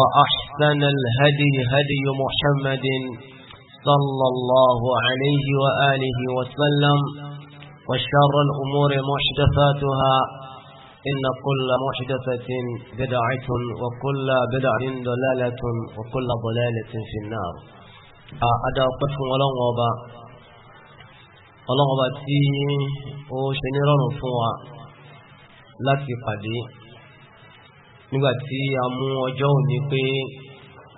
وأحسن الهدي هدي محمد صلى الله عليه وآله وسلم وشر الأمور محدثاتها إن كل محدثة بدعة وكل بدعة ضلالة وكل ضلالة في النار أدى قطف ولن وبا ولن وبا تيه وشنيران فوا nígbàtí a mú ọjọ́ òní pé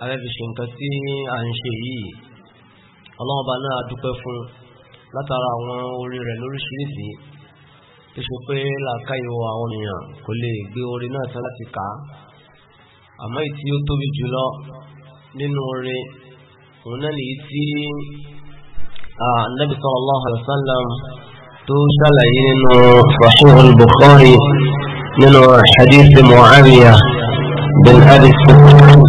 arẹ́bìṣe nǹkan tí a ń ṣe yìí ọlọ́ọ̀bá náà dúpẹ́ fún látara àwọn orí rẹ̀ lóríṣiríṣi tó ṣe pé làákàyò àwọn èèyàn kò lè gbé orí náà tán láti kà á àmọ́ èyí tí ó tóbi jùlọ nínú orí òun náà nìyí tí Ànábì sallallahu alaihi wasallam tó ṣàlàyé nínú Sahih al-Bukhari من حديث معاوية بن أبي السفيان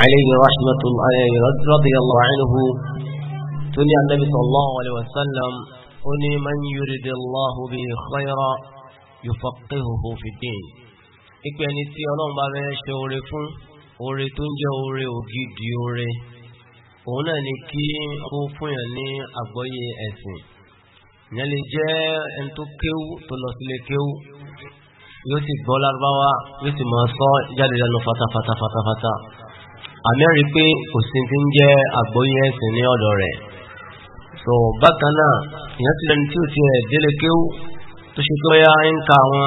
عليه رحمة الله رضي الله عنه تني النبي صلى الله عليه وسلم أني من يريد الله به خيرا يفقهه في الدين ìpè ẹni tí ọlọ́run bá fẹ́ ṣe oore fún oore tó ń jẹ́ oore ògidì oore òun náà ni kí ó fún yàn ní àgbọ́yé ẹ̀sìn ìyẹn lè jẹ́ ẹni tó kéwú tó lọ sílé kéwú yóò sì gbọ́ lárúbáwá yóò sì máa sọ jáde lẹ́nu fatafata fatafata àmẹ́rí pé kò sí ti ń jẹ́ àgbóyé ẹ̀sìn ní ọ̀dọ̀ rẹ̀ so bákan náà ìyẹn ti lẹni tí ò ti rẹ̀ délé kéwú tó ṣe tó yá ń ka àwọn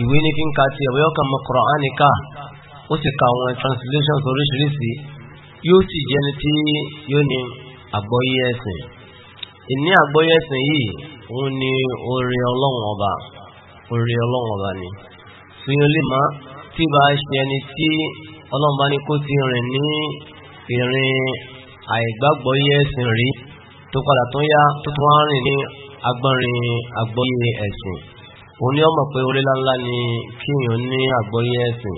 ìwé ní kíńka ti ẹ̀wọ́ yọ̀ọ́ kan mọ Kùránì ká ó sì ka àwọn translations oríṣiríṣi yóò sì jẹni tí yóò ní àgbóyé ẹ̀sìn ìní àgbóyé ẹ̀sìn yìí òun ni orin ọlọ́run ọba orí ọlọ́run ọba ni fihàn lè má tí bá ṣe ẹni tí ọlọ́run bá ní kó ti rìn ní ìrìn àìgbàgbọ́ yẹ ẹ̀sìn rí tó padà tó yá tó tó wá rìn ní agbọ́nrin àgbọ́yé ẹ̀sìn òun ni ọmọ pé orí láńlá ni kíyàn ní àgbọ́yé ẹ̀sìn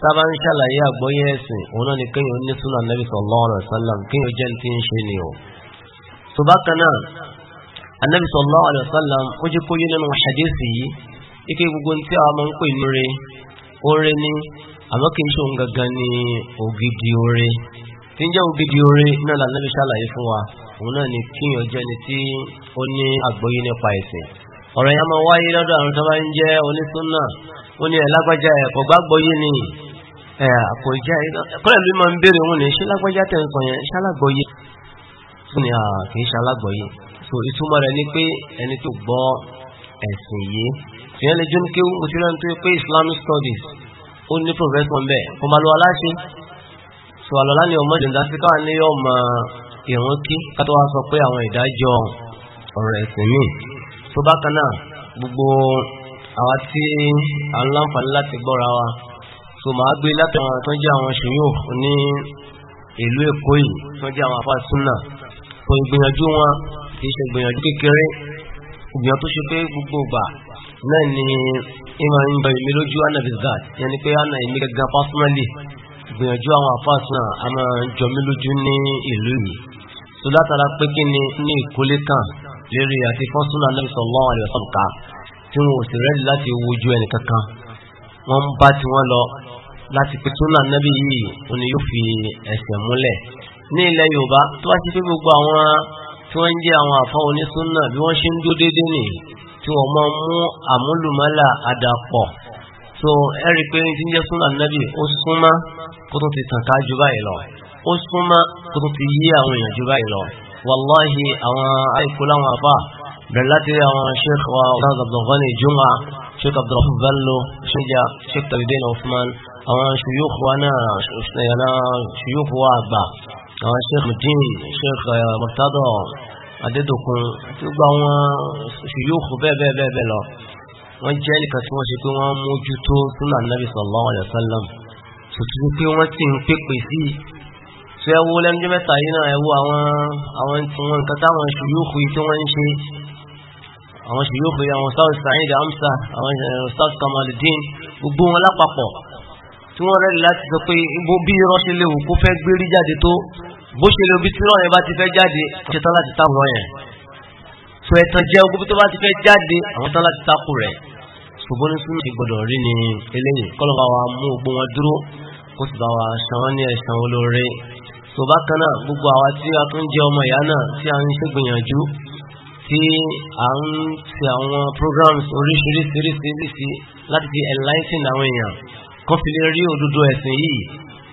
sábà ń ṣàlàyé àgbọ́yé ẹ̀sìn òun náà ni kíyàn ní súnà nẹ́bí sallallahu alaihi wasallam kíyàn jẹ́ ti ń ṣe ni ò tó bákan náà anabi sallallahu alaihi wasallam ó jẹ́ kó yé nínú yìí ike gbogbo tí a máa ń pè ní re ni àmọ́ kì í ṣe òun gangan ni ògidì tí ń ògidì náà la anabi ṣàlàyé fún wa òun náà ni ni tí ó ní nípa yẹn máa wáyé àwọn tó bá ń onísúnà ó ní kò so ìtumọ̀ rẹ̀ ni pé ẹni tó gbọ́ ẹ̀sìn yìí ìyẹn lè jóni kí o ti rẹ́ni tó yẹ pé Islamic studies ó ní professor ń bẹ̀ kó máa lo aláṣẹ so àlọ́lá ni ọmọ ìdìndà sí káwọn ní ọmọ ìrún kí kátó wá sọ pé àwọn ìdájọ́ ọ̀rọ̀ ẹ̀sìn míì tó bákan náà gbogbo àwa tí à ń láǹfààní láti gbọ́ra wa so màá gbé láti àwọn tó ń jẹ́ àwọn ṣòyò ní ìlú Èkó yìí tó ń jẹ́ àwọn àfáà súnà so ìgbìyànjú wọn kì í ṣe gbìyànjú kékeré ìgbìyàn tó ṣe pé gbogbo ìgbà náà ni ìmọ̀ ń bẹ ìmí lójú anabizat yẹni pé ana ìmí gẹ́gẹ́ personally gbìyànjú àwọn àfáàsùn náà a máa jọ mí lójú ní ìlú yìí tó látara pé kí ni ní ìkólé kan lérí àti fọ́sùn anabi sallallahu alaihi wasallam ká tí wọn ò sì rẹ́dí láti wojú ẹnì kankan wọ́n ń bá tí wọ́n lọ láti pé tó náà nábì yìí ó ní yóò fi ẹsẹ̀ múlẹ̀ ní ilẹ̀ Yorùbá tó wá sí pé gbogbo àwọn tí wọ́n ń jẹ́ àwọn àfá onísúnnà bí wọ́n ṣe ń dó dédé nì tí wọ́n mọ́ mú àmúlùmọ́là àdàpọ̀ so ẹ̀rí pé ní ti ń jẹ́ súnnà nábì ó súnmọ́ kó tó ti tàn ká ju báyìí lọ ó súnmọ́ kó tó ti yí àwọn èèyàn ju báyìí lọ wàláhì àwọn àìkú láwọn àfá bẹ̀rẹ̀ láti àwọn sheikh wa ọ̀sán abdulghani juma sheikh abdulrahman bello sheikh sheikh tabidin usman àwọn ṣùyúkú wa náà ṣùyúkú wa àgbà àwọn sheikh mudin sheikh eh, murtado adédokun àti gbogbo àwọn ṣùyókù bẹ́ẹ̀ bẹ́ẹ̀ bẹ́ẹ̀ bẹ́ẹ̀ lọ wọ́n jẹ́ nìkan tí wọ́n ṣe pé wọ́n mójútó súnà nàbì sallallahu alaihi wasallam tuntun pé wọ́n ti ń pépè sí i tó ẹ wo lẹ́nu mẹ́ta yìí náà ẹ wo àwọn àwọn tiwọn nǹkan táwọn ṣùyókù yìí tí wọ́n eh, lápapọ̀ tí wọ́n rẹ́rì láti sọ pé bí irọ́ ṣe fẹ́ gbérí jáde tó bó ṣe lo bitirọ yẹn bá ti fẹ́ jáde ṣe tán láti táwọn yẹn sọ ẹ̀tàn jẹ́ ogun tó bá ti fẹ́ jáde àwọn tán láti tákù rẹ̀ ṣùgbọ́n ní súnmọ́ ìgbọ̀dọ̀ rí ni eléyìí kọ́lọ́ bá wa mú ogun wọn dúró kó sì bá wa san wọn ní ẹ̀san olóore tó bá kan náà gbogbo àwa tí a tún jẹ́ ọmọ ìyá náà tí a ń ṣègbìyànjú tí a ń ṣe àwọn programs oríṣiríṣiríṣiríṣi láti fi enlighten àwọn èèyàn kan fi lè rí òdodo ẹ̀sìn yìí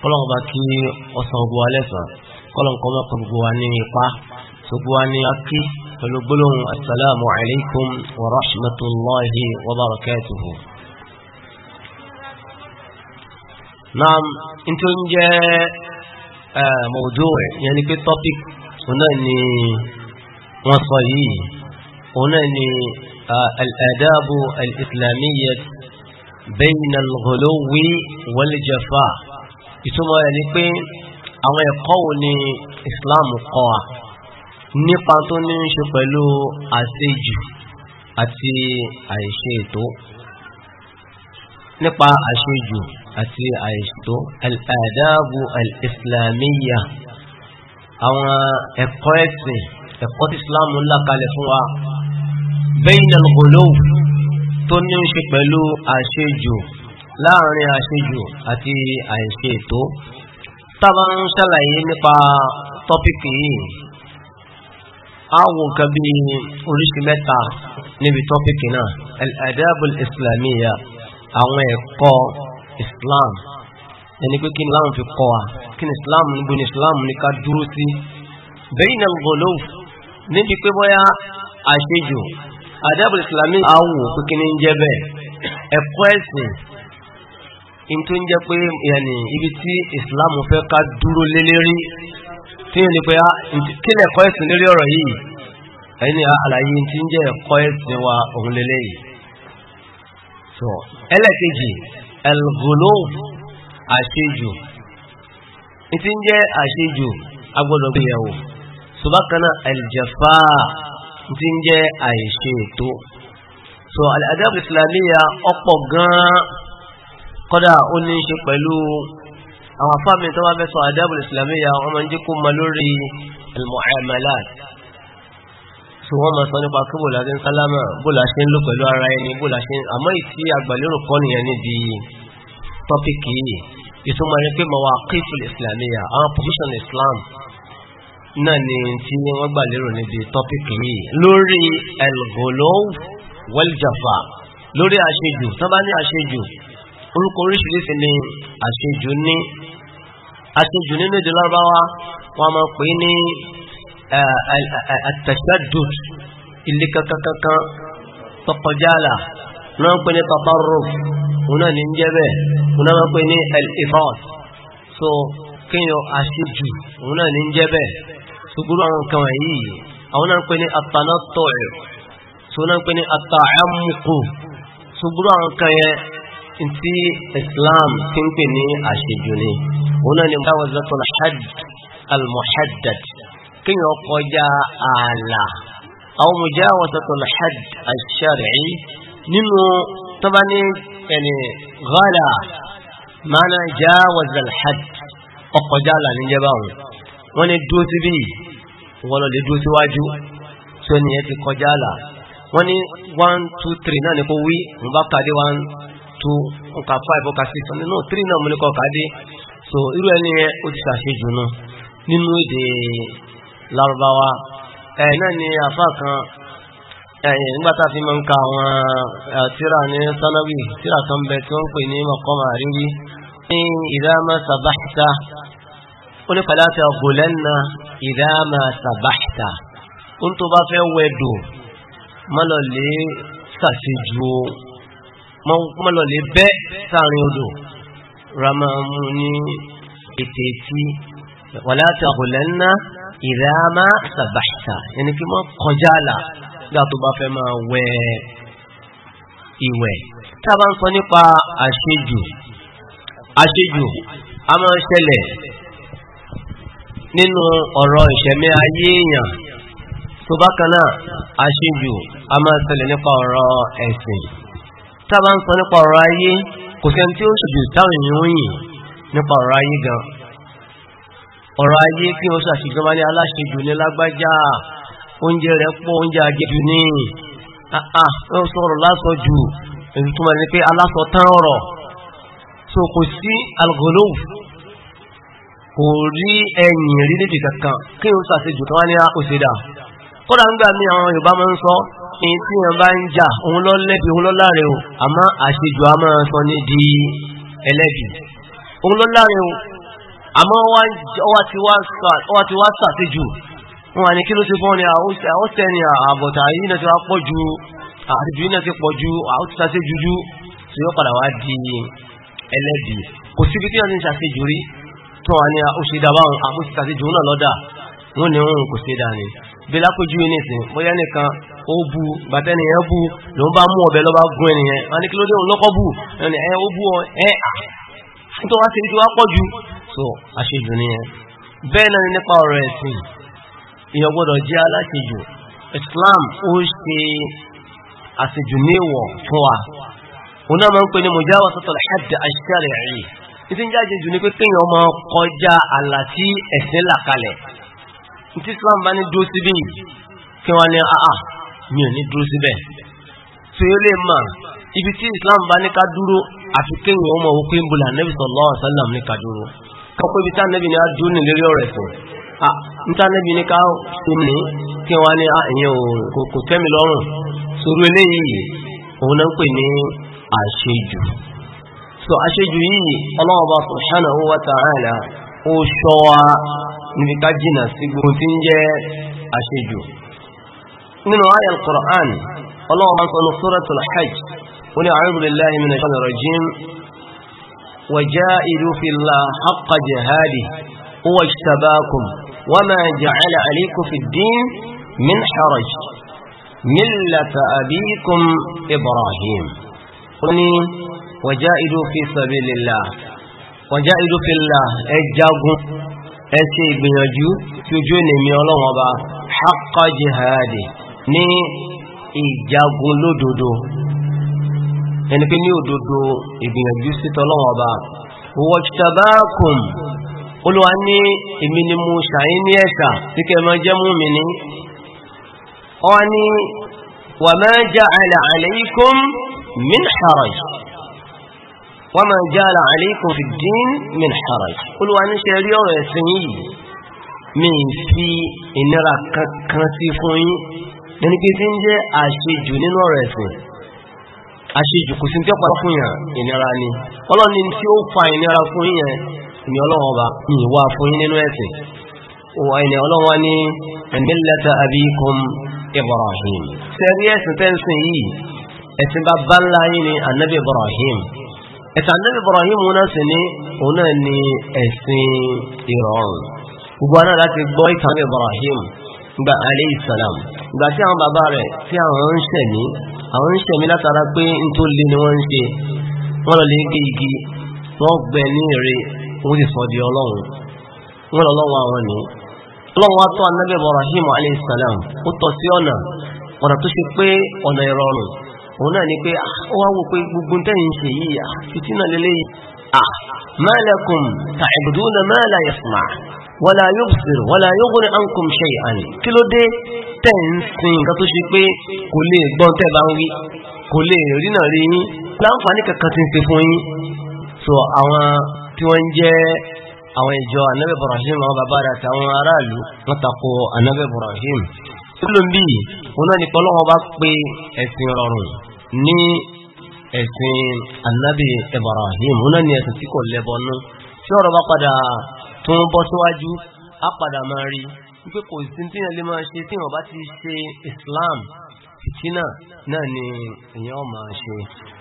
kọ́lọ́ bá kí ọ̀sán ogun alẹ́ sàn kọ́lọ̀nkọ́ mọ́ gbogbo wa ní ipa gbogbo wa ní akí pẹ̀lú gbólóhùn assalamu alaikum wa rahmatullahi wa barakatuhu. naam n tó ń jẹ́ mọ̀ọ́dọ́ yẹn ni pé topic òun ni wọ́n sọ yìí òun náà ni الآداب الإسلامية بين الغلو والجفاء ìtumọ̀ rẹ̀ ni pé àwọn ẹ̀kọ́ wo ni Islam kọ́ wa nípa tó ní ń ṣe pẹ̀lú àṣejù àti àìṣe ètò nípa àṣejù àti àìṣètò al-adabu al-islamiyya àwọn ẹ̀kọ́ ẹ̀sìn ẹ̀kọ́ tí Islam ńlá kalẹ̀ fún wa bayna al-ghuluw tó ní ń ṣe pẹ̀lú àṣejù láàrin àṣejù àti àìṣe ètò tábà ń ṣàlàyé nípa tọ́pìkì yìí àwọn nǹkan bí oríṣi mẹ́ta níbi tọ́pìkì náà al-adabul islamiyya àwọn ẹ̀kọ́ islam ẹni pé kí ni islam fi kọ́ wa kí ni islam níbo ni islam ní ká dúró sí bayna al níbi pé bóyá àṣejù adabul islamiyya àwọn òkú kí ni jẹ́ bẹ́ẹ̀ ẹ̀kọ́ ẹ̀sìn in tó ń jẹ́ pé yẹni ibi tí islam fẹ́ ká dúró lélérí tí yẹn ni pé ah, kí lè kọ́ ẹ̀sìn lérí ọ̀rọ̀ yìí ẹ̀yìn ni ah, àlàyé tí ń jẹ́ ẹ̀kọ́ ẹ̀sìn wa òun lélẹ̀ yìí so ẹlẹ́kejì ẹlgòló àṣejù tí ń jẹ́ àṣejù agbọ́dọ̀ bí yẹ̀wò subakana ẹlìjẹ̀fà tí ń jẹ́ àìṣe ètò so al-adab islamiyya ọ̀pọ̀ gan-an kọ́dà ó ní í ṣe pẹ̀lú àwọn afáàmì tó bá fẹ́ sọ àdábù ìsìlámíyà wọ́n máa ń jẹ́ kó ma lórí al-mu'amalat tí wọ́n máa sọ nípa kí bòlá ṣe ń sálámà bòlá ṣe ń lò pẹ̀lú ara ẹni bòlá ṣe ń àmọ́ ìtí àgbàlérò kọ́ nìyẹn níbi tọ́pìkì yìí ìtumọ̀ ni pé màwa kífìlì ìsìlámíyà àwọn position islam náà ni tí wọ́n gbà níbi tọ́pìkì yìí lórí al-ghuluw wal-jafa lórí àṣejù tó bá ní àṣejù orúkọ oríṣiríṣi ni àṣejù ní àṣejù nínú èdè lárúbáwá wọn máa pè ní àtẹ̀sẹ̀dùd ilé kankankan tọkọjáàlà náà pè ní tatarruf òun náà ní jẹ́ bẹ́ẹ̀ òun náà pè ní al-ifrat so kíyàn àṣejù òun náà ní jẹ́ bẹ́ẹ̀ ṣùgbọ́n àwọn kan wọ̀nyí àwọn náà pè ní atanatọ̀ so náà pè ní ata'ammuq ṣùgbọ́n àwọn kan yẹn tí Islam ti ń pè ní àṣejù ni òun náà ni mujawazatul hadd al-muhaddad kíyàn kọjá ààlà àwọn mujawazatul hadd ash-shar'i nínú tọ́ba ní ẹni ghala mana jawazal hadd ọkọjá ààlà níjẹba wọn wọn ni dúró síbí wọn lọ lè ti kọjá ààlà wọn ni one two three náà ni kò wí mo bá pàdé one tu, nǹka five ọkà six ọmọ náà three náà mo ní kọ́ ọ̀ka dé so irú ẹni yẹn ó ti ṣàṣejù nù nínú èdè Lárúbáwá ẹ náà ni àfa kan ẹ nígbà tá a fi máa ń ka àwọn tíra ní sanawi tíra kan bẹ tí wọ́n ń pè ní mọ̀kọ́mọ̀ àríwí ní ìdáàmà sàbáṣítà ó ní pàdé àti ọ̀gọ̀lẹ́nà ìdáàmà sàbáṣítà ó ń tó bá fẹ́ wẹ̀dò má lọ máa lọ lè bẹ́ sáàrin odò rama mú ní ètè tí wàlá tàbùlẹ́nà ìrámá sàbàṣà ẹni kí wọ́n kọjá àlà gbà tó bá fẹ́ máa wẹ ìwẹ̀ tá a bá ń sọ nípa àṣejù àṣejù a máa ṣẹlẹ̀ nínú ọ̀rọ̀ ìṣẹ̀mí ayé èèyàn tó bákan náà àṣejù a máa ṣẹlẹ̀ nípa ọ̀rọ̀ ẹ̀sìn tábà ń sọ nípa ọ̀rọ̀ ayé kò sẹ́ni tí ó ṣùjù táwọn èèyàn ń yìn nípa ọ̀rọ̀ ayé gan ọ̀rọ̀ ayé kí wọ́n ṣàṣìjọba ní aláṣejù ní lágbájá oúnjẹ rẹ̀ pọ̀ oúnjẹ àjẹjù ní àà wọ́n sọ̀rọ̀ lásọ jù èyí tó máa ní pé alásọ tán ọ̀rọ̀ so kò sí algolo kò rí ẹ̀yìn rí níbi kankan kí wọ́n ṣàṣejù kan wá ní òṣèdà kódà ń gbà mí àwọn Yorùbá máa ń sọ ní tí wọ́n bá ń jà òun lọ lẹ́bi òun lọ láàrin o àmọ́ àṣejù a máa sọ ní di ẹlẹ́bi òun lọ láàrin o àmọ́ ọwá ti wá sàṣejù wọn à ní kí ló ti fọ́n ni àwọ̀sẹ̀ ni àbọ̀tà yìí náà ti wá pọ̀ ju àṣejù yìí náà ti pọ̀ ju àwọn ti sàṣejù ju tí yóò padà wá di ẹlẹ́bi kò síbi tí wọ́n ti ń rí tó wà ní òṣèdàbáwọn àmúṣe sàṣejù náà lọ́dà wọn ni wọn kò ṣe dà ní bí lápẹjú yìí nìsín bóyá nìkan ó bu bàtẹ́ nìyẹn bu ló ń bá mú ọ̀bẹ lọ́ba gún ẹnìyẹn wọn ní kí ló dé òun lọ́kọ́ bù ẹ ó bu ọ ẹ ah. tó wá sí ti wá pọ̀ ju so àṣejù nìyẹn bẹ́ẹ̀ náà nípa ọ̀rọ̀ ẹ̀sìn èèyàn jẹ́ aláṣejù Islam ó ṣe àṣejù níwọ̀ fún wa òun náà máa ń pè ní mujawazatul hadd ash-shar'i ìtí ń jáde jù ní pé kéèyàn máa kọjá àlà tí ẹ̀sìn ní kí wọ́n ní àà ah, ah, mi ò ní dúró síbẹ̀ tí lè mọ̀ ibi tí islam bá ní ká dúró àfi kéwìn ọmọ òkú ìbúlà nẹ́bí sallallahu ní ká dúró ibi tá nẹ́bí ní á dúró ní lérí ọ̀rẹ̀ sùn níta nẹ́bí ní ká ṣe ní kí wọ́n ní àyẹ̀ kò tẹ́mi lọ́rùn eléyìí òun náà so àṣejù yìí ọlọ́ọ̀bá subhanahu wa ó ṣọ́ wa níbi ká jìnà sí gbogbo tí ń من ayé القرآن، الله ọlọ́wọ́ bá ń sọ́nà suratul hajj من ni a'udhu billahi في الله حق جهاده هو اجتباكم وما جعل عليكم في الدين من حرج ملة أبيكم إبراهيم قلني وجاهدوا في سبيل الله وجاهدوا في الله اجاغوا اسي بنجو تجوني ميولون حق جهاده ní ìjagun lódodo ẹni pé ní òdodo ìgbìyànjú sí tọ́lọ́wọ́ ọba wọ́chtabákùn olúwa ní èmi ni mo ṣàyí ní ẹ̀ṣà tí kẹ mọ́ jẹ́ múmi ní ọwá ní wà máa já àlà àlẹ́ikùn min haraj wà máa já àlà min haraj ẹni pé tí ń jẹ́ àṣejù nínú ọ̀rọ̀ ẹ̀sìn àṣejù kò sí tí ó pa fún yàn ìnira ni ọlọ́ni tí ó fa ìnira fún yàn ni ọlọ́run ọba ìwà fún yín nínú ẹ̀sìn òwà ìnà ọlọ́wọ́ Ibrahim sẹ́rí ẹ̀sìn tẹ́ǹsìn yìí ẹ̀sìn bàbá ńlá ni anabi Ibrahim ẹ̀sìn Ibrahim náà sì ní ni ẹ̀sìn ìrọ̀rùn gbogbo aná láti gbọ́ Ibrahim gba alayhi salam gba tí àwọn baba re tí àwọn ń ṣẹ̀ ní awon ń ṣẹ̀ mí látara pé n tó le ni igi wọ́n gbẹ ní èrè wọ́n sì di ni ọlọ́run wa Ibrahim alayhi salam ó tọ́ sí ona ọ̀nà tó ṣe pé ọ̀nà ìrọ̀rùn òun náà ni pé ah, ó wá wò pé gbogbo tẹ́yìn ṣe yìí ah, fìtínà lélẹ́yìí ah, wala yubsir wala yughni ankum shay'an kí ló dé tẹ̀ ń sin nǹkan tó ṣe pé kò lè gbọ́n tẹ́ bá ń wí kò lè rí náà rí yín láǹfààní kankan ti ń ṣe fún yín so àwọn tí wọ́n ń jẹ́ àwọn ìjọ anabi ibrahim àwọn bàbá rẹ̀ àti àwọn aráàlú wọ́n tako anabi ibrahim nílùú bí wọn náà ní pọlọ́wọ́ bá pé ẹ̀sìn rọrùn ní ẹ̀sìn anabi ibrahim wọn náà ẹ̀sìn tí kò lẹ́bọnú tí ọ̀rọ̀ bá padà tó ń bọ́ síwájú á padà máa rí wípé kò sí tí ṣe tí ti ṣe Islam fìtínà náà ni èèyàn ò máa ṣe.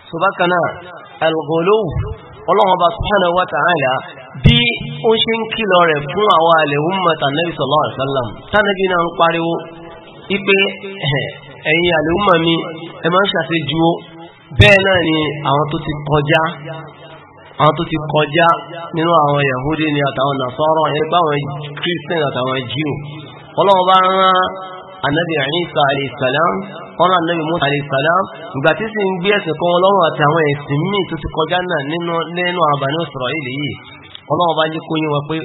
tó bá kan náà al ọlọ́run ọba subhanahu wa ta'ala bí ó ṣe ń kìlọ̀ rẹ̀ fún àwọn al tánàbí náà ń pariwo ipe ẹ̀yin al-umma mi ẹ máa ń ṣàṣejù bẹ́ẹ̀ ni àwọn tó ti kọjá àwọn tó ti kọjá nínú àwọn Yahudi ni àtàwọn Nasara ẹgbà àwọn Christian àtàwọn Jew ọlọ́wọ́ bá rán anabi Isa alayhisalam ọ̀rọ̀ anabi Musa alayhisalam ìgbà tí sì ń gbé ẹ̀sìn kan ọlọ́run àti àwọn ẹ̀sìn míì tó ti kọjá náà nínú Bani Isra'il yìí ọlọ́wọ́ bá ń jẹ́ kó yín wọn pé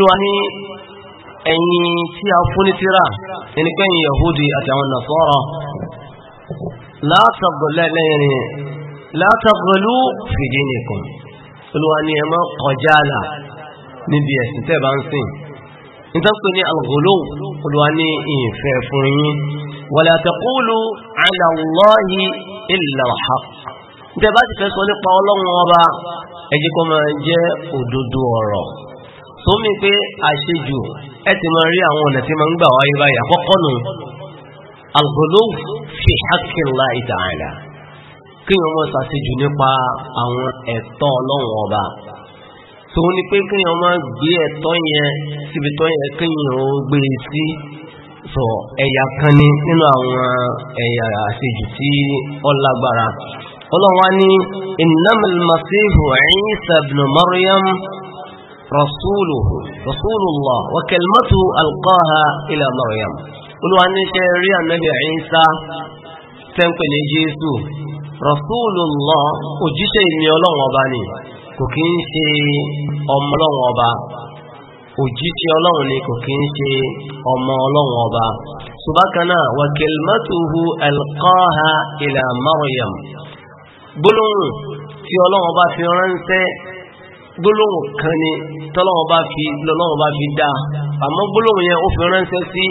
òun ọ̀fẹ́ ẹ̀yin tí a fún ní tíra ẹnikẹ́yìn yahudi àti àwọn nasara látàgbọ̀lú fìdí nìkan olúwa ni ẹ má kọjá àlà níbi ẹ̀sìn tẹ́ bá ń sìn nítorí ní alghulu olúwa ní ìfẹ́ fún yín wala taqulu ala Allahi illa al-haqq nítorí bá ti fẹ́ sọ nípa ọlọ́run ọba ẹ̀jẹ̀ máa jẹ́ òdodo ọ̀rọ̀ tó mi pé àṣejù ẹ ti máa rí àwọn ọ̀nà tí máa ń gbà wáyé báyìí àkọ́kọ́ nù alghulu fi haqqillahi ta'ala kí wọ́n mọ́ sàṣejù nípa àwọn ẹ̀tọ́ ọlọ́run ọba tó ní pé kí wọ́n máa gbé ẹ̀tọ́ yẹn síbi tó yẹ kí wọ́n gbé e sí sọ ẹ̀yà kan ní nínú àwọn ẹ̀yà àṣejù tí ó lágbára ọlọ́run wá ní innamal masihu Isa ibn Maryam رسوله رسول الله وكلمته ألقاها إلى مريم قلوا أن شريع النبي عيسى تنقل يسوع رسول الله أجيشي ميولون وباني كوكينشي أملون وبا أجيشي أولون كوكينشي أملون وبا سبكنا وكلمته ألقاها إلى مريم قلوا في أولون وبا في رنسي gbólóhùn kan ni tọ́lọ́wọ́ bá fi lọ́lọ́wọ́ bá fi dáa àmọ́ gbólóhùn yẹn ó fi ránṣẹ́ sí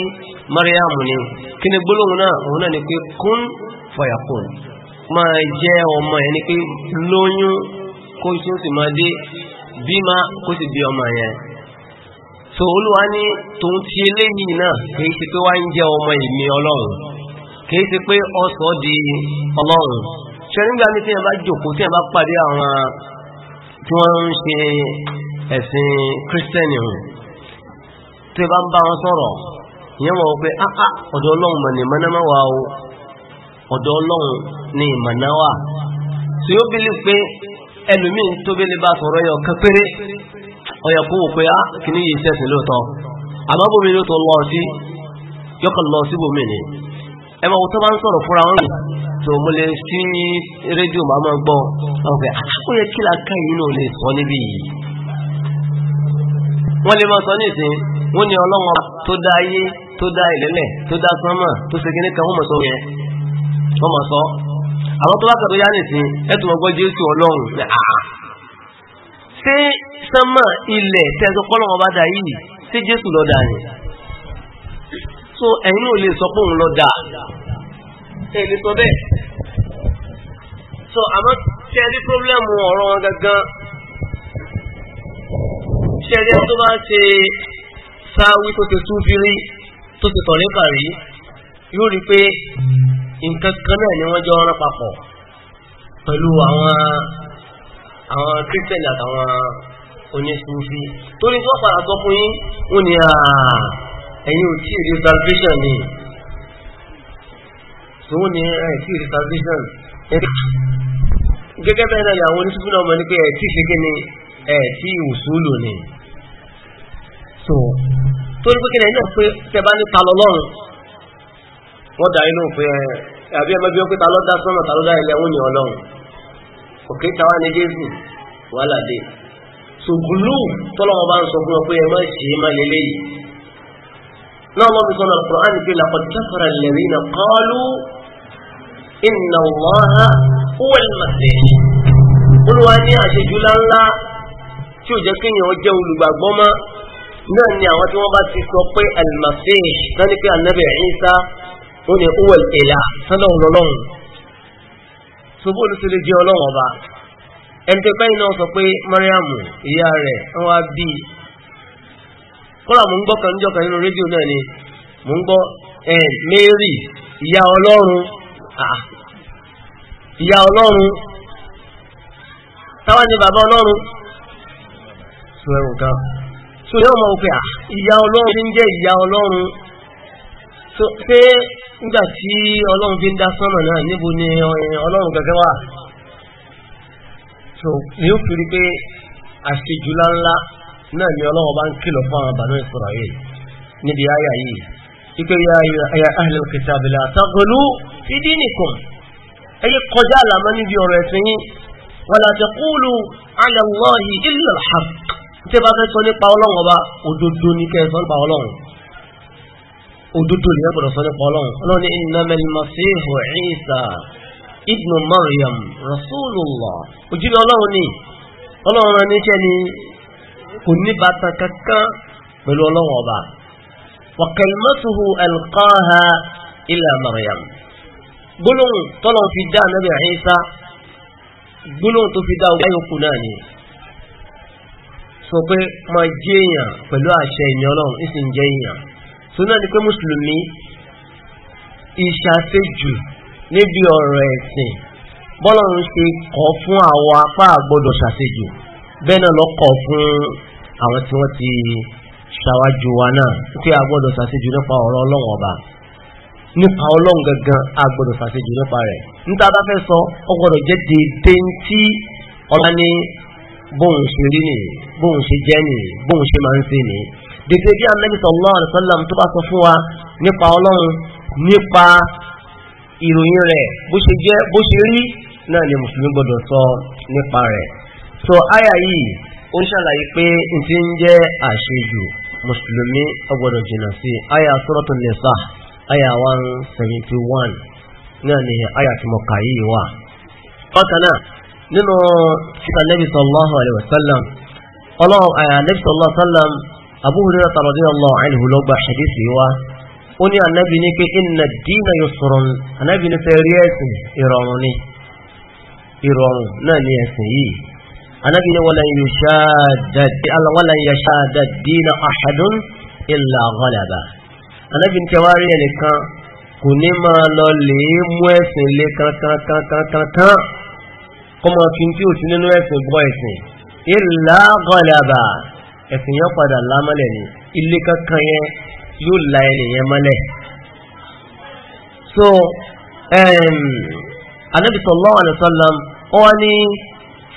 Maryam ni kí ni gbólóhùn náà òun náà ni pé kún fọyàkùn máa jẹ́ ọmọ yẹn ni pé lóyún kó tó sì máa dé bímá kó sì bí ọmọ yẹn so olúwa tòun ti eléyìí náà pé wá ń ọmọ ìmí ọlọ́run pé di ọlọ́run ṣe nígbà tí yẹn bá tí wọ́n ń ṣe ẹ̀sìn kírísítẹ́nì hùn tí bá ń bá wọn sọ̀rọ̀ ìyẹn wọ́n pé áá ah, ah, ọ̀dọ̀ ọlọ́run mọ̀ ní wà o ọ̀dọ̀ ọlọ́run ní ìmọ̀ná wà tí ó bílí pé ẹlòmíì tó bílí bá sọ̀rọ̀ ẹyọ kan ọyọ kó wò pé á kì ní yìí ṣẹ̀sìn lóòótọ́ àmọ́ ló tó lọ sí ẹmọ tó bá ń sọ̀rọ̀ fúnra wọn tó mú lè sí rédíò máa mọ́ gbọ́ ọ̀fẹ́ àkókò ah, yẹ kí láká yìí náà lè sọ níbi yìí wọ́n lè máa sọ ní ìsìn wọ́n ní ọlọ́wọ́n tó dá ayé tó dá ìlẹ́lẹ̀ tó dá sánmọ̀ tó ṣe kíní kan wọ́n mọ̀ sọ àwọn tó bá kàtó yá nìsín ẹ̀tù mọ̀ gbọ́ jésù ọlọ́run ah, ah. ṣé sánmọ̀ ilẹ̀ tẹ́sán pọ́lọ́wọ́n bá dá yìí ṣé jésù lọ́dà ni so ẹ̀yin ò lè sọ pé òun lọ dà ẹ̀ sọ bẹ́ẹ̀ so àmọ́ ṣe rí pọ́blẹ́mù ọ̀rọ̀ wọn gangan ṣe rí tó bá ṣe sáwí tó ti tú fírí tó ti tọ̀ nípa rí yóò rí pé nǹkan kan náà ni wọ́n jọ rán papọ̀ pẹ̀lú àwọn àwọn kírísítẹ̀lì àtàwọn oníṣúfí torí wọ́n padà sọ fún yín wọ́n ní àà ẹ̀yin ò tí rí salvation ni tó ní ẹ̀ tí rí salvation gẹ́gẹ́ bẹ́ẹ̀ náà àwọn oníṣùgbọ́n ọmọ ní pé ẹ̀ tí ṣe gíní ẹ̀ tí ìwòsúlò ni so tó ní pé kílẹ̀ náà pé tẹba ní talọ́lọ́run wọ́n dà inú pé àbí ẹmọ bí ó pé talọ́dá sọ́nà talọ́dá ilẹ̀ ni ọlọ́run òkè tàwa ní jésù wàhálà dé so gùlù lọ́wọ́ bí sọ́nà Al-Qur'an pé laqad kafara alladhina qalu inna Allaha huwa al-masih olúwa ní àṣejù ńláńlá tí ò jẹ́ kí èèyàn jẹ́ olùgbàgbọ́ mọ́ náà ni àwọn tí wọ́n bá ti sọ pé al-masih pé anabi Isa ó ní huwa al-ilah sọ́nà ọlọ́run ṣùgbọ́n olùsọ̀lẹ̀ jẹ́ ọlọ́run ọba ẹni tẹ́ pẹ́yìn náà pé Mariam ìyá rẹ̀ wọ́n á kọ́lá mò ń gbọ́ kan níjọ́ kan nínú rédíò náà ni mò ń gbọ́ Mary ìyá ọlọ́run ìyá ọlọ́run táwọn ni bàbá ọlọ́run sọ ẹ̀rùn kan so yóò mọ̀ pé ìyá ọlọ́run ní jẹ́ ìyá ọlọ́run pé nígbà tí ọlọ́run fi ń dá sọ́nà náà níbo ni ọlọ́run gẹ́gẹ́ wà so ni ó fi rí pé àṣejù láńlá náà ni ọlọ́wọ́ bá ń kìlọ̀ fún àwọn Banu Israel níbi ayà yìí ipé ya ahlul kitab la taghlu fi dinikum ẹyẹ kọjá àlàmọ́ níbi ọ̀rọ̀ ẹ̀sìn yín wala taqulu ala Allahi illa al-haqq tí a bá fẹ́ sọ nípa Ọlọ́run ọba òdodo ní kẹ́ sọ nípa Ọlọ́run òdodo ní ẹgbọ̀dọ̀ sọ nípa Ọlọ́run Ọlọ́run ní innamal kò ní bàtàn kankan pẹ̀lú ọlọ́wọ́n ọba wa kalimatuhu alqaha ila Maryam gbólóhùn tọ́lọ̀ fi dá Ànábì Ìsá gbólóhùn tó fi dá ọgbà yòókù náà ni sọ pé máa jẹ́ èèyàn pẹ̀lú àṣẹ ìyẹn ọlọ́run ìsìn jẹ́ èèyàn tó náà ni pé mùsùlùmí ìṣàṣejù níbi ọ̀rọ̀ ẹ̀sìn bọ́lọ́run ṣe kọ́ fún àwọn apá àgbọ́dọ̀ ṣàṣejù bẹ́ẹ̀ náà lọ́kọ̀ fún àwọn tí wọ́n ti ṣáwájú wa náà pé a gbọ́dọ̀ ṣàṣejù nípa ọ̀rọ̀ ọlọ́run ọba nípa ọlọ́run gangan a gbọ́dọ̀ ṣàṣejù nípa rẹ̀ níta bá fẹ́ sọ ọ gbọ́dọ̀ jẹ́ déédéé tí ọlá ní bóun ṣe rí nìyí bóun ṣe jẹ́ nìyí bóun ṣe máa ń ṣe nìyí déédéé bí Ànábì sallallahu tó bá sọ fún wa nípa ọlọ́run nípa ìròyìn rẹ̀ bó ṣe jẹ́ bó ṣe rí náà ni mùsùlùmí gbọ́dọ̀ sọ nípa rẹ̀ so aya yìí ó ń ṣàlàyé pé n ti ń jẹ́ àṣejù mùsùlùmí ọgbọ̀dọ̀ jìnà sí àyà suratul nisa àyà 171 náà ni àyà tí mo kà yìí wà. bákan náà nínú títà nẹ́bí sallallahu alaihi wasallam ó ní ànábì ní pé inna ad-dina yusrun ànábì ní fẹ́ rí ẹ̀sìn ìrọ̀rùn náà ni ẹ̀sìn yìí anábì ni wọ́n lè yàṣáàdà dínà àṣàdún ìlà ọ̀gọ́lẹ̀bà anábì ní tẹwárí ẹnìkan kò ní máa lọ lè mú ẹ̀sìn lé kankankankankan kọmọ kí n tí ò sí nínú ẹ̀sìn gbọ́ ẹ̀sìn ìlà ọ̀gọ́lẹ̀bà ẹ̀sìn yẹn padà lámọ́lẹ̀ ni ilé kankan yẹn yóò la ẹni yẹn mọ́lẹ̀ so anábì sallallahu alaihi wasallam wọ́n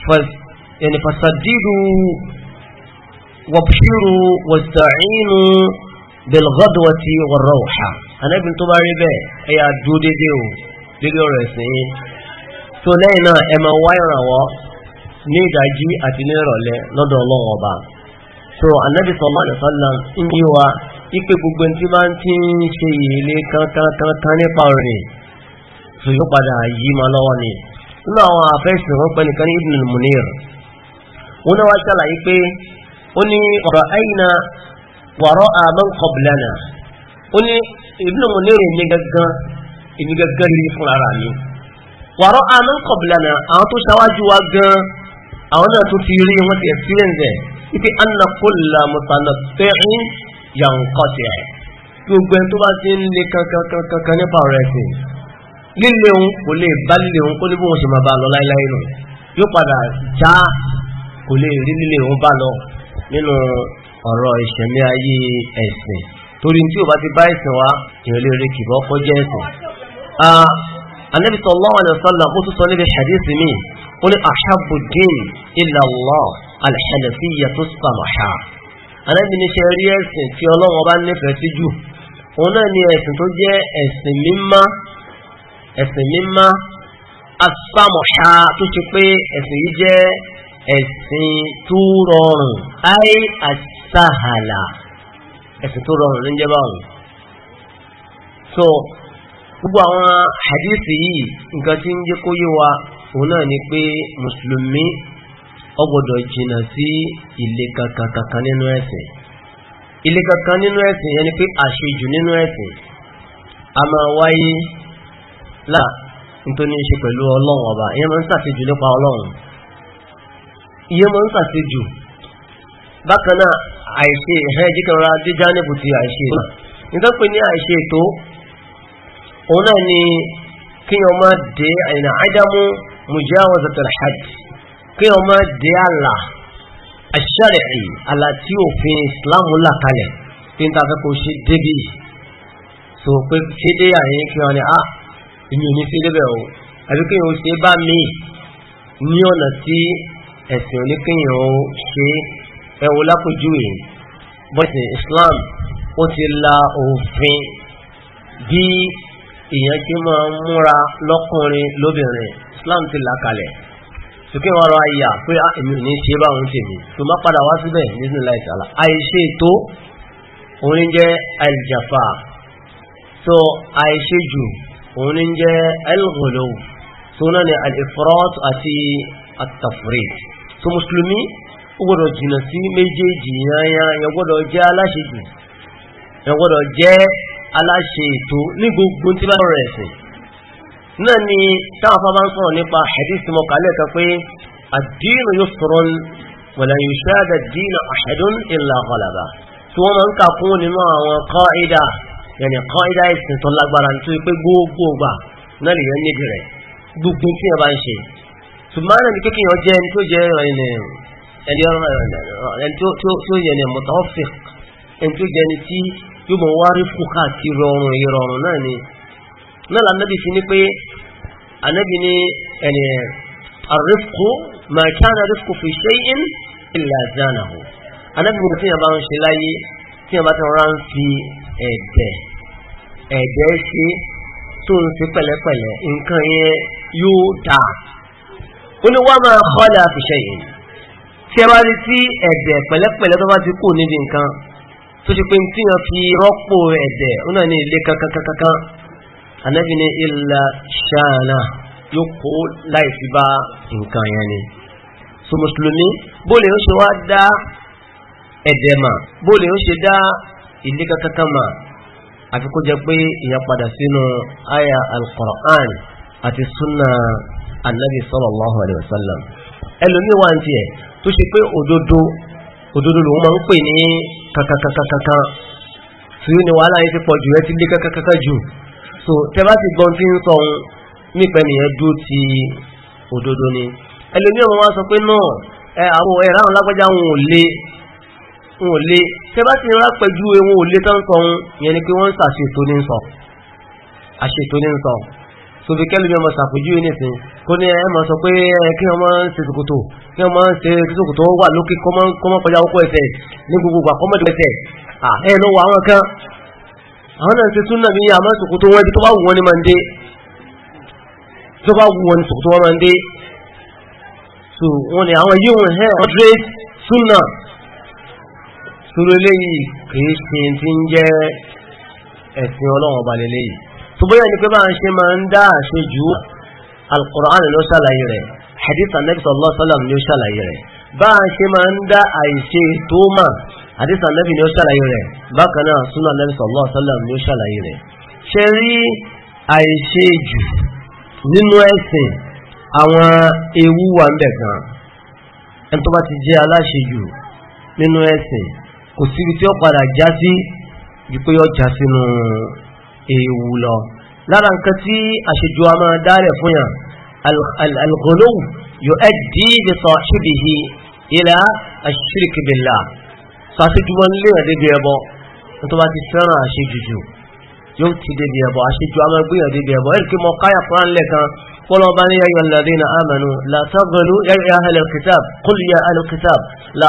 first يعني فصددوا وابشروا واستعينوا بالغدوة والروحة أنا ابن تباري بي هي دودي ديو ديو رسين تولينا اما ويرا و نيداجي اتنيرو لي لدو الله وبا so anabi sallallahu alaihi wasallam ń yí wa ipe gbogbo tí bá ń tí ń ṣe ìrìnlẹ̀ kankankan nípa rẹ̀ so yóò padà yí ma lọ́wọ́ ni nínú àwọn àfẹ́sìn wọn pẹ́ nìkan ní ibn munir wọn náà wá ṣàlàyé pé ó ní ọ̀rọ̀ àyìnà wọ̀rọ̀ àmọ́ kọ̀bìlánà ó ní ìbínú mo lérè mi gangan èmi gangan lè fún ara mi wọ̀rọ̀ àmọ́ kọ̀bìlánà àwọn tó ṣáwájú wa gan àwọn náà tó ti rí wọn ti experience ẹ̀ ipe anna kulla mutanatti'in yanqati' gbogbo ẹni tó bá ti ń le kankankankan nípa ọ̀rọ̀ ẹ̀sìn líle òun kò lè bá líle òun kó ní bí wọ́n ṣe máa bá lọ láíláí nù yóò padà já kò lè rí lílé òun bá lọ nínú ọ̀rọ̀ ìṣẹ̀mí ayé ẹ̀sìn torí tí ò bá ti bá ẹ̀sìn wá èèyàn lè rí kìbọ́ kọjá ẹ̀sìn. Ànábì sallallahu alaihi wasallam ó tún sọ níbi hadith mi ó ní ahabbu din ila Allah al-hanafiyyatu as-samaha. Ànábì ní ṣe rí ẹ̀sìn tí Ọlọ́run bá nífẹ̀ẹ́ sí jù òun náà ni ẹ̀sìn tó jẹ́ ẹ̀sìn mímá ẹ̀sìn tó ṣe pé ẹ̀sìn yìí jẹ́ ẹ̀sìn tó rọrùn ayé àṣàhàlà ẹ̀sìn tó rọrùn ló ń báwọn so gbogbo àwọn hadithi yìí nǹkan tí ń jẹ́ kó yé wa òun náà ni pé mùsùlùmí ó gbọ́dọ̀ sí ilé kankan kankan nínú ẹ̀sìn ilé kankan nínú ẹ̀sìn yẹn ni pé àṣejù nínú a máa wáyé nítorí ọba ìyẹn máa ń ìyẹn mọ́ ń sàṣe jù bákan náà àìṣe ẹ̀hẹ́ jíkẹ̀rọ jíjá níbù ti àìṣe náà nítọ́pẹ́ ní àìṣe ètò òun náà ni kí wọ́n máa dé àìnà ádámú mujawazat al-hadd kí wọ́n máa dé àlà ash-shar'i àlà tí òfin islam là kalẹ̀ tí n ta fẹ́ kó ṣe débi tó pé ṣe dé àyín kí wọ́n ni a ìyẹn ò ní sí débẹ̀ o àbí kí wọ́n ṣe bá mi ní ọ̀nà tí ẹ̀sìn oníkéyàn ó ṣe ẹwọ lápòjúwe bọ́sì Islam ó ti la òfin bí èèyàn ti máa ń múra lọ́kùnrin lóbìnrin Islam ti là kalẹ̀ sókè wọn rọ ayà pé ah, èmi ò ní ṣe báwọn tèmi tó má padà wá síbẹ̀ nínú láìsàlá àìṣe ètò òun ní jẹ́ aljafa so àìṣe jù òun ní jẹ́ alghulu tó náà ni alifrot àti atafrit tó mùsùlùmí ó gbọ́dọ̀ jìnà sí méjèèjì yanyan yẹn gbọ́dọ̀ jẹ́ aláṣejù yẹn gbọ́dọ̀ jẹ́ aláṣe ètò ní gbogbo tí bá rẹ̀ ẹ̀sìn náà ni táwọn afọ́ bá ń sọ̀rọ̀ nípa hadith mọ́ kálẹ̀ kan pé ad-dinu yusrun wa la yushada ad-dina ahadun illa ghalaba tí wọ́n máa ń kà fún nínú àwọn kọ́ìdá yẹnì kọ́ìdá ìsìn tó lágbára nítorí pé gbogbo gbà náà lè yẹn níbi rẹ̀ gbogbo tí yẹn bá ń ṣe sùmánà ní kékeré yẹn jẹ́ ẹni tó jẹ́ ẹni ẹni tó yẹ ni mọ̀tàwọ́fẹ́ ẹni tó jẹ́ ẹni tí yóò mọ̀ wá rí fún káàkiri ọrùn ìrọ̀rùn náà ni náà lànàbì fi ní pé ànàbì ní ẹni àrífkù máa kí àná rífkù fi ṣe in ilẹ̀ àjánà hù ànàbì ní tí yẹn bá ń ṣe láyé tí yẹn bá ti rán fi ẹ̀dẹ̀ ẹ̀dẹ̀ ṣe tó ń ṣe pẹ̀lẹ́pẹ̀lẹ́ nǹkan yẹn yóò dáa ó ní wá máa kọ́lá àfiṣẹ́ yìí tí ẹ bá rí tí ẹ̀dẹ̀ pẹ̀lẹ́pẹ̀lẹ́ tó bá ti kù níbi nǹkan tó ṣe pé tí wọ́n fi rọ́pò ẹ̀dẹ̀ ó náà ní ilé kankankankan anábì ní ilà ṣáàlà yóò kó láìsí bá nǹkan yẹn ni so mùsùlùmí bóòlù yóò ṣe wá dá ẹ̀dẹ̀ mà bóòlù yóò ṣe dá ilé kankankan mà àfi jẹ pé ìyá sínú àyà al-Qur'an àti sunna anabi sallallahu Alaihi Wasallam. sallam ẹlòmíì wà ń tiẹ̀ tó ṣe pé òdodo òdodo lòun máa ń pè ní kankankankankan tí ó ní wàhálà yìí ti pọ̀ jù ẹ so tẹ́ bá ti gbọ́n tí ń ni. ohun nípa ẹnìyẹn dúró ti òdodo ni ẹlòmíì ọmọ wa sọ pé náà ẹ àwọn ẹ̀rọ àwọn lágbájá wọn ò lé wọn ò lé tẹ́ bá ti rán pẹ̀jú wọn ò lé tán sọ ohun yẹn ni pé wọ́n ń ṣàṣètò ní sọ àṣètò ní sọ sobi kẹ́lù mi ọmọ sàpèjúwe nìsín kó ní ẹ máa sọ pé kí wọ́n máa ń ṣe ṣòkòtò kí wọ́n máa ń ṣe ṣòkòtò wà lókè kọ́ máa kọjá ọkọ̀ ẹsẹ̀ ní gbogbo àkọ́mọ̀dé ẹsẹ̀ ẹ lọ wọ àwọn kan àwọn náà ń ṣe súnà bí àmọ́ ṣòkòtò wọn ibi tó bá wù wọn ni máa ń ẹ̀sìn ọlọ́run ọba lélẹ́yìí ṣùgbọ́n ní pé bá ń ṣe máa ń dá àṣẹ jù alkùrán ló ṣàlàyé rẹ̀ hadith anabi sallallahu alaihi wasallam ló ṣàlàyé rẹ̀ bá ń ṣe máa ń dá àìṣe tó mà hadith anabi ló ṣàlàyé rẹ̀ bákan náà súnà anabi sallallahu alaihi ló ṣàlàyé rẹ̀ ṣe rí àìṣe jù nínú ẹ̀sìn àwọn ewu wà ń bẹ̀ kan ẹni tó bá ti jẹ́ aláṣejù nínú ẹ̀sìn kò síbi tí ó padà já sí ju pé ó já sínú ewu lọ lára nǹkan tí àṣejù a máa dálẹ̀ fún yàn alghuluw yuaddi li sahibihi ila ash-shirk billah sàṣejù wọn lè hàn débi ẹbọ nítorí wọn ti fẹ́ràn àṣejù jù yóò ti débi ẹbọ àṣejù a máa gbéyàn débi ẹbọ ẹ̀rì kí mo káyà fúnra lẹ́kan kọlọba ní yayọ alladhina amanu la taghlu ya ahlal kitab qul ya ahlal kitab la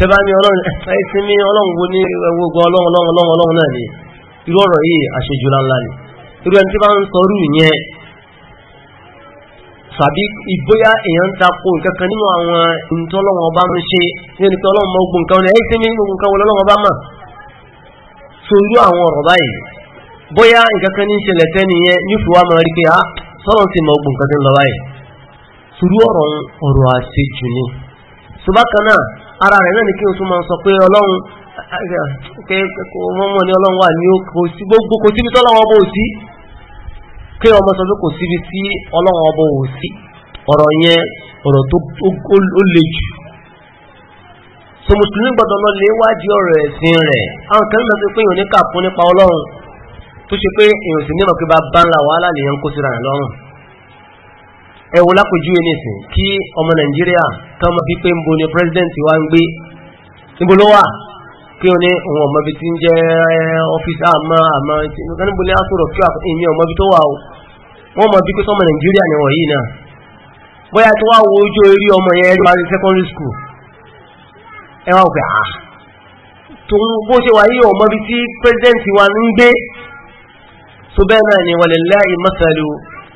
tẹ́bá ní ọlọ́run ẹ̀sìn mi ọlọ́run wo ní ẹwọ́gbọ́ ọlọ́run ọlọ́run ọlọ́run ọlọ́run náà ni irú ọ̀rọ̀ yìí àṣejù láńlá ni irú ẹni tí bá ń sọ rú ìyẹn sàbí ìbóyá èèyàn tako nǹkan kan nínú àwọn ìtọ́lọ́wọ́n ọba ń ṣe ní ẹni tí ọlọ́run mọ ogun nǹkan ní ẹ̀sìn mi ogun nǹkan ọlọ́run ọba mà so irú àwọn ọ̀rọ̀ báyìí bóyá nǹkan kan ní ń ah, ọ̀rọ̀ àṣejù ni ara rẹ̀ náà ni kí o tún máa sọ pé ọlọ́run pé mọ́mọ́ ni ọlọ́run wà ní gbogbo kò síbi tí ọlọ́run ọba ò sí pé ọmọ sọ pé kò síbi tí ọlọ́run ọba ò sí ọ̀rọ̀ yẹn ọ̀rọ̀ tó le jù so mùsùlùmí gbọ́dọ̀ lọ lè wádìí ọ̀rọ̀ ẹ̀sìn rẹ̀ àwọn kan náà ti pé èèyàn ní kà nípa ọlọ́run tó ṣe pé èèyàn sì nímọ̀ pé bá bá ńlá wàhálà lèèyàn kó síra rẹ̀ lọ́rùn ẹwọ lápèjúwe nìsìn kí ọmọ nàìjíríà kan mọ̀ pípé ń bo ni president wa ń gbé níbo ló wà kí o ní ohun ọmọbi tí ń jẹ́ ọ́fíìsà àmọ́ àmọ́ ìtìlúkan níbo ní kí èmi ọmọbi tó wà wọ́n mọ̀ bí pé sọmọ nàìjíríà ni wọ̀nyí náà bóyá tó wà wo ojú orí ọmọ yẹn rí wáyé secondary school ẹ wá òkè à tó ń bó ṣe wáyé ọmọbi tí president wa ń gbé tó bẹ́ẹ̀ náà ni wàlẹ̀ láì mọ́sàlù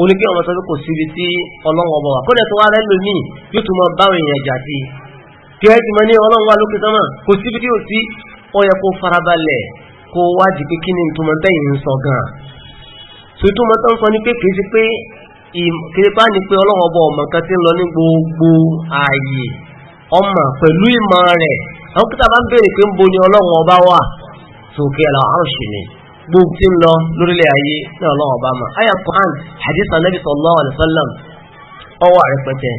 ó ní kí ọmọ tó kò síbi tí ọlọ́wọ́ ọba wà kódẹ̀ tó wá rẹ́ lómi yóò tún mọ báwọn èèyàn jà sí kí ẹ ti mọ ní ọlọ́run wà lókè sánmà kò síbi tí ó sí ó yẹ kó farabalẹ̀ kó wádìí pé kí ni ìtumọ̀ bẹ́yìn ń sọ gan-an tó ìtumọ̀ tó ń sọ ní pé kìí sí pé kìrìpá ni pé ọlọ́run ọba ọmọ kan ti ń lọ ní gbogbo ààyè ọmọ pẹ̀lú ìmọ̀ rẹ̀ àwọn kìtà bá ń béèrè pé ń bo ni ọlọ́run ọba wà sókè àlọ́ àrùsì ni gbogbo tí ń lọ lórílẹ̀ ayé náà lọ́wọ́ bá mọ̀ ayà Quran hadith anabi sallallahu alayhi wa sallam ọwọ́ àrẹpẹtẹ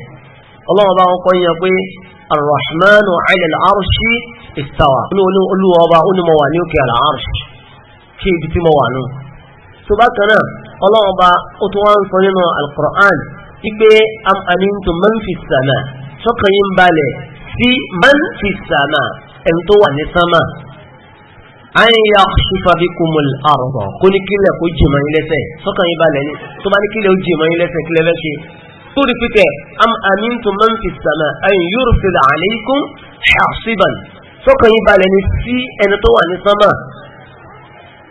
ọlọ́wọ́ bá wọn kọ́ yẹn pé arrahmanu ala al-arshi istawa olúwa ọba ó ní mo wà ní òkè al-arshi kí ibi tí mo wà nù. tó bá kan náà ọlọ́wọ́ bá ó tún wá ń sọ nínú al-Quran wípé am amintum man fi sama sọ́kàn yín balẹ̀ sí man fi sama ẹni tó wà ní sama an yà ṣífà bí kò mọ̀lì àrùbọ̀ kó ní kílẹ̀ kó jìmọ̀ yín lẹ́sẹ̀ sọ́kàn yín balẹ̀ ni tó bá ní kílẹ̀ ó jìmọ̀ yín lẹ́sẹ̀ kílẹ̀ lẹ́sẹ̀ tó rí pípẹ́ am amintu man fi sàmà an yursila alaykum hasiban sọ́kàn yín balẹ̀ ni sí ẹni tó wà ní sánmà.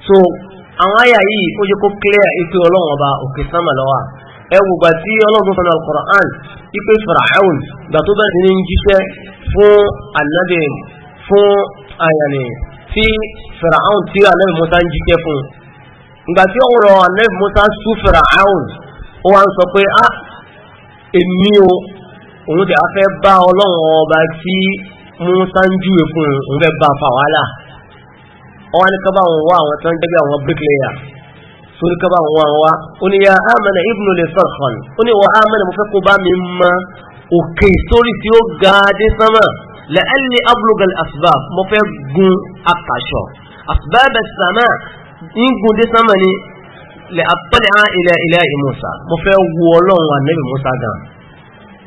so àwọn àyà yìí ó yẹ kó kílẹ̀ ètò ọlọ́run ọba òkè sánmà lọ́wọ́ ẹ wò gbà tí ọlọ́run fún al-Qur'an ipe Fir'aun gbà tó bẹ̀rẹ̀ sí ní jíṣẹ́ fún ànábì fún àyànnì tí fìràhàn tí anabi musa ń jíṣẹ́ fún ìgbà tí ọ̀rọ̀ anabi musa sú fìràhàn ó wá ń sọ pé a ah, èmi o òun ti ba bá ọlọ́run ọba tí musa ń júwe fún òun fẹ́ bá fa wàhálà ọwọ́ ní wọn wá àwọn wọ́n ń jẹ́ àwọn wọn wá wá ya lè sọ̀rọ̀ ó ní wọ́n mo fẹ́ kó bá mi mọ òkè sórí tí ó la'alli abluga al-asbab mo fẹ́ gun akaṣọ asbab as-sama ń gun dé sánmà ni lè àtọ́lẹ̀ á ila ilahi Musa mo fẹ́ wu ọlọ́run ànábì Musa gan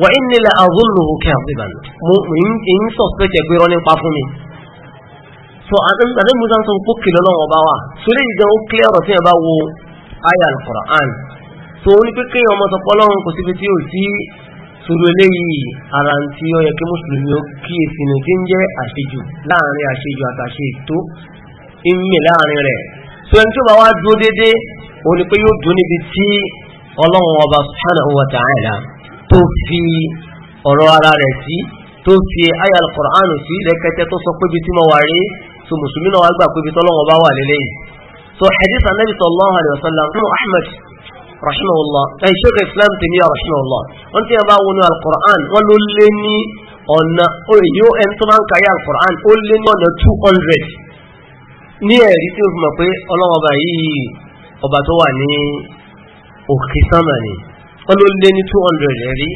wa inni la azunnuhu kadhiban mo ń sọ̀spẹ̀tì ẹgbẹ́ rọ́ nípa fún mi so ànábì Musa ń sọ pé kìlọ̀ wà ní pé kéèyàn ọmọ sórí eléyìí ara tí ó yẹ kí mùsùlùmí ó kíyèsí ni tí ń jẹ́ àṣejù láàrin àṣejù àtàṣe ètò ìmì láàrin rẹ̀ so ẹni tí ó bá wá dúró dédé ó ní pé yóò dúró níbi tí ọlọ́run ọba subhanahu wa ta'ala tó fi ọ̀rọ̀ ara rẹ̀ sí tó fi àyà al-Qur'an sí lẹ́kẹ́tẹ́ tó sọ pé ibi tí mo wà rí so mùsùlùmí náà wá gbà pé ibi tọ́lọ́run ọba wà lélẹ́yìí so hadith anabi sallallahu alayhi wa rahimahullah ẹ̀yìn ṣe islam tèmi yà rahimahullah wọ́n tí a bá wọnú alkùrán wọ́n ló lé ní ọ̀nà yóò ẹn tó bá ń kàrí alkùrán ó lé ní ọ̀nà 200 ní ẹ̀rí tí ó fi mọ̀ pé ọlọ́wọ́ba yìí ọba tó wà ní òkè sánmà ni wọ́n ló lé ní 200 ẹ̀rí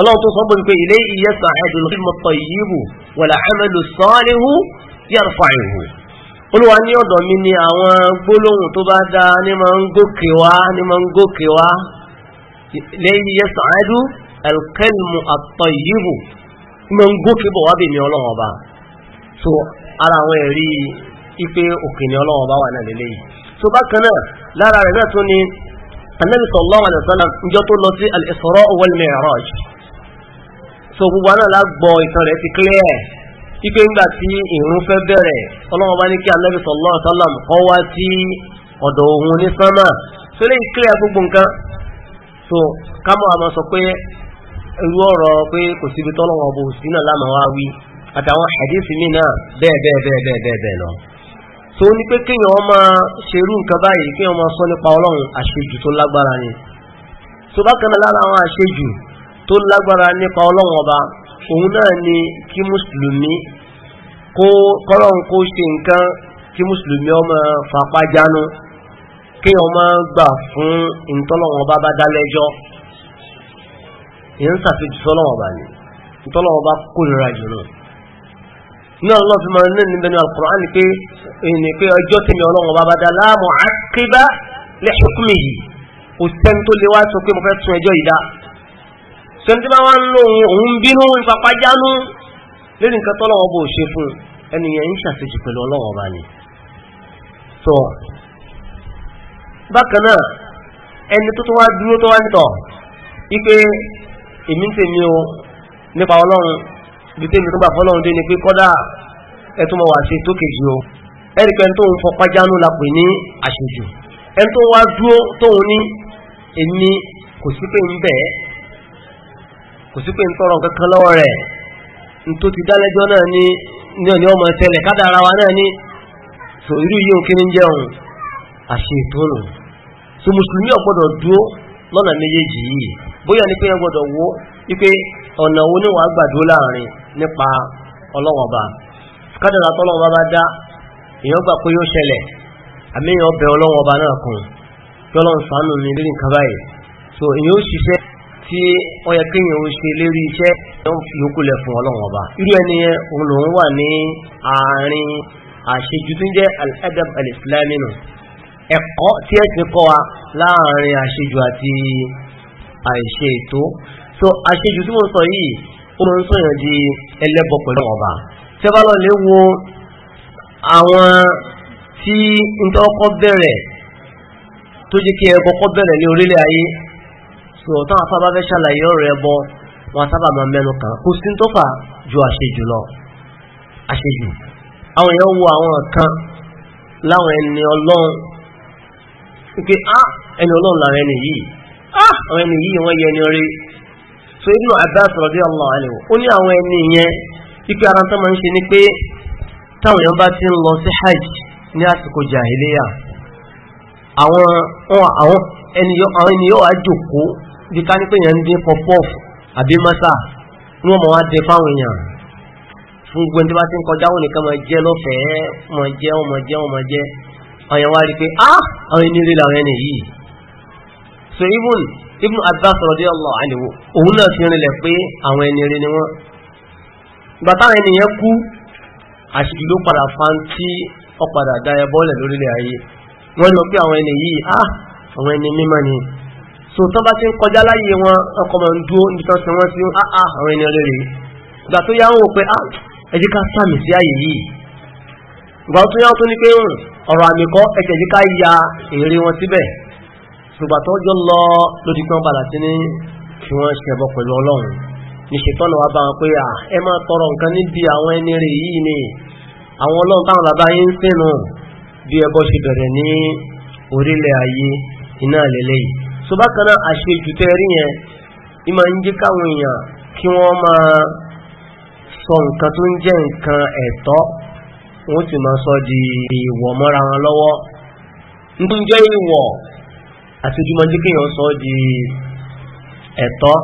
ọlọ́wọ́ tó sọ bọ́ pé ilé iyẹ́sà ẹ̀dùn lọ́dún mọ́tọ̀ yìí wù wọ̀là ẹ̀mẹ́lú sọ́ọ́lẹ́hù yàrá olúwa ní ọ̀dọ̀ mi ni àwọn gbólóhùn tó bá dá ní ma ń gòkè wá ní ma ń gòkè wá lẹ́yìn so ara àwọn ẹ̀rí ipe òkè ni ọlọ́run ọba wà náà so bákan náà lára rẹ̀ náà tún ni anabi sallallahu alaihi wasallam njọ tó lọ sí al so gbogbo àná la ìtàn rẹ̀ ti ike ńgbà tí ìrún fẹ́ bẹ̀rẹ̀ ọlọ́wọ́n bá ní kí anábì sallallahu alaihi wasallam kọ́ wá sí ọ̀dọ̀ òun ní sánmà tó gbogbo nǹkan so kámọ́ àmọ́ sọ pé irú ọ̀rọ̀ pé kò síbi tọ́lọ́wọ́ bò sí náà lámà wá wí àtàwọn hadith mi náà bẹ́ẹ̀ bẹ́ẹ̀ bẹ́ẹ̀ bẹ́ẹ̀ bẹ́ẹ̀ bẹ́ẹ̀ lọ so ní pé kéèyàn ọmọ ṣerú nǹkan báyìí kéèyàn ọmọ sọ nípa ọlọ́run àṣejù tó lágbára ni so bákan náà lára àwọn àṣejù tó lágbára nípa ọlọ́run ọba òun náà ni kí mùsùlùmí kó kọ́lọ́n kó ṣe nǹkan kí mùsùlùmí ọmọ fapájánú kí ọmọ gbà fún ìtọ́lọ̀wọ̀n bá bá dálẹ́jọ́ ìyẹn sàfihàn tọ́lọ̀wọ̀n bá ní ìtọ́lọ̀wọ̀n bá kórìíra jùlọ náà lọ́ fi máa nínú ìbẹ̀nu Al-Qur'an pé èyí pé ọjọ́ tí sẹ́ńtí bá wá ń lò òun bínú ìpapájánú lórí nǹkan tọ́lọ́wọ́ bò ṣe fún ẹnìyàn ń ṣàṣejù pẹ̀lú ọlọ́wọ́ bá ní tọ́ bákan náà ẹni tó tó wá dúró tó wá nítọ̀ wípé èmi tèmi o nípa ọlọ́run bí tó ni pé kọ́dà ẹtún mọ̀ wá ṣe tó kejì o ẹni pé tó ń fọpájánú la pè ní àṣejù ẹni tó wá dúró tóun ní èmi kò sí pé ń bẹ́ẹ̀ kò sí pé ń tọrọ kankan lọ́wọ́ rẹ̀ tó ti dálẹ́jọ́ náà ní ní ọmọ ìtẹ́lẹ̀ kádàrà wa náà ní so irú yíò kí ní jẹun àṣẹ ìtọ́nù so mùsùlùmí ọ̀gbọ́dọ̀ dúó lọ́nà méjèèjì yìí bóyá ní pé ọgbọ́dọ̀ wó wípé ọ̀nà wo ní wàá gbàdó láàrin nípa ọlọ́wọ̀ba tí ó yẹ kí yẹn ó ṣe lérí iṣẹ́ tó ń fi okú lẹ̀ fún ọlọ́run ọba irú ẹni òun lòun wà ní àárín àṣejù tó ń jẹ́ al-adab al-islami nù ẹ̀kọ́ tí ẹ ti kọ́ wa láàárín àṣejù àti àìṣe ètò so àṣejù tí mo sọ yìí ó mọ̀ ń sọ̀yàn di ẹlẹ́bọ pẹ̀lú ọba tí ẹ bá lọ lè wo àwọn tí ń tọ́kọ́ bẹ̀rẹ̀ tó jẹ́ kí ẹ kọ́kọ́ bẹ̀rẹ̀ ní orílẹ̀ ayé so táwọn afábá fẹ́ ṣàlàyé ọ̀rọ̀ ẹbọ wọn sábà máa mẹ́nu kàn kò sí tó fà ju àṣejù lọ àṣejù àwọn èèyàn wo àwọn kan láwọn ẹni ọlọ́run wípé á ẹni ọlọ́run làwọn ẹni yìí á àwọn ẹni yìí wọ́n yẹ ẹni rí so Ibn Abbas radiyallahu anhu ó ní àwọn ẹni yẹn wípé ara tó máa ń ṣe ni pé táwọn èèyàn bá ti ń lọ sí hajj ní àsìkò jahiliya àwọn ènìyàn wà jòkó bí ká ní pé yẹn ń dín pọpọ́f àbí mọ́sà ní wọ́n mọ̀ wá dín fáwọn èèyàn fún gbogbo ẹni tí wọ́n ti ń kọjá wọn nìkan máa jẹ́ lọ́fẹ̀ẹ́ máa jẹ́ wọn jẹ́ wọn jẹ́ ọ̀yàn wá rí pé á ah! àwọn ẹni rí ẹni yìí so even Ibn Abbas radiyallahu anhu òun náà fi rinlẹ̀ pé àwọn ẹni rí ni wọ́n ìgbà táwọn ẹni yẹn kú àṣìkí ló padà fa ń tí ọ padà dá ẹbọ́lẹ̀ lórílẹ̀ ayé wọ́n lọ pé àwọn ẹni yìí á ah! àwọn ẹni mímọ́ ni so tán bá ti ń kọjá láyé wọn ọkọ̀ mọ̀ ń dúó níbi tán sí wọ́n sí àà ah, ah, àwọn ẹni rere ìgbà tó yá ń wò pé à ah, ẹjí ká sàmì sí àyè yìí ìgbà tó yá ń tó ní pé hmm, ọ̀rọ̀ àmì kọ́ ẹ̀jẹ̀ jí ká ya èrè wọn síbẹ̀ ṣùgbà tó jọ lọ lódì pé wọ́n padà sí ní kí wọ́n ṣe ẹbọ pẹ̀lú ọlọ́run ní ṣètọ́nà wa bá wọn pé à ẹ máa tọrọ nǹkan níbi àwọn ẹni rè yìí ni àwọn ọlọ́run táwọn bàbá yín ń bí ẹbọ so bákan náà àṣejù tẹ́ rí yẹn ní ń jẹ́ káwọn èèyàn kí wọ́n máa sọ nǹkan tó ń jẹ́ nǹkan sọ di ìwọ̀ mọ́ra wọn lọ́wọ́ nítorí jẹ́ ìwọ̀ àṣejù máa jẹ́ sọ di ẹ̀tọ́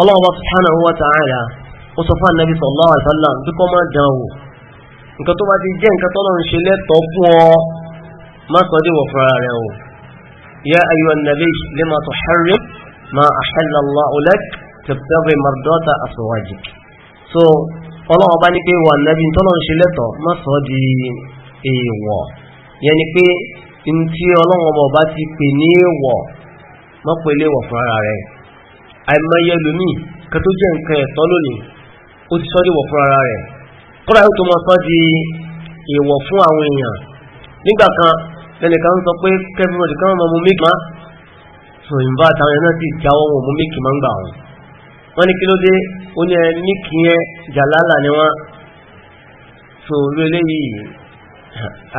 Allah subhanahu wa ta'ala ó sọ fún ànábì sallallahu alaihi wasallam bí sọ يا أيها النبي لما تحرم ما أحل الله لك تبتغي مرضات أزواجك so ọlọ́wọ́ bá ní pé wà nẹ́bí tọ́lọ̀ ń ṣe lẹ́tọ̀ sọ di èèwọ̀ yẹn ni pé in tí ọlọ́wọ́ bọ̀ bá ti pè ní èèwọ̀ má pè léwọ̀ ara rẹ̀ àìmọye lómi kan tó jẹ́ nǹkan ẹ̀tọ́ lónìí ó ti sọ́ ara di lẹ́nìkan ń sọ pé kẹfìmọ̀dì kan mọ̀ mú míkì má so ìbá àtàwọn ẹ̀nà ti jáwọ́ wọn mú míkì má ń gbà wọn wọ́n ní kí ló dé ó ní ẹ míkì yẹn jàlálà ni wọ́n so olú eléyìí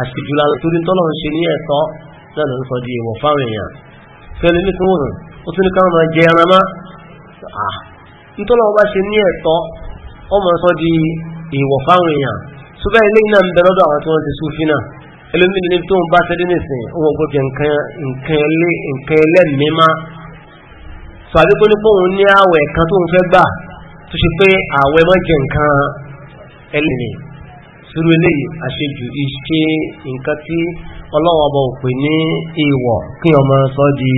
àṣìjúlá torí tọ́lọ̀ ń ṣe ní ẹ̀kọ́ náà ló ń sọ di ìwọ̀ fáwọn èèyàn fẹ́lẹ́ ní kúrò ó tún ní káwọn máa jẹ ẹran má nítọ́lọ̀ ọba ṣe ní ẹ̀tọ́ ọmọ sọ di ìwọ̀ fáwọn èèyàn so bẹ́ẹ̀ eléyìí náà ń bẹ lọ́dọ̀ àwọn tí wọ́n ti súfin náà ẹlòmíì ní tó ń bá tẹ́lẹ̀ nìsín wọn kò kí nǹkan ẹlẹ́mìí má sọ àdúgbò ní pé òun ní àwẹ̀ kan tó ń fẹ́ gbà tó ṣe pé àwẹ̀ má jẹ nǹkan ẹlẹ́mìí sírú eléyìí àṣejù iṣẹ́ nǹkan tí ọlọ́wọ́ ọba ò pè ní ìwọ̀ kí ọmọ sọ di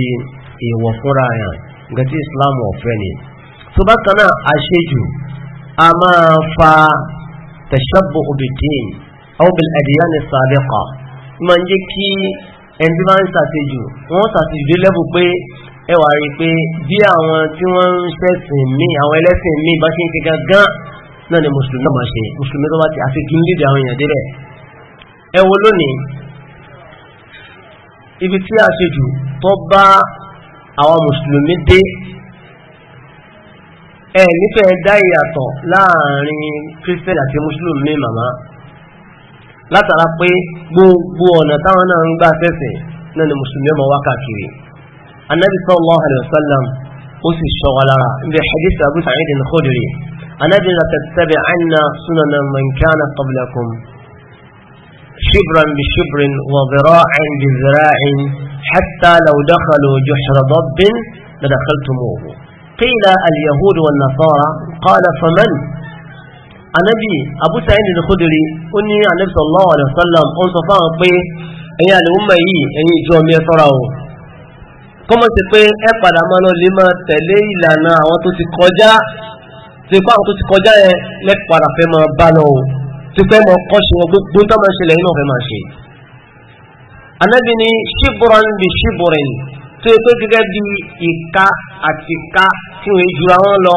ìwọ̀ fúnra yàn nǹkan tí Islam ọ̀fẹ́ ni tó bá kan náà àṣejù a máa fa tashabbuh bid-din aw bil-adyan máa ń jẹ́ kí ẹni tí bá ń ṣàṣejù wọ́n ṣàṣejù dé lẹ́bù pé ẹ wá rí pé bí àwọn tí wọ́n ń ṣẹ̀sìn mí àwọn ẹlẹ́sìn mí bá ṣe ń ṣe gangan náà ni mùsùlùmí náà máa ṣe mùsùlùmí tó bá ti àfi kí ń lè àwọn èèyàn débẹ̀ ẹ lónìí ibi tí àṣejù tó bá àwọn mùsùlùmí dé ẹ nífẹ̀ẹ́ dá ìyàtọ̀ láàrin kírísítẹ́nì àti mùsùlùmí màmá látara pé gbogbo ọ̀nà táwọn náà ń gbà tẹ́sẹ̀ náà ni mùsùlùmí ọmọ wákàkiri anabi sallallahu alayhi wa sallam ó sì ṣọ́wa lára ibi hadith abu sa'id al-khudri anabi la tattabi'anna sunana man kana qablakum shibran bi shibrin wa dhira'an bi dhira'in hatta law dakhalu juhra dabbin la dakhaltumuhu qila al-yahud wan nasara qala faman anabi abu sa'id al-khudri ó ní anabi sallallahu alaihi wasallam ó sọ fáwọn pé ẹ̀yin àlùmọ̀ yìí ẹ̀yin ìjọ mi ẹ tọ́ra o kọ́mọ̀ sí pé ẹ padà máa lọ lè máa tẹ̀lé ìlànà àwọn tó ti kọjá tí pé àwọn tó ti kọjá yẹn lẹ́ padà fẹ́ máa bá lọ o tí pé mọ kọ́ ṣe gbogbo tó máa ṣẹlẹ̀ yìí náà fẹ́ máa ṣe. anabi ni ṣíbùrán bí ṣíbùrán tó yẹ pé gẹ́gẹ́ bí ìka àti ìka tí wọ́n jura wọn lọ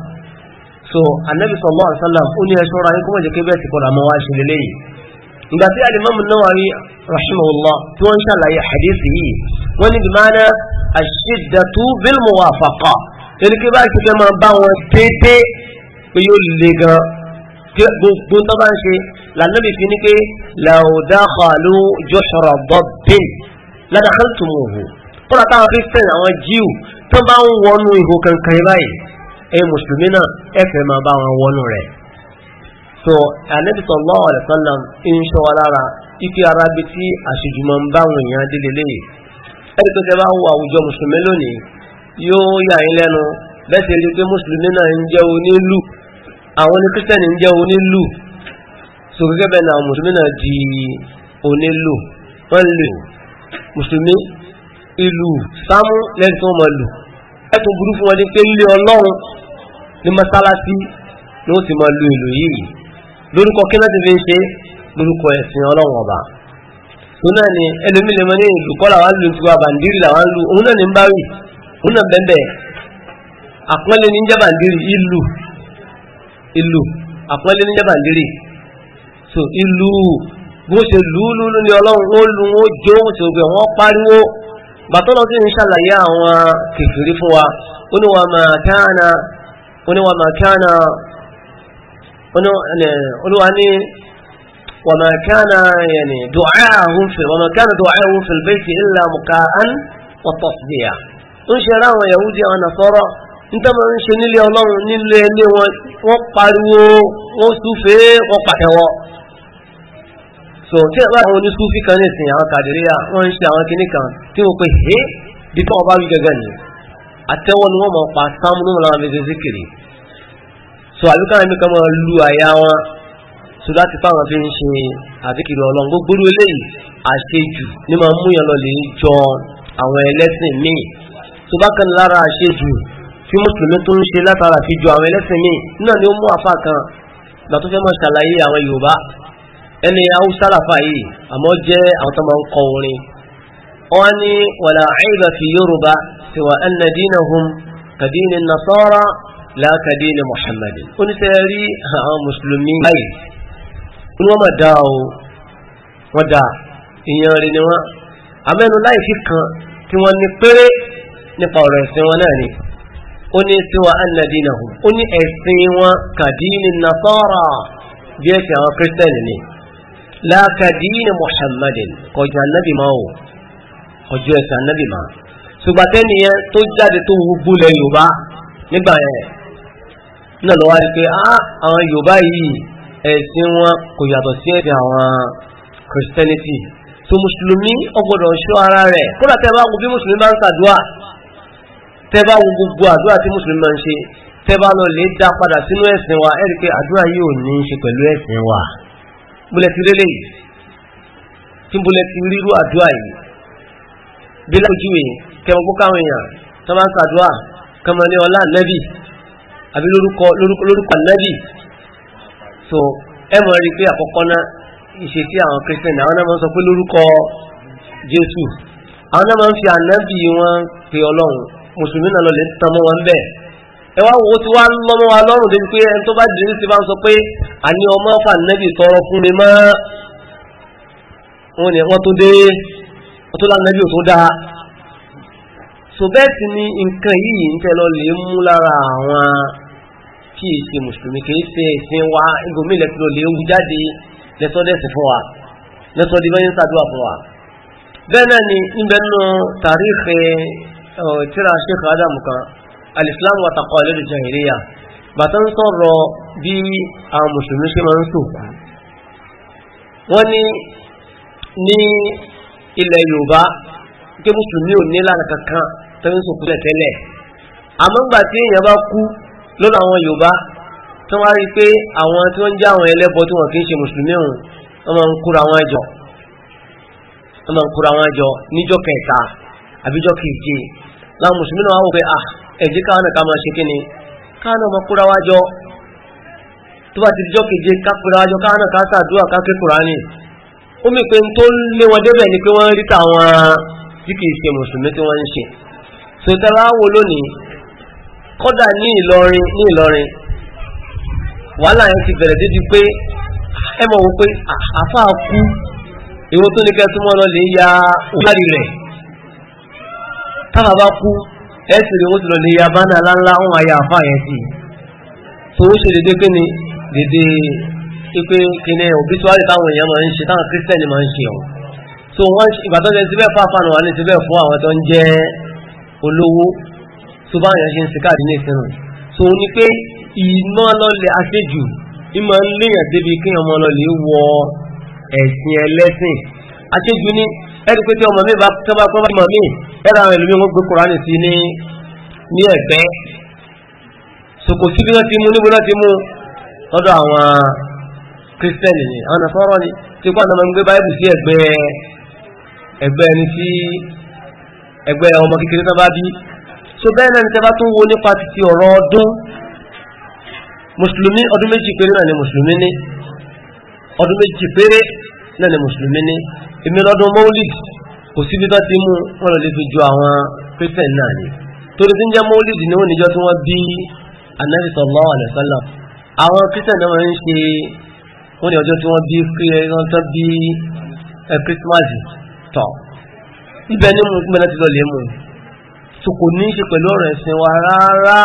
so anabi sallallahu alaihi wasallam ó ní ẹṣọ́ra yín kó má jẹ́ kí bẹ́ẹ̀ ti padà mọ́ wá ṣe lélẹ́yìí ìgbà tí alimami Nawawi rahimahullah tí wọ́n ń ṣàlàyé hadith yìí wọ́n ní bimana ashiddatu bil muwafaqa lórí kí bá ṣe kẹ́ máa bá wọn déédéé pé yóò le gan gbogbo tó bá ń ṣe lànàbì fi ní pé law juhra dabbin ladakhaltumuhu kúrò táwọn kristian àwọn jíù tó bá ń wọnú ihò kankan báyìí ẹ̀yin mùsùlùmí náà ẹ̀fẹ̀ máa bá wọn wọnú rẹ̀ so Ànábì sallallahu alaihi wasallam ń ṣọ́ wa lára ike ara bi tí àṣejù máa ń bá àwọn èèyàn délé léyìí ẹni tó tẹ bá wo àwùjọ mùsùlùmí lónìí yóò yà yín lẹ́nu bẹ́ẹ̀ sì pé mùsùlùmí náà ń jẹ́ onílù àwọn ní kírísítẹ́nì ń jẹ́ onílù so gẹ́gẹ́ bẹ́ẹ̀ náà mùsùlùmí náà di onílù wọ́n lè mùsùlùmí ìlù sámú lẹ́yìn tí wọ́n máa lù ẹ̀tún burú fún wọn ní pé lé ọlọ́run ní mọ́sálásí ló ti mọ lu ìlú yìí lórúkọ kí náà ti fi ń ṣe lórúkọ ẹ̀sìn ọlọ́run ọba tó náà ni ẹlòmí lè mọ ní ìlú kọ́ làwọn lu tiwa bàǹdírì làwọn lu òun náà ní ń bá wì òun náà bẹ́ẹ̀ àpọ́nlé ní jẹ́ bàǹdírì ìlú ìlú àpọ́nlé ní jẹ́ bàǹdírì so ìlú bó ṣe lúlúlú ní ọlọ́run ó lu ó jó ó ṣe ògbẹ̀ wọ́n pariwo bàtọ́lọ́ sí ń ṣàlàyé àwọn kèfèrí fún wa ó ní wa máa káàna oníwàmà kánà olúwa ní wàmà kánà yẹni du'aahum fi wàmà kánà du'aahum fil bayti illa muka'an wa tasdiya ń ṣe ráwọn yahudi àwọn nasọ́rọ̀ nítọ́mọ̀ ń ṣe nílé ọlọ́run nílé ilé wọn wọ́n pariwo wọ́n súfé wọ́n pàtẹ́wọ́ so tí àwọn onísúfí kan ní ìsìn àwọn kàdìríyà wọ́n ń ṣe àwọn kìnnìkan tí wọ́n pe hé bí ọba wí gẹ́gẹ́ nìyí àtẹ́wọ́ ni wọ́n mọ̀ pa sáàmù náà láwọn fẹ́ẹ́ zikiri so àbíká ẹ̀mí kan máa lu àyà wọn so láti fáwọn fi ń ṣe àzikiri ọlọ́run gbogbo eléyìí àṣejù ní máa mú yàn lọ lè jọ àwọn ẹlẹ́sìn míì tó bá kan lára àṣejù tí mùsùlùmí tó ń ṣe látara fi jọ àwọn ẹlẹ́sìn míì náà ni ó mú àfa kan gbà tó fẹ́ mọ̀ ṣàlàyé àwọn Yorùbá ẹni haúsá yìí àmọ́ jẹ́ àwọn tó máa ń kọ orin wọ́n ní wàlá àìbà fi yorùbá ti wà ẹnna dínà hum kàdínì nasara lákàdínì muhammadin ó ní sẹ́yà rí àwọn mùsùlùmí báyìí ní wọ́n máa dáa o wọ́n dáa ìyẹn rí ni wọ́n amẹ́nu láìsí kan tí wọ́n ní péré nípa ọ̀rọ̀ ẹ̀sìn wọn náà ni ó ní tiwa ẹnna dínà hum ó ní ẹ̀sìn wọn kàdínì nasara bí ẹ̀sìn àwọn kírísítẹ́nì ni lákàdínì muhammadin kọjá nábì máa wò ọjọ́ ẹsẹ̀ anábì mà ṣùgbọ́n tẹ́niyẹn tó jáde tó gbogbo lẹ yorùbá nígbà yẹn náà lọ́wọ́ rí pé àwọn yorùbá yìí ẹ̀sìn wọn kò yàtọ̀ sí ẹ̀sìn àwọn christianity tó mùsùlùmí ọgbọ́dọ̀ ṣọ́ ara rẹ̀ kódà tẹ́ bá wo bí mùsùlùmí bá ń ṣàdúrà tẹ́ bá wo gbogbo àdúrà tí mùsùlùmí máa ń ṣe tẹ́ bá lọ lè dá padà sínú ẹ̀sìn wa ẹ̀rí pé àdúrà yìí ní í ṣe pẹ̀lú ẹ̀sìn wa bólẹ̀ rírú àdúrà yìí bí lápèjúwe kẹwọn kó káwọn èèyàn tó máa ń sàdúrà kọmọ ní ọlá nẹ́bì àbí lórúkọ lórúkọ nẹ́bì so ẹ mọ̀ rí pé àkọ́kọ́ náà ìṣe tí àwọn Christian àwọn náà máa ń sọ pé lórúkọ Jésù àwọn náà máa ń fi ànẹ́bì wọn pe Ọlọ́run mùsùlùmí náà lọ lè tán mọ́ wọn bẹ́ẹ̀ ẹ wá wo tí wá lọ́mọ́ wa lọ́rùn débi pé ẹni tó bá dìrí ti bá ń sọ pé àní ọmọ fà tọrọ fún mi mọ́ wọn ni wọ́n tó dé ọ̀tọ́ lánàbí ò tó dáa so bẹ́ẹ̀ sì ni nǹkan yìí ń tẹ́ lè mú lára àwọn tí è ṣe mùsùlùmí kìí ṣe ìsìn wa ìgbòmí lẹ́tọ́ lè wú jáde lẹ́tọ́dẹ̀sì fún wa lẹ́tọ́dí bẹ́ẹ̀ ń sàdúrà fún wa bẹ́ẹ̀ náà ni ibẹ̀ nù tàrífì tíra Sheikh Adam kan al-Islam wa taqalid al-jahiliya bàtà ń sọ̀rọ̀ bí àwọn mùsùlùmí ṣe máa ń sòkú wọ́n ní ní ilẹ̀ yorùbá pé mùsùlùmí ò ní lànà kankan tó ń sòkú lẹ̀ tẹ́lẹ̀ àmọ́ gbà tí èèyàn bá kú lọ́nà àwọn yorùbá tó wá rí pé àwọn tí wọ́n ń jẹ́ àwọn ẹlẹ́bọ tí wọ́n kì í ṣe mùsùlùmí òun wọ́n máa ń kóra wọn jọ wọ́n máa ń kóra wọn jọ níjọ́ kẹta àbíjọ́ keje láwọn mùsùlùmí náà wá wò pé à ah, ẹ̀jẹ̀ káwọn náà ká máa ṣe kí ni káwọn náà máa kóra wá jọ tó bá ti dijọ́ keje ká kóra ó mì pé tó ń lé wọn débẹ̀ ni pé wọ́n rí tàwọn tí kìí ṣe mùsùlùmí tí wọ́n ń ṣe so tẹ́lá wo lónìí kọ́dà ní Ìlọrin ní Ìlọrin wàhálà yẹn ti bẹ̀rẹ̀ débi pé ẹ mọ̀ wọ́n pé kú èwo tó ní kẹsùmọ́ lọ lè ya òkúláàrí rẹ̀ tábà kú ẹ sì rí owó tó lọ lè ya bánà láńlá wọn àyà àfa yẹn sí i so ṣe dédé pé ni dédé pé kíní obituary táwọn èèyàn máa ń ṣe táwọn kírísítẹ́nì máa ń ṣe ọ̀hún so wọ́n ìbátan ṣe ti bẹ́ẹ̀ fáfánù wà ní ti bẹ́ẹ̀ fún àwọn tó ń jẹ́ olówó tó bá yẹn ṣe ń sikáàdì ní ìsinmi so ní pé iná lọ́lẹ̀ aṣejù ìmọ̀ ń léèyàn débi kí ọmọ lọ́lẹ̀ wọ ẹ̀sìn ẹlẹ́sìn aṣejù ní ẹ̀rí pé tí ọmọ mi bá tọ́ bá pọ́n mọ̀ mí ẹ̀rọ àwọn ìlú wọn gbé kùránì sí ní ní ẹ̀gbẹ́ so kò sí bí wọ́n ti mú níbo náà ti mú lọ́dọ̀ àwọn kírísítẹ́nì ni àwọn nasọ́rọ́ ni tí ó pàdánù gbé báyìí sí ẹgbẹ́ ẹgbẹ́ ẹni tí ẹgbẹ́ ọmọ kékeré tán bá bí so bẹ́ẹ̀ náà ni tẹ́ bá tún wo nípa ti ọ̀rọ̀ ọdún mùsùlùmí ọdún méjì péré náà ni mùsùlùmí ní ọdún méjì péré náà ni mùsùlùmí ní èmi lọ́dún mọ́wúlìd kò síbi tó ti mú wọn lè fi ju àwọn kírísítẹ́nì náà ni torí tí ń jẹ́ mọ́wúlìd ni wọ́n níjọ́ tí wọ́n bí Ànábì sallallahu àwọn kírísítẹ́nì náà máa ń ṣe wọ́n ní ọjọ́ tí wọ́n bí wọ́n tán bí Christmas tọ̀ ibẹ̀ ní mú pínlẹ̀ ti lọ lè mú so kò ní í ṣe pẹ̀lú ọ̀rọ̀ ẹ̀sìn wa rárá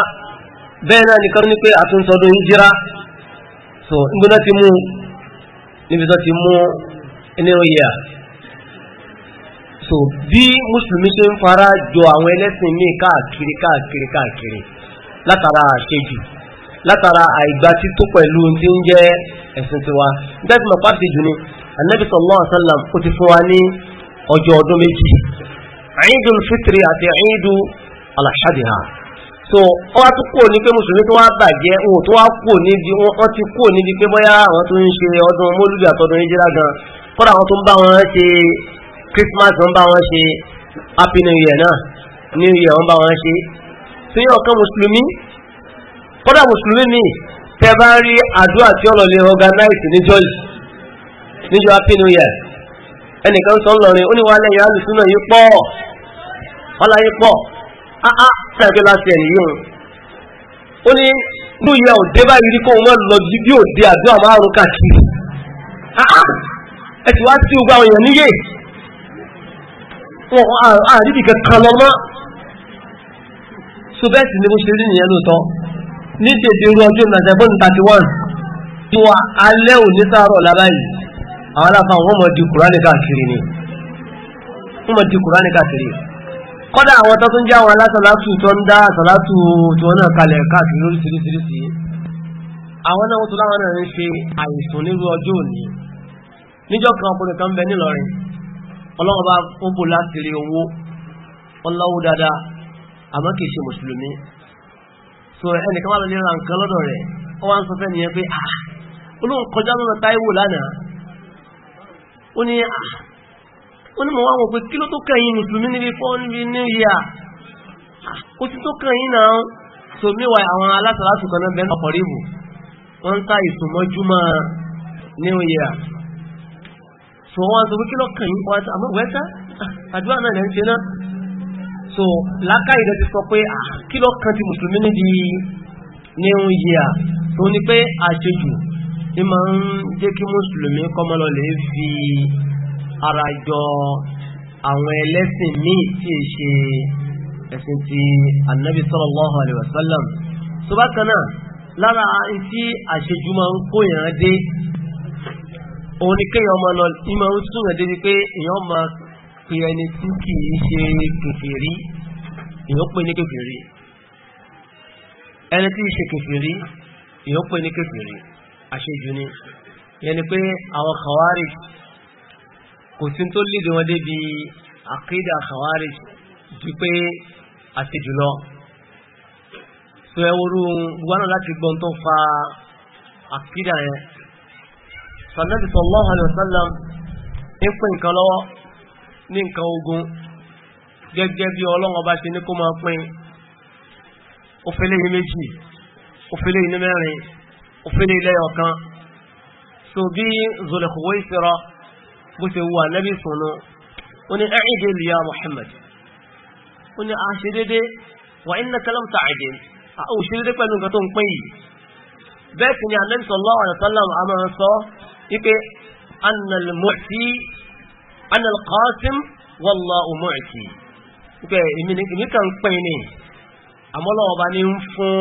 bẹ́ẹ̀ náà nìkan ní pé àtúntọ́dún ń jíra so nígbóná ti mú níbi tó ti mú inú yíyà so bí mùsùlùmí ṣe ń fara jọ àwọn ẹlẹ́sìn míì káàkiri káàkiri káàkiri látara àṣejù látara àìgbátító pẹ̀lú tí ń jẹ́ ẹ̀sìn tiwa nígbàtí mọ̀ pàtàkì jù ní Ànábì sallallahu alaihi wasallam ó ti fún wa ní ọjọ́ ọdún méjì Eidul Fitri àti Eidul Al-Adha so wọ́n tún kúrò ní pé mùsùlùmí tó wá bàjẹ́ òun tó wá kúrò níbi wọ́n ti kúrò níbi pé bóyá àwọn tó ń ṣe ọdún mólúdì àtọdún ìjírá gan kọ́dà àwọn tó ń bá wọn ṣe Christmas ń bá wọn ṣe Happy New Year náà New Year ń bá wọn ṣe tó yẹ ọ̀kan mùsùlùmí kọ́dà mùsùlùmí ni tẹ bá rí àdúrà tí ọlọ́lẹ̀ organize níjọ́ yìí níjọ́ apinu yẹ ẹnìkan sọ ńlọrin ó ní wàá lẹ́yìn alùsùn náà yìí pọ̀ ọlá yìí pọ̀ áá tẹ̀gbẹ́ láti ẹ̀yìn yìí ó ní inú ìyá òde báyìí rí kó wọn lọ ju bí òde àdúrà márùn káàkiri áá ah, ah, ẹ ti wá sí gbogbo àwọn èèyàn níyè wọn àríbì kankan lọ mọ́ so bẹ́ẹ̀ sì ni mo ṣe rí nìyẹn lóòótọ́ ní dèdè irú ọjọ́ ìrìnàjò ẹgbọ́n thirty one tí wọ́n alẹ́ òní sáárọ̀ lára yìí àwọn aláfáà wọ́n mọ̀ di kùránì káàkiri ni wọ́n mọ̀ di kùránì káàkiri kọ́dà àwọn tó tún jẹ́ àwọn alásàlátù tó ń dá àsàlátù tó náà kalẹ̀ káàkiri lóríṣiríṣiríṣi àwọn náà wọ́n tó láwọn náà ń ṣe àìsùn nírú ọjọ́ òní níjọ́ kan ọkùnrin kan bẹ nílọrin ọlọ́wọ́ bá ó so ẹnì kan wà lọ lera nǹkan lọ́dọ̀ rẹ̀ ó wá ń sọ fẹ́ nìyẹn pé ah olóhùn kọjá lọ́nà Táíwò lánàá ó ní ah ó ní mo wá wọ̀ pé kí ló tó kẹ́yìn mùsùlùmí níbi fọ́ níbi new year ó ti tó kẹ́yìn náà so meanwhile àwọn alásàlásù kan náà bẹ́ẹ̀ ọkọ̀ ríbù wọ́n ń ta ìsùnmọ́júmọ́ new year so wọ́n sọ pé kí ló kẹ́yìn wọ́n sọ àmọ́ wẹ́sà àdúrà náà lẹ́ ń ṣe náà so lákàyè rẹ̀ ti sọ pé ah, kí ló kan ti mùsùlùmí níbi new year tó ní pé àṣejù ní ma ń jẹ́ kí mùsùlùmí kọmọlọ lè fi ara jọ àwọn ẹlẹ́sìn míì tí è ṣe ẹ̀sìn ti annabi sallallahu alaihi wasallam so bákanáà lára tí àṣejù ma ń kó ìran dé òun ni kéèyàn ọmọ lọ ìmọ̀ ń súnmọ̀ débi pé èèyàn máa pé ẹni tí kìí ṣe kèfèrí èyàn pè ní kèfèrí ẹni tí ṣe kèfèrí èyàn pè ní kèfèrí àṣejù ni yẹni pé àwọn khawarij kò sí tó lédè wọn débi àkídà khawarij ju pé àṣejù lọ so ẹwúrú wọn láti gbọ́n tó fa àkídà yẹn sànàbì sallallahu alaihi lọ́wọ́ ní nǹkan ogun gẹ́gẹ́ bí ọlọ́run ọba ṣe ní kó máa pín òfèlè yìí méjì òfèlè yìí mẹ́rin òfèlè ilẹ̀ ọ̀kan so bí zolẹ̀kọ̀wé ìsirọ bó ṣe wà nẹ́bí sùnú ó ní ẹ̀ẹ́dẹ̀ lìyà Muhammad ó ní àṣedédé wà iná kẹlẹ́mùtà àjẹ́ òṣèdédé pẹ̀lú nǹkan tó ń pín yìí bẹ́ẹ̀ sì ni ànẹ́bí sallallahu alaihi wasallam àmọ́ sọ wípé annal mu'ti ana alqasim wallahu mu'ti pé èmi kan pín ní àmọ́lọ́wọ́ bá ní ń fún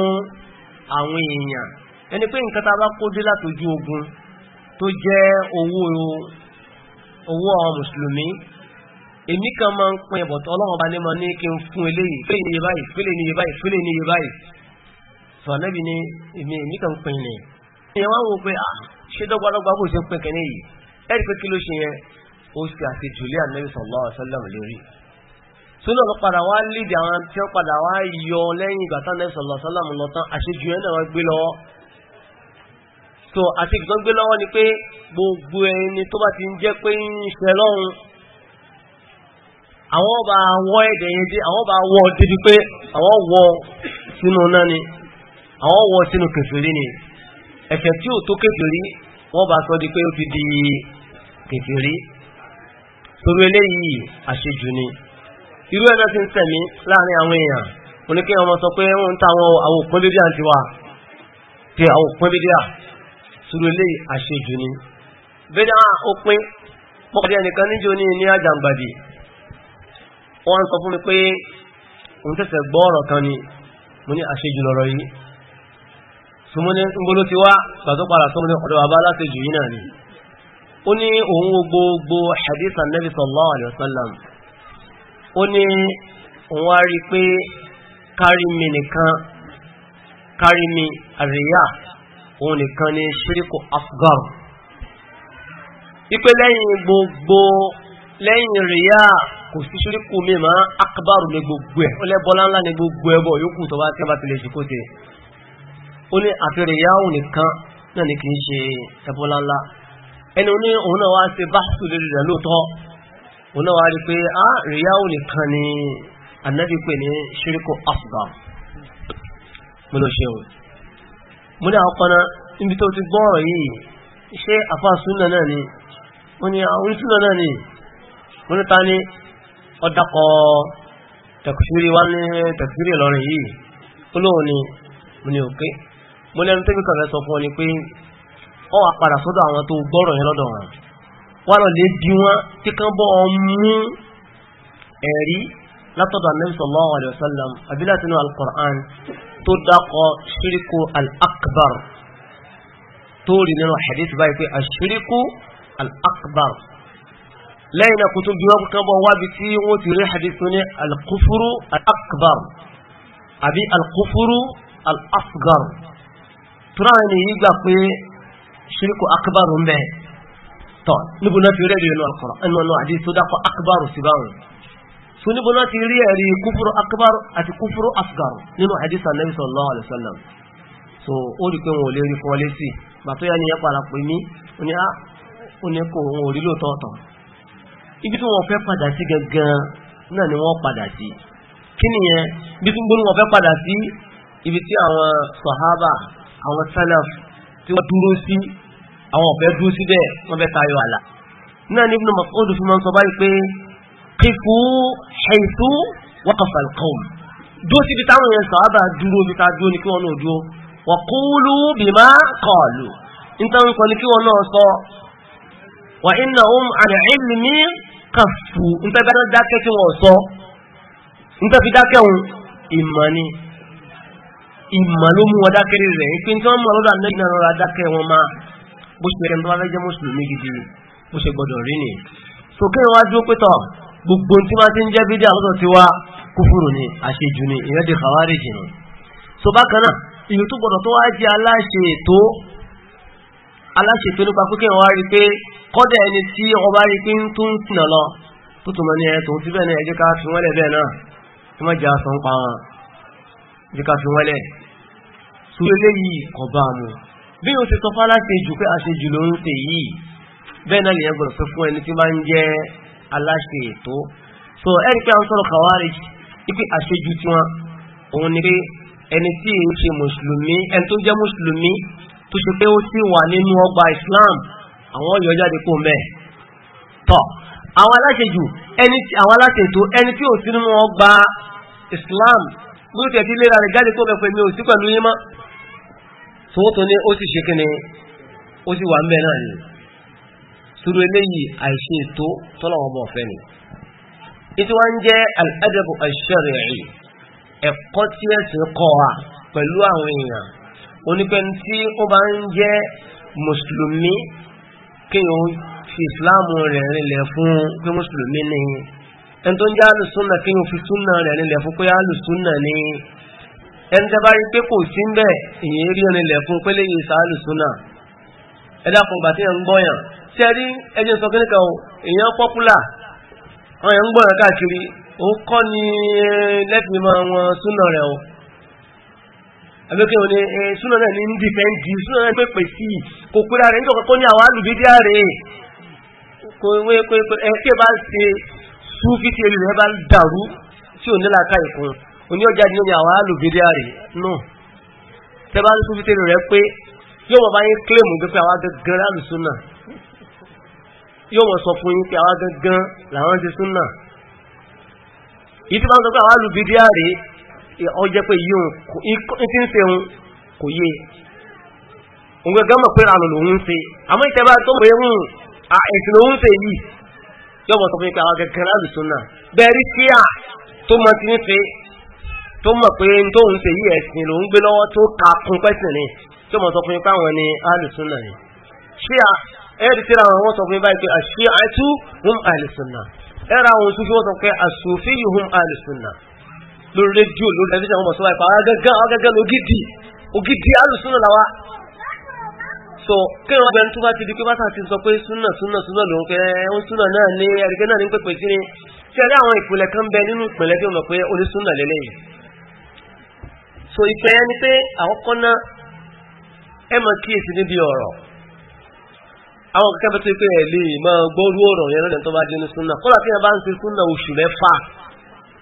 àwọn èèyàn ẹni pé nǹkan tá a bá kó dé látojú ogun tó jẹ́ owó owó àwọn mùsùlùmí èmi kan máa ń pín ẹ̀bọ̀tọ̀ ọlọ́wọ́ bá ní ma ní kí n fún eléyìí fílẹ̀ ní iye báyìí fílẹ̀ ní iye báyìí fílẹ̀ ní iye báyìí sọ̀nẹ́bí ni èmi èmi kan pín ní. ìyẹn wá wò pé ah, ṣé dọ́gbadọ́gba kò ṣe pín kẹ́ni yìí ẹ̀rí pé kí ló ṣe yẹn ó ṣe àṣejùlé ànábì sallallahu alaihi wasallam lórí sónà ló padà wá lídìí àwọn tí wọ́n padà wá yọ lẹ́yìn ìgbà tán ànábì sallallahu alaihi lọ tán àṣejù yẹn náà gbé lọ́wọ́ so àṣejù tó ń gbé lọ́wọ́ ni pé gbogbo ẹni tó bá ti ń jẹ́ pé ń ṣe lọ́run àwọn bá wọ ẹ̀dẹ̀ yẹn dé àwọn bá wọ débi pé àwọn wọ sínú náà ni àwọn wọ sínú kèfèrí ni ẹ̀ṣẹ̀ tí ò tó kèfèrí wọ́n bá sọ di pé ó ti di kèfèrí torí eléyìí àṣejù ni irú ẹ̀nà ti ń tẹ̀mí láàrin àwọn èèyàn mo ní kí wọ́n mọ sọ pé wọ́n ń ta àwọn àwọn òpin bíbí àti wa pé àwọn òpin bíbí à torí eléyìí àṣejù ni bẹ́ẹ̀ náà ó pín mo pàdé ẹnìkan níjó ní ní àjàǹgbàdì wọ́n sọ fún mi pé òun tẹ̀sẹ̀ gbọ́ ọ̀rọ̀ kan ni mo ní àṣejù lọ́rọ̀ yìí sùmọ́ni ń gbóló ti wá gbàtọ́ padà sọ́mọ́ni ọ̀dọ̀ bàbá aláṣejù yìí náà ni ó ní òun wo gbogbo hadith anabi sallallahu alayhi wa sallam ó ní òun á rí i pé kárí mi nìkan kárí mi àríyá òun nìkan ní ṣíríkù afghan wípé lẹ́yìn gbogbo lẹ́yìn ríyá kò sí ṣíríkù mi akbaru ní gbogbo ẹ̀ ó lẹ́bọ́lá ńlá ní gbogbo ẹbọ yòókù tó bá tẹ́bà tilẹ̀ ṣe kó ó ní àfi ríyá òun nìkan náà ní kì ṣe ẹbọ́lá ńlá ẹni oní òun náà wá ṣe báṣù lórí rẹ̀ lóòótọ́ òun wá rí pé á ríyáwó nìkan ni ànábì pè ní ṣíríkù asghar mo lọ ṣe òun ní àwọn níbi tó ti gbọ́ ọ̀rọ̀ yìí ṣé àfáàsúnà náà ni mo ní àwọn onísúnà náà ni mo ní ọ̀dàkọ̀ tẹ̀kùsírí wá ní tẹ̀kùsírí Ìlọrin yìí ó lóun ni ní òkè rẹ̀ sọ fún ọ ni pé ọ wà padà sọ́dọ̀ àwọn tó gbọ́rọ̀ yẹn lọ́dọ̀ wọn wà lọ lè bí wọn tí kan bọ́ ọ mú ẹ̀rí látọ̀dọ̀ Ànábì sallallahu alaihi wasallam abilátínú al-Qur'an tó dákọ̀ ṣíríkù al-akbar tó rí nínú hadith báyìí pé aṣíríkù al-akbar lẹ́yìn náà kò tún bí àbí al al-asgar tura ni yìí pé ṣíríkù akíbàrù ń bẹ tọ́ níbo náà ti rí ẹ̀rí ẹ̀nà ọ̀kọ̀rọ̀ ẹnu ọ̀nà àdí tó dákọ̀ akíbàrù sí báwọn tó níbo náà ti rí ẹ̀rí kúfúrú akíbàrù àti kúfúrú asgaru nínú hadith anabi sallallahu alaihi wasallam so o rí pé o ò lè rí fún ọ létí bàtó yá ni ẹ padà o mí ó o ah, kò wọn o rí lóòótọ́ ọ̀tọ̀ ibi tí wọn fẹ́ padà sí gangan náà ni wọ́n padà sí kí nìyẹn bí tí wọn fẹ́ padà sí ibi tí àwọn sahaba àwọn salaf tí wọ́n dúró sí àwọn ọ̀fẹ́ dúró síbẹ̀ wọ́n fẹ́ tayọ àlà náà ní Ibn Mas'ud fi máa ń sọ báyìí pé qifu haythu waqafa al-qawm dúró síbi táwọn yẹn sàábà dúró bí ta dúró ni kí wọ́n náà dúró wa qulu bima qalu nítorí kan ní kí wọ́n náà sọ wa innahum 'an 'ilmi kaffu nítorí dákẹ́ kí wọ́n sọ nítorí dákẹ́ òun ìmọ̀ ni ìmọ̀ ló mú wọn dákẹ́rẹ́ rẹ̀ pé tí wọ́n mọ̀ lọ́dọ̀ àlẹ́yìn náà rọra dákẹ́ wọn máa bó ṣe rẹ̀ nípa fẹ́jẹ́ mùsùlùmí gidi bó ṣe gbọdọ̀ rí ni. sókè wá dúró pé tọ̀ gbogbo tí wọ́n ti ń jẹ́ bídí àlọ́tọ̀ tí wá kúfùrù ni àṣejù ni ìyẹn di kàwárí jì so bákan náà ìlú tó gbọdọ̀ tó wá jẹ́ aláṣẹ ètò aláṣẹ ètò nípa pé kéwọn wá rí pé kọ́dà ẹni tí ọba rí pé ń tún sìnà lọ tó fi wọ́n lẹ̀ súlélé yìí kọba mú bí o ti sọ fárá ṣe jù pé àṣejù ló ń ṣe yìí bẹ́ẹ̀ náà lèyàn gbọ́dọ̀ sọ fún ẹni tí máa ń jẹ́ aláṣẹ ètò so ẹni pé à ń sọ̀rọ̀ kàwárí ipe àṣejù tí wọn òun ni pé ẹni tí èyí ṣe mùsùlùmí ẹni tó jẹ́ mùsùlùmí tó ṣe pé ó sì wà nínú ọgbà Islam àwọn yọ jáde kó mẹ́ tọ́ àwọn aláṣejù ẹni àwọn aláṣejù ẹni tí ò sínú ọgbà Islam gbọ́dọ̀ tẹ̀ sí léra rẹ̀ jáde kó mẹ́ pẹ̀lú òsì pẹ̀lú tó tó ní ó sì ṣe kí ni ó sì wà ń bẹ náà ni sùúrù eléyìí àìṣe ètò tọ́lọ́wọ́ bọ̀ fẹ́ ni ètò wa ń jẹ́ al-adabu ash-shar'i ẹ̀kọ́ tí ẹ̀sìn kọ́ wa pẹ̀lú àwọn èèyàn onípẹ́ni tí ó bá ń jẹ́ mùsùlùmí kéèyàn fi ìsìláàmù rẹ̀ rinlẹ̀ fún pé mùsùlùmí ni ẹni tó ń jẹ́ alùsùnà kéèyàn fi súnà rẹ̀ rinlẹ̀ fún pé alùsùnà ni ẹni tẹ́ bá rí pé kò sí ń bẹ̀ èyí rí ẹni lẹ̀ fún pélé yìí sàálù súnà ẹ̀dá kan gbà tí ẹ̀ ń gbọ́yàn tí ẹ rí ẹjẹ́ sọ kí nìkan èèyàn pọ́pùlà wọn ẹ̀ ń gbọ́yàn káàkiri ó kọ́ ni lẹ́fìmí máa wọn súnà rẹ̀ o àbẹ́kẹ́ òní súnà náà ní ń súnà náà pépè sí kò péré rẹ̀ nítorí kọ́ ní àwọn àlùbídíà rẹ̀ kò wé pé ẹ̀ tí ẹ bá ṣe súfì tí ẹlẹ́rìí bá dàrú tí ò nílà ká ìkun oní ọjà ni ó ní àwọn alùbídé àrè nù tẹ́bá ní súnfí tẹ́lẹ̀ rẹ pé yóò mọ̀ bá yín kílèmù pé àwọn gangan láàrù súnà yóò mọ̀ sọ fún yín pé àwọn gangan làwọn ti súnà yìí tí bá ń sọ pé àwọn alùbídé àrè ọjẹ́ pé yíhun tí ń sehun kò yé òun gangan mọ̀ pé àlọ́ lòun ń ṣe àmọ́ ìtẹ́bá tó mọ̀ ẹ̀hún hmm, ẹ̀sìn lòun ń ṣe yìí yóò mọ̀ sọ fún yín pé àwọn gangan láàrù súnà bẹ́ẹ̀ rí síà tó mọ̀ ti ń ṣe tó mọ̀ pé tóun ṣe yí ẹ̀sìn ló ń gbé lọ́wọ́ tó ka kún pẹ́sìn ni tó mọ̀ sọ fún ipá wọn ni alùsùnà ni ṣíà ẹ̀rì tí ra wọn sọ fún ipá pé àṣíà àìtú hum alùsùnà ẹ̀rà àwọn oṣù fún wọn sọ pé àṣòfí yìí hum alùsùnà lórí rédíò lórí tẹlifíṣàn wọn sọ wá ipá agagá lógidì ògidì alùsùnà làwà sọ kí wọn gbẹni tó bá ti di pé bá sà ti sọ pé súnà súnà súnà lòun fẹ́ ó súnà náà ní ẹ̀rìkẹ́ náà ní pẹ̀pẹ̀ sí ni ṣẹlẹ̀ àwọn ìpìlẹ̀ kan so ìpẹ́ yẹn ni pé àwọn kan náà ẹ mọ̀ kíyèsí níbi ọ̀rọ̀ àwọn kẹ́kẹ́ bẹ́ẹ̀ tó pé ẹ̀ lè máa gbọ́ orú ọ̀rọ̀ yẹn lọ́dẹ̀ tó bá dínú súnà kọ́lá kí bá ń ṣe súnà oṣù mẹ́fà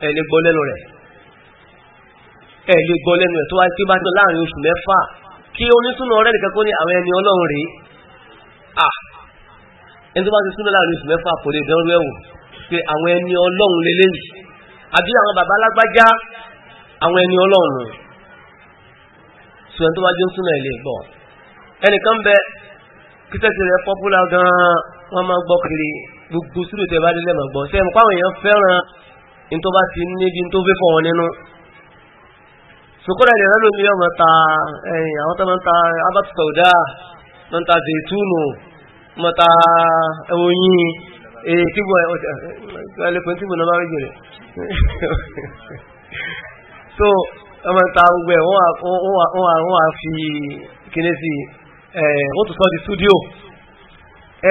ẹ̀ lè gbọ́ lẹ́nu rẹ̀ ẹ̀ lè gbọ́ lẹ́nu rẹ̀ tó wáyé pé bá dínú láàrin oṣù mẹ́fà kí onísúnà ọ̀rẹ́ nìkan kó ní àwọn ẹni ọlọ́run rèé à ẹni tó bá ṣe súnà láàrin oṣù mẹ́fà kò lè dán rú ẹ̀wò pé àwọn ẹni ọlọ́run lélẹ́yìí àbí àwọn bàbá alágbájá àwọn ẹni ọlọ́run sọ ẹni tó bá jó súnà ilé gbọ́ ẹnìkan bẹ kítẹ́sì rẹ̀ pọ́pùlà gan-an wọ́n máa gbọ́ kiri gbogbo sùúrù tẹ́ bá dé lẹ́mọ̀ gbọ́ sẹ́yìn pàwọn èèyàn fẹ́ràn ní tó bá ti níbi tó fẹ́ fọ́ wọn nínú sùkúrẹ̀ ìrẹ́ lómi ọmọ ta ẹ̀yìn àwọn tó máa ń ta albert sauda máa ń ta zaitunu máa ta ẹ̀wọ̀nyìn èyí tí bọ̀ ẹ̀lẹ́pẹ̀ tí bọ̀ náà bá rí jẹ̀rẹ̀ so ọmọ ta gbogbo ẹ̀ wọ́n wá fi kíní sí ẹ̀ wọ́n tún di studio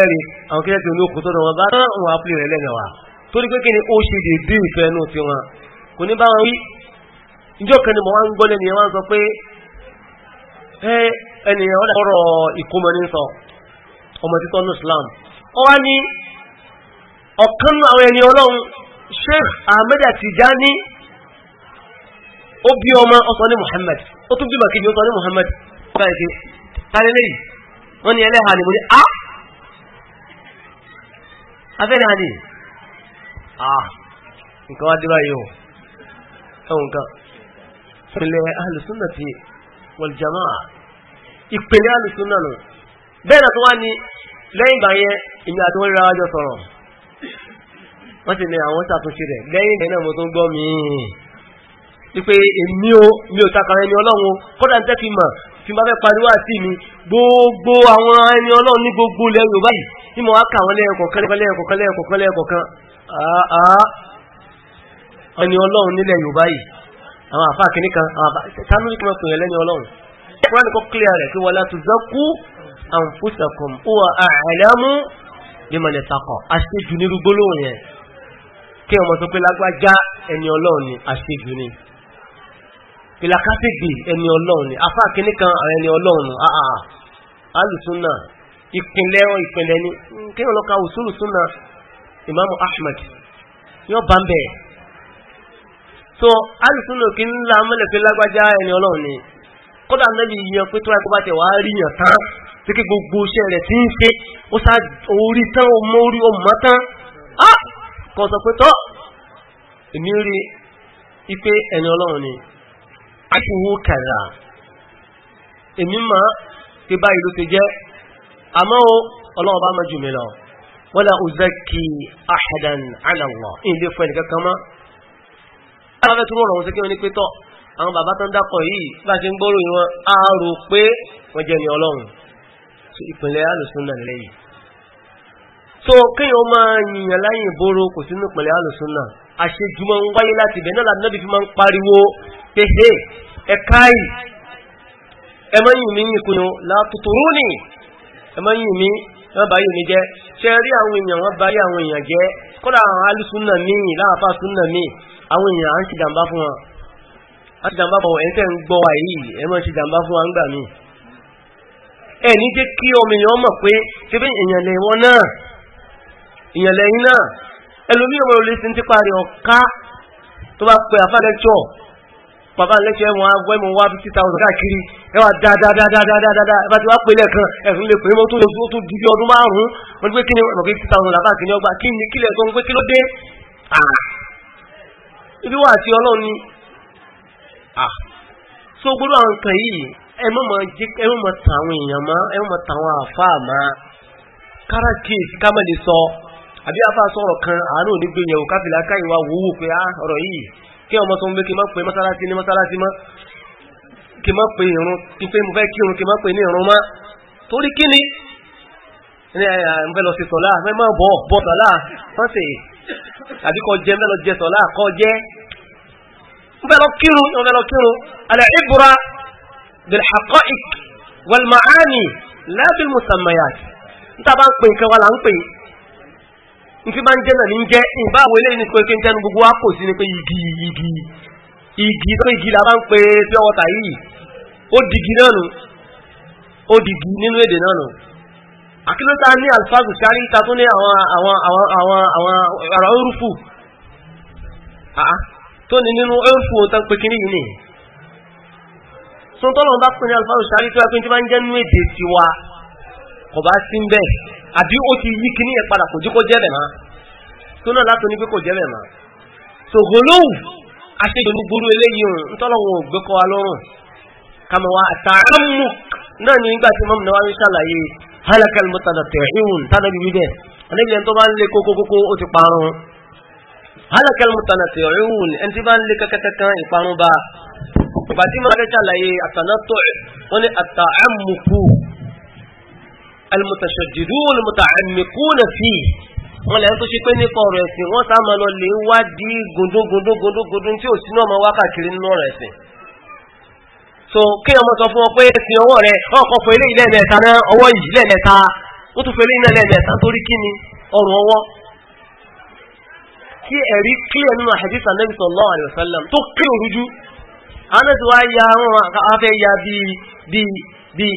ẹ̀rí àwọn kíní sí olóòkú tó dán wọn bá rán wọn àpilẹ̀ rẹ̀ lẹ́nu wa torí pé kíni ó ṣe dédé ìfẹ́ inú tiwọn kò ní bá wọn wí ìjọ kan ni mo wá ń gbọ́ Sheikh Ahmed Tijani ó bí ọmọ ọsọ ní Muhammad ó tún bí màkejì ọsọ ní Muhammad báyìí tàlẹ́lẹ́ yìí wọ́n ni ẹlẹ́hà ni mo ní á afẹ́lẹ́ hàn ní à nǹkan wá débà yìí o ẹ̀wọ̀n kan ìpìlẹ̀ alùsùnà ti wal jamaa ìpìlẹ̀ alùsùnà nù bẹ́ẹ̀ náà tó wá ní lẹ́yìn ìgbà yẹn ìmì àti wọ́n ríra wájọ sọ̀rọ̀ wọ́n ti ní àwọn ṣàtúnṣe rẹ̀ lẹ́yìn ìgbà náà mo tún gbọ́ míì wípé èmi o mi ò takà ẹni ọlọ́run kódà ń tẹ́fì mà fi bá fẹ́ pariwo àti mi gbogbo àwọn ẹni ọlọ́run ní gbogbo ilẹ̀ yorùbá yìí ní mo wá kà wọ́n lẹ́ẹ̀kọ̀kan lẹ́ẹ̀kọ̀kan lẹ́ẹ̀kọ̀kan lẹ́ẹ̀kọ̀kan ẹni ọlọ́run nílẹ̀ yorùbá yìí àwọn àfa kìíní kan tánú ní kí wọ́n pèèyàn lẹ́ni ọlọ́run kúránì kọ́ clear rẹ̀ pé wala tuzakku anfusakum huwa a'lamu biman ittaqa kí ọmọ sọ pé lágbájá ẹni ọlọ́run ni àṣejù ìlàkásígbè ẹni ọlọ́run ni afá kìíní kan àwọn ẹni ọlọ́run nù àà alùsúnà ah, ah, ah. ìpínlẹ̀ ọ ìpínlẹ̀ ni kí wọ́n lọ́ka òsúlùsúnà ìmáàmù Ahmad yóò bá ń bẹ̀ so alùsúnà kì ń la mọ́lẹ̀ pé lágbájá ẹni ọlọ́run ni kódà nẹ́bí yan pé tó wáyé kó bá tẹ̀ wàá rí yàn tán tí kí gbogbo iṣẹ́ rẹ̀ ti ń ṣe ó sá orí tán ó mọ orí ó tán á kọ̀ sọ pé ẹni ọlọ́run ni aṣòwò kàrà èmi mọ̀ pé báyìí ló ti jẹ́ àmọ́ o ọlọ́run bá mọ̀ jù mí lọ wala uzakki ahadan ala Allah ilé fún ẹnì kankan mọ́ aláfẹ́ tó rọrùn sí kí so kéèyàn ma máa yìnyàn láyìn ìboro kò sínú pẹ̀lẹ́ alùsùnà àṣejùmọ̀ ń wáyé láti ibẹ̀ náà lànà bí fi máa ń pariwo pèsè ẹ̀ka yìí ẹ máa nì ẹ wọ́n bá yìí ní jẹ́ ṣe rí àwọn èèyàn wọ́n bá yí àwọn èèyàn jẹ́ kọ́lá àwọn alùsùnà míì láàfà súnà míì àwọn èèyàn ń ṣe fún wọn ṣe ìyẹ̀lẹ̀ yìí náà ẹlòmí ọmọ olè sí ti parí ọ̀ká tó bá pẹ àfá lẹ́kṣọ̀ bàbá lẹ́kṣọ̀ ẹ̀wọ̀n agbọ́ ẹ̀mọ̀ wá fifty thousand káàkiri ẹwà dáadáadáadáadáa ẹbá ti wá pé lẹ́ẹ̀kan ẹ̀sùn lè pè é mọ́ tó lè tó di bí ọdún márùn-ún wọ́n ti pé kí ni ọmọ fifty thousand làbá kì ní ọgbà kí ni kílẹ̀ tó ń pé kí ló dé ibi wà àti ọlọ́run ni so gbọ́dọ̀ àwọn nǹkan yìí ẹ mọ̀ mọ̀ tàwọn èèyàn mọ́ ẹ mọ̀ mọ̀ tàwọn àfáà mọ́ kára kíyèsí ká mọ̀ lè sọ àbí afá sọ̀rọ̀ kan àánú ní gbé yẹ̀wò káfìlà káyìnwá wòówò pé á ah, ọ̀rọ̀ yìí kí ọmọ tó ń gbé kí má pè mọ́sálásí ní mọ́sálásí mọ́ kí má pè irun kí pé mo fẹ́ kí irun kí má pè ní irun mọ́ torí kí ni ní ẹ̀yà ń fẹ́ lọ sí sọ̀lá fẹ́ má bọ̀ bọ̀ sọ̀lá wọ́n sì àbí kọ jẹ fẹ́ jẹ sọ̀lá kọ jẹ́ ń fẹ́ lọ kírun ń fẹ́ lọ kírun alẹ́ ìbúra bil haqa'iq nfi máa ń jẹ́ náà ní ń jẹ́ ìbá àwọn eléyìí ní pé kéńtẹ́nu gbogbo wa kò sí ni pé igi igi igi tó igi la bá ń pe pure water yìí ó digi náà nù ó digi nínú èdè náà nù àkílóta ní alifásù kárí ta tó ní àwọn àwọn àwọn àwọn àwọn àrà orúfù tó ní nínú orúfù tó ń pe kíní yìí nì sọ́tọ́lọ́n bá pè ní alifásù kárí tó ń jẹ́ nínú èdè tiwa kò bá sí ń bẹ̀ àbí ó ti yí kíní yẹn padà kò jí kó jẹ́ bẹ̀ máa tó náà látò ní pé kò jẹ́ bẹ̀ máa so gòlóhù aṣèjọba gbogbo eléyìí hùn ntọ́lọ́wọ̀n ògbé kọ́ wa lọ́rùn kàmọ́ wa àtàràmù náà ní nígbà tí mọ́mù náà wá ń ṣàlàyé halakal mọ́tàdàtẹ̀ ìhùn tánàbí wíbẹ̀ ẹnìbí tó bá ń lé kókókókó ó ti parun halakal mọ́tàdàtẹ̀ ìhùn ẹni tí bá ń lé kankan ìparun bá ìgbà tí mọ́mù náà ṣàlàyé àtànátọ̀ wọn ni àtàràmù kù المتشددون المتعمقون فيه wọ́n lẹ́yìn tó ṣe pé nípa ọ̀rọ̀ ẹ̀sìn wọ́n sá máa lọ lè wá dí gundugundugundugundun tí ò sínú ọmọ wákàkiri nínú ọ̀rọ̀ ẹ̀sìn so kí ọmọ sọ fún ọ pé ẹ̀sìn ọwọ́ rẹ ọkọ̀ fún eléyìí lẹ́ẹ̀mẹ́ta náà ọwọ́ yìí lẹ́ẹ̀mẹ́ta ó tún fún eléyìí náà lẹ́ẹ̀mẹ́ta torí kí ni ọrùn ọwọ́ kí ẹ̀rí clear nínú hadith Ànábì sallallahu alaihi wasallam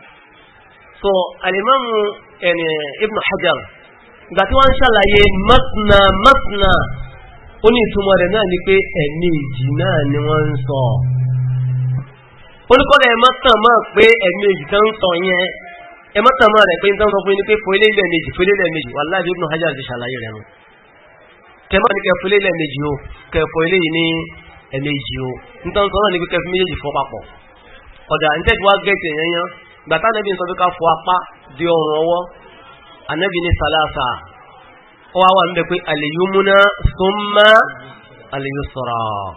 so alimamu ẹni ibn hajar ìgbà tí wọ́n ń ṣàlàyé matna matna ó ní ìtumọ̀ rẹ̀ náà ni pé ẹni ìjì náà ni wọ́n ń sọ oníkọ́lẹ̀ ẹmọ́tàn máa pé ẹ̀mí èjì tán ń sọ yẹn ẹmọ́tàn máa rẹ̀ pé ń tán sọ fún ní pé fòílé ilẹ̀ méjì fòílé ilẹ̀ méjì wà láàbí ibùn hajj àti ṣàlàyé rẹ̀ mú tẹmọ́ ní kẹ fòílé méjì o kẹ fòílé yìí ní ẹ̀mẹ́jì o ń tán sọ náà ní pé kẹ fún papọ̀ ọ̀dà ń tẹ́jú wá gẹ̀ẹ́tì yẹn yẹn gbàtà nẹ́bí sọ pé ká fọ apá di ọwọ, ọwọ́ anẹ́bí ní sàlásà ó wá wà níbẹ̀ pé àlèyúmúná súnmá àlèyúsọ̀rọ̀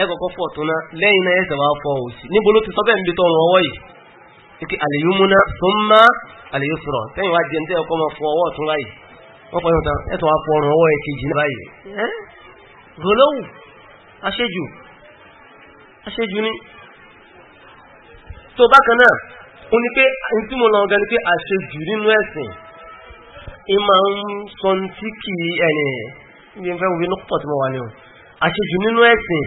ẹ kọ́kọ́ fọ̀ tó ná lẹ́yìn náà ẹsẹ̀ wá fọ òsì níbo ló ti sọ ọwọ́ ike sẹ́yìn wá jẹun tẹ́ fọ ọwọ́ báyìí wọ́n fọ kejì ó ní pé tí mo lọ gan ni pé àṣejù nínú ẹ̀sìn ìmọ̀ ń sọ tí kì í ẹni ní fẹ́ wọ́n pọ̀ tí mo wà ní o àṣejù nínú ẹ̀sìn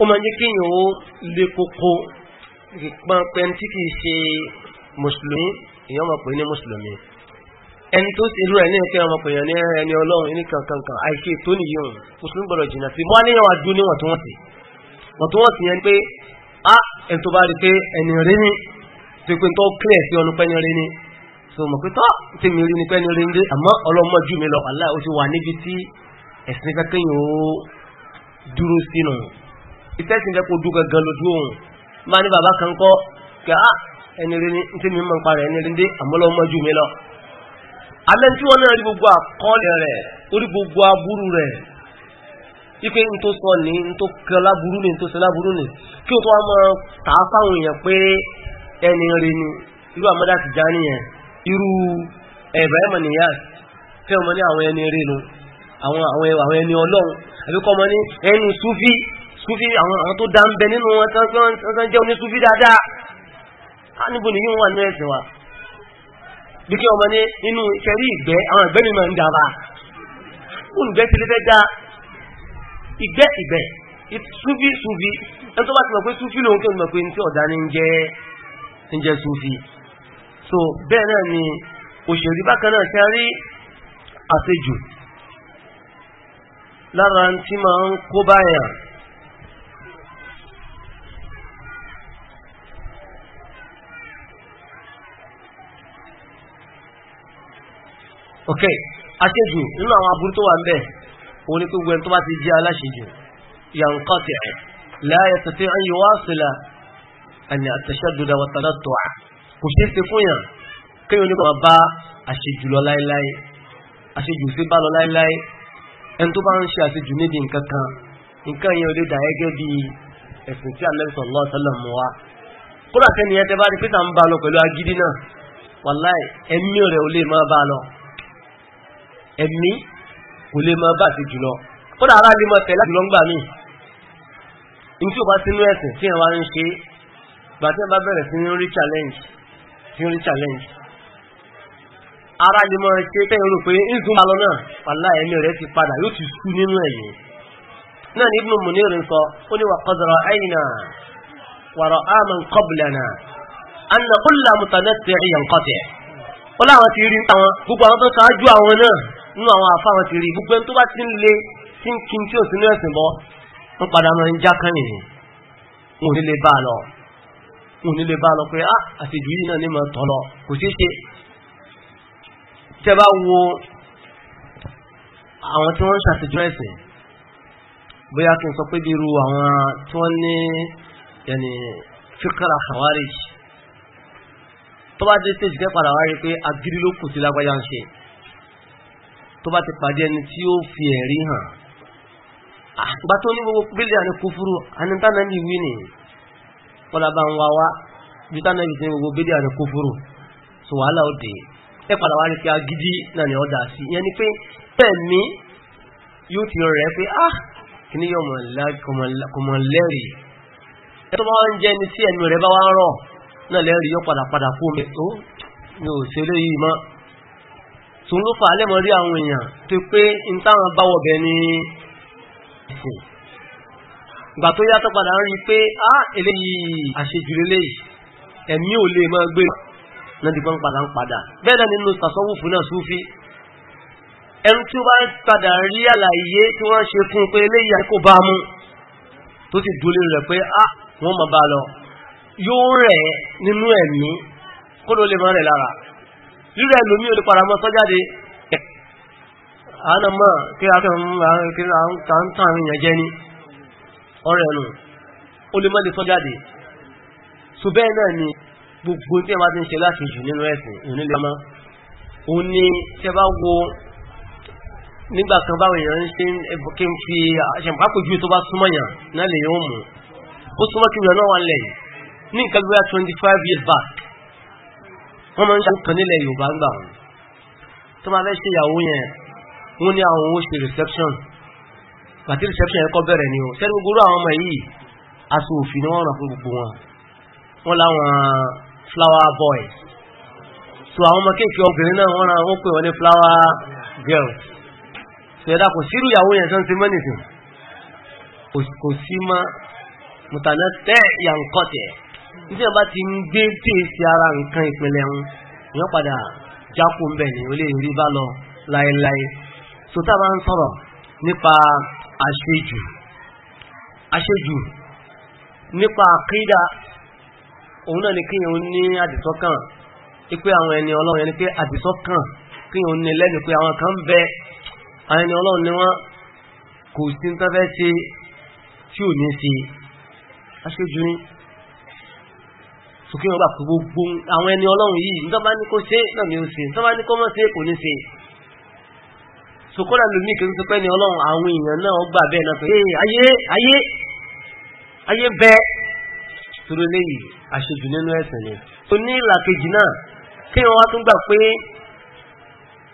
ó máa jẹ́ kéèyàn ó lé kókó ìpọn pẹ́ni tí kì í ṣe mùsùlùmí èèyàn máa pè ní mùsùlùmí ẹni tó ti irú ẹ̀ ní ìpín ọmọ pèèyàn ní ẹni ọlọ́run ní kankankan àìṣe tó nìyí òun mùsùlùmí gbọ́dọ̀ jìnnà sí mọ́ níyàn wá dúró níwọ̀ntúnwọ̀nsì yẹn pé ah, ẹni tó bá rí pé ẹni rí ní tó pé tó kílẹ̀ sí ọ̀nù pẹ́ni rí ní tó mọ̀ pé tọ́ tí mi rí ní pẹ́ni rí ní àmọ́ ọlọ́mọ jù mí lọ àlá ó ti wà níbi tí ẹ̀sìn kankan yóò dúró sínú ìtẹ́sìn fẹ́ kó dú gangan lójú òun máa ní bàbá kan kọ́ kí á ah, ẹni rí ní tí mi mọ̀ ń parẹ́ ẹni rí ní àmọ́ ọlọ́mọ jù mí lọ. alẹ́ tí wọ́n náà rí gbogbo àkọọ́lẹ̀ rẹ̀ orí gbogbo aburú rẹ̀ ipe n tó sọ ní n tó kan láburú ní n tó sọ láburú ní kí o tó wá máa tà á fáwọn èèyàn pé ẹni rí ni irú àmọ́dá ti já nìyẹn irú ẹ̀bẹ̀ ẹ̀mọ̀ nìyà tí ọmọ ní àwọn ẹni rí nu àwọn àwọn ẹni ọlọ́run àbí kọ́ ọmọ ní ẹni súfí súfí àwọn tó dá ń bẹ nínú wọn tán jẹ́ oní súfí dáadáa á níbo nìyí wà ní ẹ̀sìn wa bí kí ọmọ ní inú ìfẹ́rí ìgbẹ́ àwọn ìgbẹ́ mi máa ń dàbà olùgbẹ́ ti lè ìgbẹ́ ìgbẹ́ sufi sufi ẹni tó bá ti mọ̀ pé sufi lòun kí n mọ̀ pé ní tí ọ̀dá ní ń jẹ́ ń jẹ́ sufi so bẹ́ẹ̀ náà ni òṣèré bákan náà ṣe rí àṣejù lára tí máa ń kó báyàn ok àṣejù nínú àwọn aburú tó wà ń bẹ́ẹ̀ òun ni pé gbogbo ẹni tó bá ti jẹ́ aláṣejù yankọ́tì ẹ̀ láyé tètè ń yọ wá sílẹ̀ àní àtẹ̀ṣẹ́dúdà wàtàdà tó à kò ṣeé ṣe fún yàn kéèyàn ní kò máa bá àṣejù lọ láéláé àṣejù sí bá lọ láéláé ẹni tó bá ń ṣe àṣejù níbi nǹkan kan nǹkan yẹn ò lè dà gẹ́gẹ́ bí ẹ̀sìn tí Ànábì sallallahu alaihi wasallam mú wa kódà sẹ́ni ẹ̀ kò lè si bá ti jùlọ ara lè máa tẹ̀lá jùlọ ń gbà míì ní tí o bá sínú ẹ̀sìn tí ẹ̀wà ń ṣe gbà tí bá bẹ̀rẹ̀ sí ní rí challenge sí rí challenge ara lè máa ṣe tẹ́yìn rò pé ìzùn balọ̀ náà pàlá ẹ̀mí rẹ̀ ti padà yóò ti sú nínú ẹ̀yìn náà ní Ibn Munir sọ ó ní wa qad ra'ayna wa ra'a man qablana anna kullu mutanatti'in yanqati' ó láwọn ti rí táwọn gbogbo àwọn tó ṣáájú àwọn náà nínú àwọn àfáwọn ti rí gbogbo ẹni tó bá ti ń le tí ń kí tí ò sí ní ẹ̀sìn bọ́ ń padà máa ń já kán nìyí wọn ò ní bá lọ wọn ò bá lọ pé ah àtijọ́ yìí náà ní máa tọ̀ lọ kò sí ṣe tẹ́ bá wo àwọn tí wọ́n ń ṣàtijọ́ ẹ̀sìn bóyá kí n sọ pé bírú àwọn tí wọ́n ní yẹnì fíkàrà Khawarij tó bá dé stage kẹ́ padà pé agídí ló kù sí lágbájá ń ṣe tó bá ti pàdé ẹni tí ó fi ẹ̀rí hàn àgbà ah, tó ní gbogbo bílẹ̀ àni kúfúrú àni tánàbí wí ni kọ́lá bá ń wá wá ju tánàbí ti ní gbogbo bílẹ̀ àni kúfúrú tó wàhálà ó dé ẹ padà wá rí pé agídí náà ni ọ̀dà sí ìyẹn ni pé tẹ̀mí yóò ti rẹ̀ pé ah kí ni yọ kọmọ lẹ́rì ẹ tó bá wá ń jẹ́ ni tí ẹ̀mí rẹ̀ bá wá rọ̀ náà lẹ́rì yóò padà padà kú mi tó oh, mi ò ṣe eléyìí mọ́ tó ló fà á lẹ́mọ̀ rí àwọn èèyàn tó pé n táwọn bá wọ̀bẹ̀ ní ìsìn ìgbà tó yàtọ̀ padà ń rí pé á eléyìí àṣejùlé léyìí ẹ̀mí ò lè máa gbé náà dìgbọ́n padà ń padà bẹ́ẹ̀ náà nínú tàṣọ́wùfù náà súfí ẹni tí ó bá padà rí àlàyé tí wọ́n ṣe fún pé eléyìí àkókò bá mú tó ti dúlé rẹ̀ pé á wọ́n máa bá lọ yóò rẹ̀ nínú ẹ̀mí kó ló lè máa rẹ̀ lára rírọ ẹlòmí ò lè padà mọ́ sọ́jáde àánà máa kí àkàntàn èèyàn jẹ́ ní ọ̀rẹ́ ẹnu ó lè mọ́ lè sọ́jáde so bẹ́ẹ̀ náà ni gbogbo tí ẹ bá ti ń ṣe láti jù nínú ẹ̀sìn onílé ọmọ ó ní tẹ bá wo nígbà kan báwọn èèyàn ń ṣe kí n fi àṣẹ̀mpápòjú tó bá súnmọ́ yàn náà lè yóò mú ó súnmọ́ kí wọ́n náà wà lẹ̀ ní nǹkan bí wọ́n 25 years back wọ́n máa ń ṣe kan nílẹ̀ yorùbá ń gbà wọn tó máa fẹ́ ṣe ìyàwó yẹn wọ́n ní àwọn ó ṣe reception pàtí reception yẹn kọ́ bẹ̀rẹ̀ ni o sẹ́ni gbogbo àwọn ọmọ yìí aṣọ òfin ni wọ́n ràn fún gbogbo wọn wọ́n láwọn flower boys so àwọn ọmọ kéèké obìnrin náà wọ́n ràn wọ́n pè wọ́n ní flower girls so ẹ̀dá kò sírú ìyàwó yẹn sọ́n ti mọ́ nìsín kò sí mọ́ mùtànà tẹ́ yàǹkọ́tẹ̀ títí àbá ti ń gbé tí è sí ara nǹkan ìpínlẹ̀ wọn èèyàn padà jákò ń bẹ̀ ní olè rí bá lọ láéláé so bá ń sọ̀rọ̀ nípa àṣejù àṣejù nípa àkídà òun náà ni kíyàn ní àdìsọ́kàn pípé àwọn ẹni ọlọ́run ẹni pé àdìsọ́kàn kíyàn ní lẹ́nu pé àwọn kan bẹ àwọn ẹni ọlọ́run ni wọ́n kò sí ń tán ṣe tí ò ní ṣe àṣejù ni sókè wọn gbà pé gbogbo àwọn ẹni ọlọ́run yìí nígbà bá ní kó ṣe náà ni ó ṣe nígbà bá ní kó mọ̀ ṣe kò ní ṣe sokola lomi kì í sọ pé ni ọlọ́run àwọn èèyàn náà gbà bẹ́ẹ̀ náà pé ee ayé ayé ayé bẹ́ẹ̀ sọ̀rọ̀ eléyìí àṣejù nínú ẹ̀sìn ni. tó ní ìlàkejì náà kí wọn wá tún gbà pé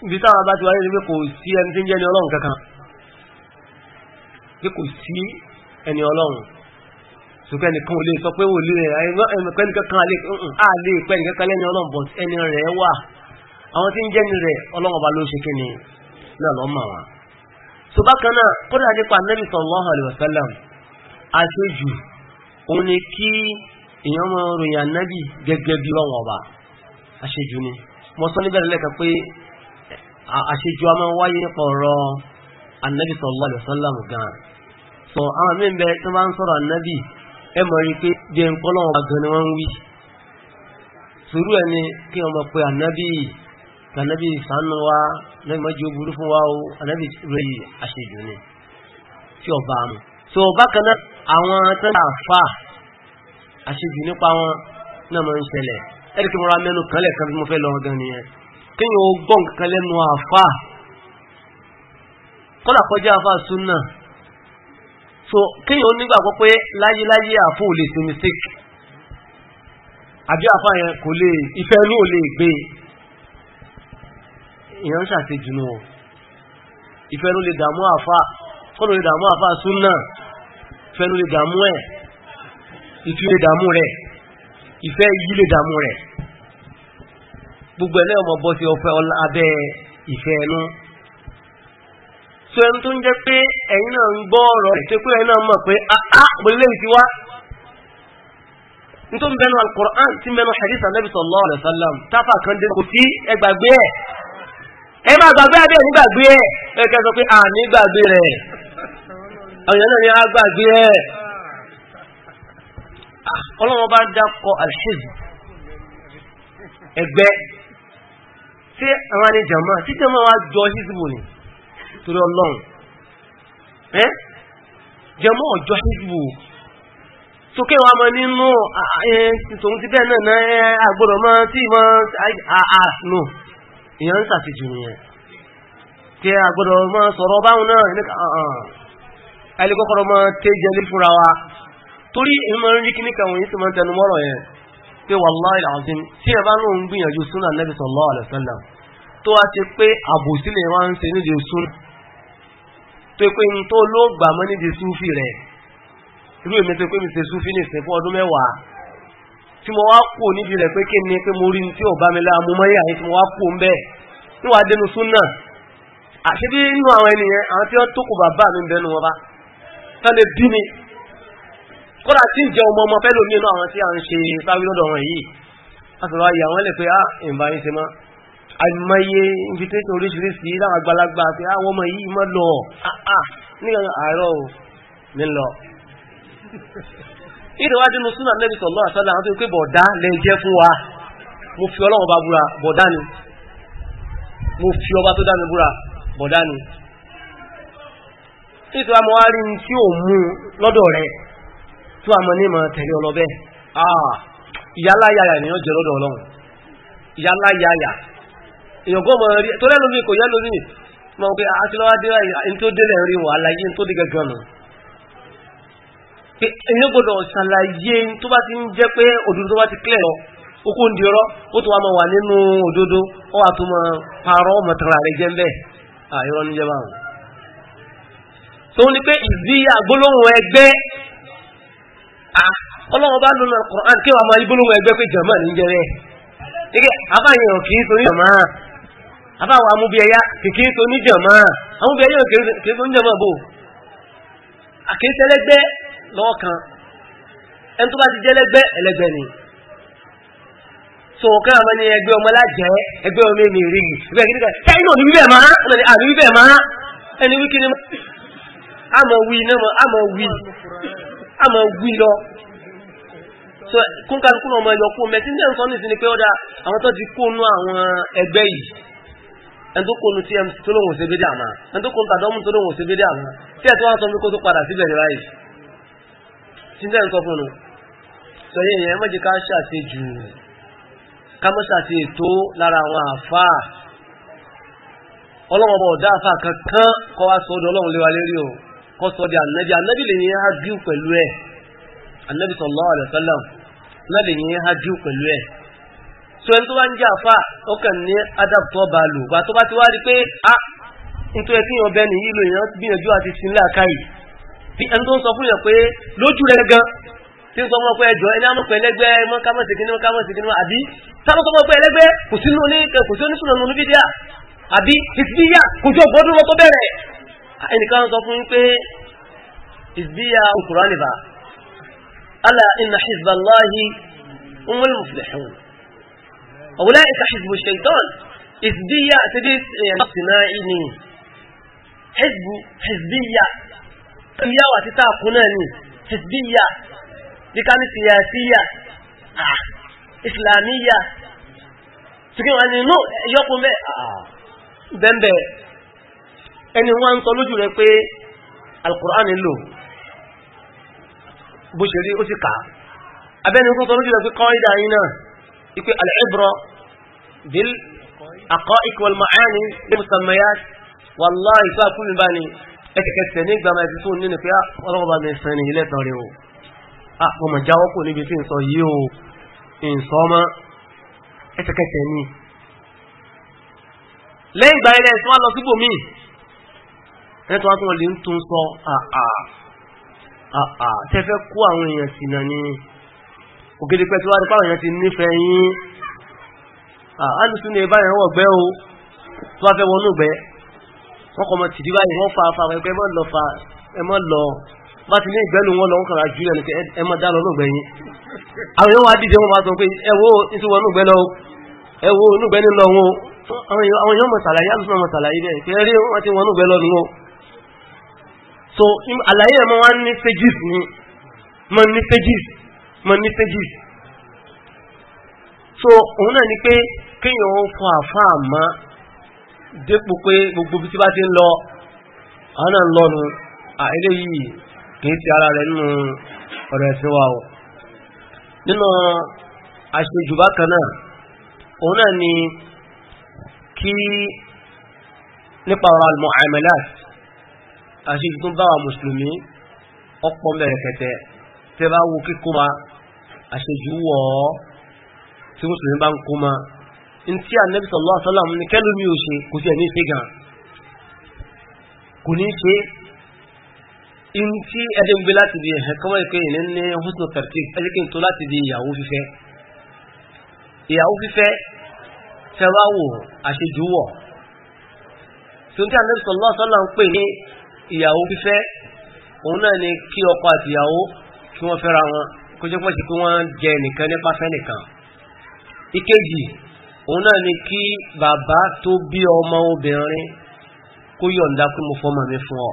ibi táwọn bá ti wáyé ni pé kò sí ẹni tí ń jẹ́ ni ọlọ́run kankan pé kò sí ẹni ọlọ́run ṣùgbọ́n nìkan ò lè sọ pé wòlíì rẹ̀ ẹ̀mẹ̀pẹ́ nìkan kan àlè pẹ́ nìkan kan lẹ́ni ọlọ́run bọ̀t ẹni rẹ̀ wà àwọn tí ń jẹ́ ni rẹ̀ ọlọ́run ọba ló ṣe kí ni náà lọ́mọ wọn. tó bákan náà kódà nípa nẹ́bí sallallahu alaihi wasallam àṣejù òun ni kí èèyàn máa ròyìn ànábì gẹ́gẹ́ bí ọ̀wọ̀n ọba àṣejù ni mo sọ níbẹ̀rẹ̀ lẹ́ka pé àṣejù a máa wáyé nípa ọ̀rọ̀ ànábì sallallahu alaihi wasallam gan-an. sọ àwọn mí ẹ mọ̀ rí pé jẹ́ ń kọ́lọ́ ọba gan ni wọ́n ń wí sùúrù ẹ̀ kí ọmọ pé ànábì ànábì sànú wa ànábì mọ́jú burú fún wa o ànábì rẹ̀ yìí àṣejù ni tí ọba mu so bákan náà àwọn tó ń fà àṣejù nípa wọn náà máa ń ṣẹlẹ̀ ẹ̀rí kí mo ra mẹ́nu kan lẹ́ẹ̀kan bí mo fẹ́ lọ gan nìyẹn kí ni o gbọ́ nǹkan lẹ́nu àfà kọ́lá kọjá àfà súnà so kéèyàn onígbàgbọ́ pé láyéláyé àfò ò lè ṣe mistake àbí àfà yẹn kò lè ìfẹ́ inú ò lè gbé èèyàn ń ṣàṣejù nù ọ́ ìfẹ́ inú lè dààmú àfà kọ́nù lè dààmú àfà súnà ìfẹ́ inú lè dààmú ẹ̀ ìfẹ́ lè dààmú rẹ̀ ìfẹ́ yí lè dààmú rẹ̀ gbogbo ẹlẹ́yọ̀mọ̀ bọ́ sí ọfẹ́ abẹ́ ìfẹ́ inú. No? tó ẹni tó ń jẹ́ pé ẹ̀yin náà ń gbọ́ ọ̀rọ̀ rẹ̀ tó pé ẹ̀yin náà mọ̀ pé àá ah, gbọ́lé ah, ti wá ní tó ń bẹnu al-Qur'an tí mẹnu hadith anabi sallallahu alaihi wasallam táfà kan dé kò sí ẹgbàgbé ẹ̀ ah, ẹgbẹ́ tí àwọn àni jàmá tí jàmá jọ hizbu ni torí ọlọ́run ẹ́ jẹmọ́ ọjọ́ ìgbò tókè wa mọ nínú tòun ti bẹ́ẹ̀ náà agbọ́dọ̀ mọ́ tí mọ́ àánú ìyẹn ń sàtìjù nìyẹn tí agbọ́dọ̀ mọ́ sọ̀rọ̀ báhùn náà ẹlẹ́kọ́kọ́rọ́ mọ́ tẹ́jẹ́ lé fúnra wa torí ìmọ̀ rí kí níkà wọ̀nyí tí mọ́ tẹnu mọ́rọ̀ yẹn pé wallahi alazim tí ẹ bá lóun gbìyànjú súnà Nabi sallallahu alaihi wasallam tó wá ti pé àbòsílẹ̀ wọn ń ṣe nídìí súnà tó pé n tó ló gbà mọ́ nídìí súfì rẹ̀ irú èmi tó pé mi ṣe súfì nìsín fún ọdún mẹ́wàá tí mo wá kú nídìí rẹ̀ pé kí ni pé mo rí ní tí ò bá mi láàmú mọ́yà yìí tí mo wá kú ń bẹ́ẹ̀ níwà dénú súnà àṣẹ bí inú àwọn ènìyàn àwọn tí wọ́n tó kù bàbá mi bẹnu wọn bá tán lè bí mi kódà tí ìjẹ ọmọ ọmọ fẹ́ lómi inú àwọn tí à ń ṣe sáwí wọn yìí a sọ̀rọ̀ àìmọye invitation oríṣiríṣi láwọn àti àwọn ọmọ yìí mọ́ lọ ah, ah, nígbà àárọ̀ ò ní lọ ìdọ̀wájú ní súnà Nabi sallallahu alaihi wasallam pé bọ̀dá lè fún wa mo fi ọlọ́wọ́ bá búra bọ̀dá ni mo fi ọba tó dá mi búra bọ̀dá ni nítorí àmọ́ wá rí ní tí ò mú lọ́dọ̀ rẹ̀ tó àmọ́ ní ìmọ̀ tẹ̀lé ọlọ́bẹ̀ ah, ìyáláyàyà ènìyàn jẹ́ lọ́dọ̀ ọlọ́run èèyàn gbọ́ mọ̀ rí tó lẹ́nu mi kò yẹ́ lómi mọ̀ pé akílọ́wá ah, dé ah, ẹni tó délẹ̀ rí wọ́n àlàyé tó dé gẹ́gẹ́ nù. èèyàn ṣàlàyé tó bá ti ń jẹ́ pé òdodo tó bá ti kílẹ̀ lọ oko ń di ọ̀rọ̀ ó tún wà máa wà nínú òdodo ó wà tó máa parọ́ mọ̀tàrà rẹ̀ jẹ́ bẹ́ẹ̀ àìrọ́ ní báwọn. tó ní pé ìdí ọlọ́wọ́ bá lónà kí wàá máa àbáwọ̀ amúbíẹ̀yá kìkì tó níjàmá amúbíẹ̀yá kìkì tó níjàmá bò àkíntẹ́lẹ́gbẹ́ lọ́ọ̀kan ẹni tó bá ti jẹ́lẹ́gbẹ́ ẹlẹ́gbẹ́ ni so kẹ́ àwọn ẹni ẹgbẹ́ ọmọ lájẹ́ ẹgbẹ́ ọmọ èmi rí mi ẹgbẹ́ kíníkà ṣáínà ní wíbẹ̀ máa ọ̀nà àrí wíbẹ̀ máa ẹni wí kíní àmọ̀ wí náà àmọ̀ wí àmọ̀ wí lọ so kúnkàlùkù ọmọ ẹ̀yọkú mẹ́sí ní ẹ̀ ń sọ ní ìsinmi pé ọ̀dà àwọn tó ti kó nú àwọn ẹgbẹ́ yìí ẹni tó kónu tí ẹ tó lóhùn ṣe bídí àmà ẹni tó kónu tàdọ́mù tó lóhùn ṣe bídí àmà tí ẹ tó wá sọ pé kó tó padà síbẹ̀ ní ráyè tí bẹ́ẹ̀ ń sọ fún un sọ yẹn yẹn mọ̀jẹ̀ ká ṣàṣe jù ká mọ̀ ṣàṣe lára àwọn àfa kankan kọ́ wa sọ ọdún léwa lérí o kọ́ di ànábì ànábì lè yẹn á pẹ̀lú ẹ̀ ànábì náà lè yẹn sọ ẹni tó bá ń jẹ́ àfà ọkàn ní adàpọ̀ bá lò wà tó bá ti wá rí pé a nítorí kí yàn bẹ́ẹ̀ nìyí lò yàn gbìyànjú àti sinlé àkáyì bí ẹni tó ń sọ fún yàn pé lójú gan tí ń sọ fún ọpẹ ẹjọ ẹni àmọpẹ ẹlẹgbẹ ẹmọ kámọsí kí ni kámọsí àbí kò ní kò àbí kò tó bẹ̀rẹ̀ ẹnìkan sọ fún pé أولئك حزب الشيطان حزبية تدس صناعي حزب حزبية يا واتتا قناني حزبية لكان سياسية إسلامية سكين أن نو يقوم بمبه ẹni wọ́n ń sọ lójú rẹ̀ pé alkùránì lò bó ṣe rí ó sì kà ipe al-ibra bil aqa'iq wal ma'ani lil musammayat wallahi fa kun ba ni ẹkẹkẹsẹ ní gbàmà ẹ̀sìn tó nínú pé ah, ọlọ́wọ́ bá mi sàn ní ilé tán rí o a ah, mo jáwọ́ kò níbi tí ń sọ yìí o ń sọ ọmọ ẹkẹkẹsẹ ni lẹ́yìn ìgbà ilẹ̀ tí wọ́n síbò míì ẹ̀ tí tún lè ń tún sọ àà àà tẹ́fẹ́ kó àwọn èèyàn sí náà ògidì pẹ́ tí wá dípá òyìn ti nífẹ̀ẹ́ yín alùsùn ní ẹbá ìrànwọ̀ gbẹ́ o tó wá fẹ́ wọnú gbẹ́ wọ́n kọ̀ mọ̀ tìdí báyìí wọ́n fa afa ẹgbẹ́ ẹmọ́ lọ fa ẹmọ́ lọ bá ti ní ìgbẹ́lu wọn lọ wọn kàrà jù ẹni ẹmọ́ dá lọ lọ́gbẹ́ yín àwọn èèyàn wá dìde wọn máa sọ pé ẹwọ́ ìtú wọnú gbẹ́ lọ ẹwọ́ onúgbẹ́ ní lọ wọn àwọn èèyàn mọ̀ sàlàyé alùsùn mọ̀ sàlàyé bẹ́ẹ̀ kí ẹrí wọn ti wọnú gbẹ́ lọ nù wọn. so àlàyé ẹ̀ mọ́ wá ní stages ni mọ́ ní stages mọ ní stages so òun náà ni pé kéèyàn ó fọ àfá àmọ́ dépò pé gbogbo bí tí bá ti ń lọ àwọn náà ń lọ́nu àìlè yìí kìí ti ara rẹ̀ nínú ọ̀rọ̀ ẹ̀sìn wa o nínú àṣejù bákan náà òun náà ni kí nípa ọ̀rọ̀ al-mu'amalat àṣejù tó bá wa mùsùlùmí ọ̀pọ̀ mẹ́rẹ̀kẹ̀tẹ̀ tẹ́ bá wo kíkó wa àṣejù wọ̀ ọ́ tí mùsùlùmí bá ń kó ma n tí ànábì sallallahu alaihi wasallam ní kẹ́lú mi ò kò sí ẹ̀ní ṣe kò ní ṣe n tí ẹdín gbé láti di ẹ̀hẹ́ kọ́mọ́ ìpè ní ní husnu tartib ẹ̀jẹ̀ kí n tó láti di ìyàwó fífẹ́ ìyàwó fífẹ́ fẹ́ráwò àṣejù wọ̀ tí n tí ànábì sallallahu alaihi wasallam pè ní ìyàwó fífẹ́ òun náà ni kí ọkọ àtìyàwó kí wọ́n fẹ́ra wọn kó jẹ́ pọ́jù pé wọ́n jẹ nìkan nípa fẹ́ nìkan ìkejì òun náà ni kí bàbá tó bí ọmọ obìnrin kó yọ̀ǹda pé mo fọmọ mi fún ọ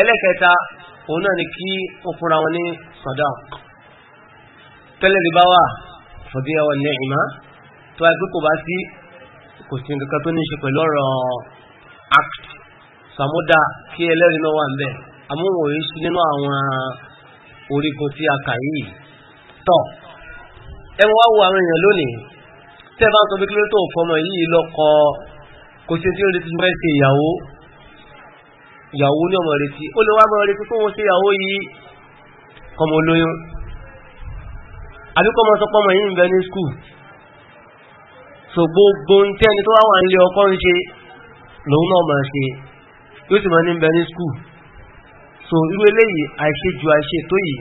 ẹlẹ́kẹta òun náà ni kí wọ́n fúnra wọn ní sọ̀dọ̀ tẹ́lẹ̀ rí bá wà fọ̀dí ẹwọ ní ìmá tó wáyé pé kò bá sí kò sí nǹkan tó ní ṣe pẹ̀lú ọ̀rọ̀ act sàmúdà kí ẹlẹ́rìí náà wà ń bẹ̀ àmúhùn òye sí nínú àwọn orígun tí a kà yìí tọ̀ ẹ wá wo àwọn èèyàn lónìí tẹ́ bá ń sọ pé kí ló tó fọmọ yìí lọ́kọ kò sí tí ó retí fẹ́ ṣe ìyàwó ìyàwó ní ọmọ retí ó lè wá mọ́ retí kó wọ́n ṣe ìyàwó yìí kọmọ olóyún àbí kọmọ sọ pọmọ yìí ń bẹ ní skul so gbogbo ń tẹ́ni tó wá wà nílé ọkọ ń ṣe lòun náà mọ̀ ṣe yóò sì mọ̀ ní ń bẹ ní skul so irú eléyìí àìṣejù àìṣètò yìí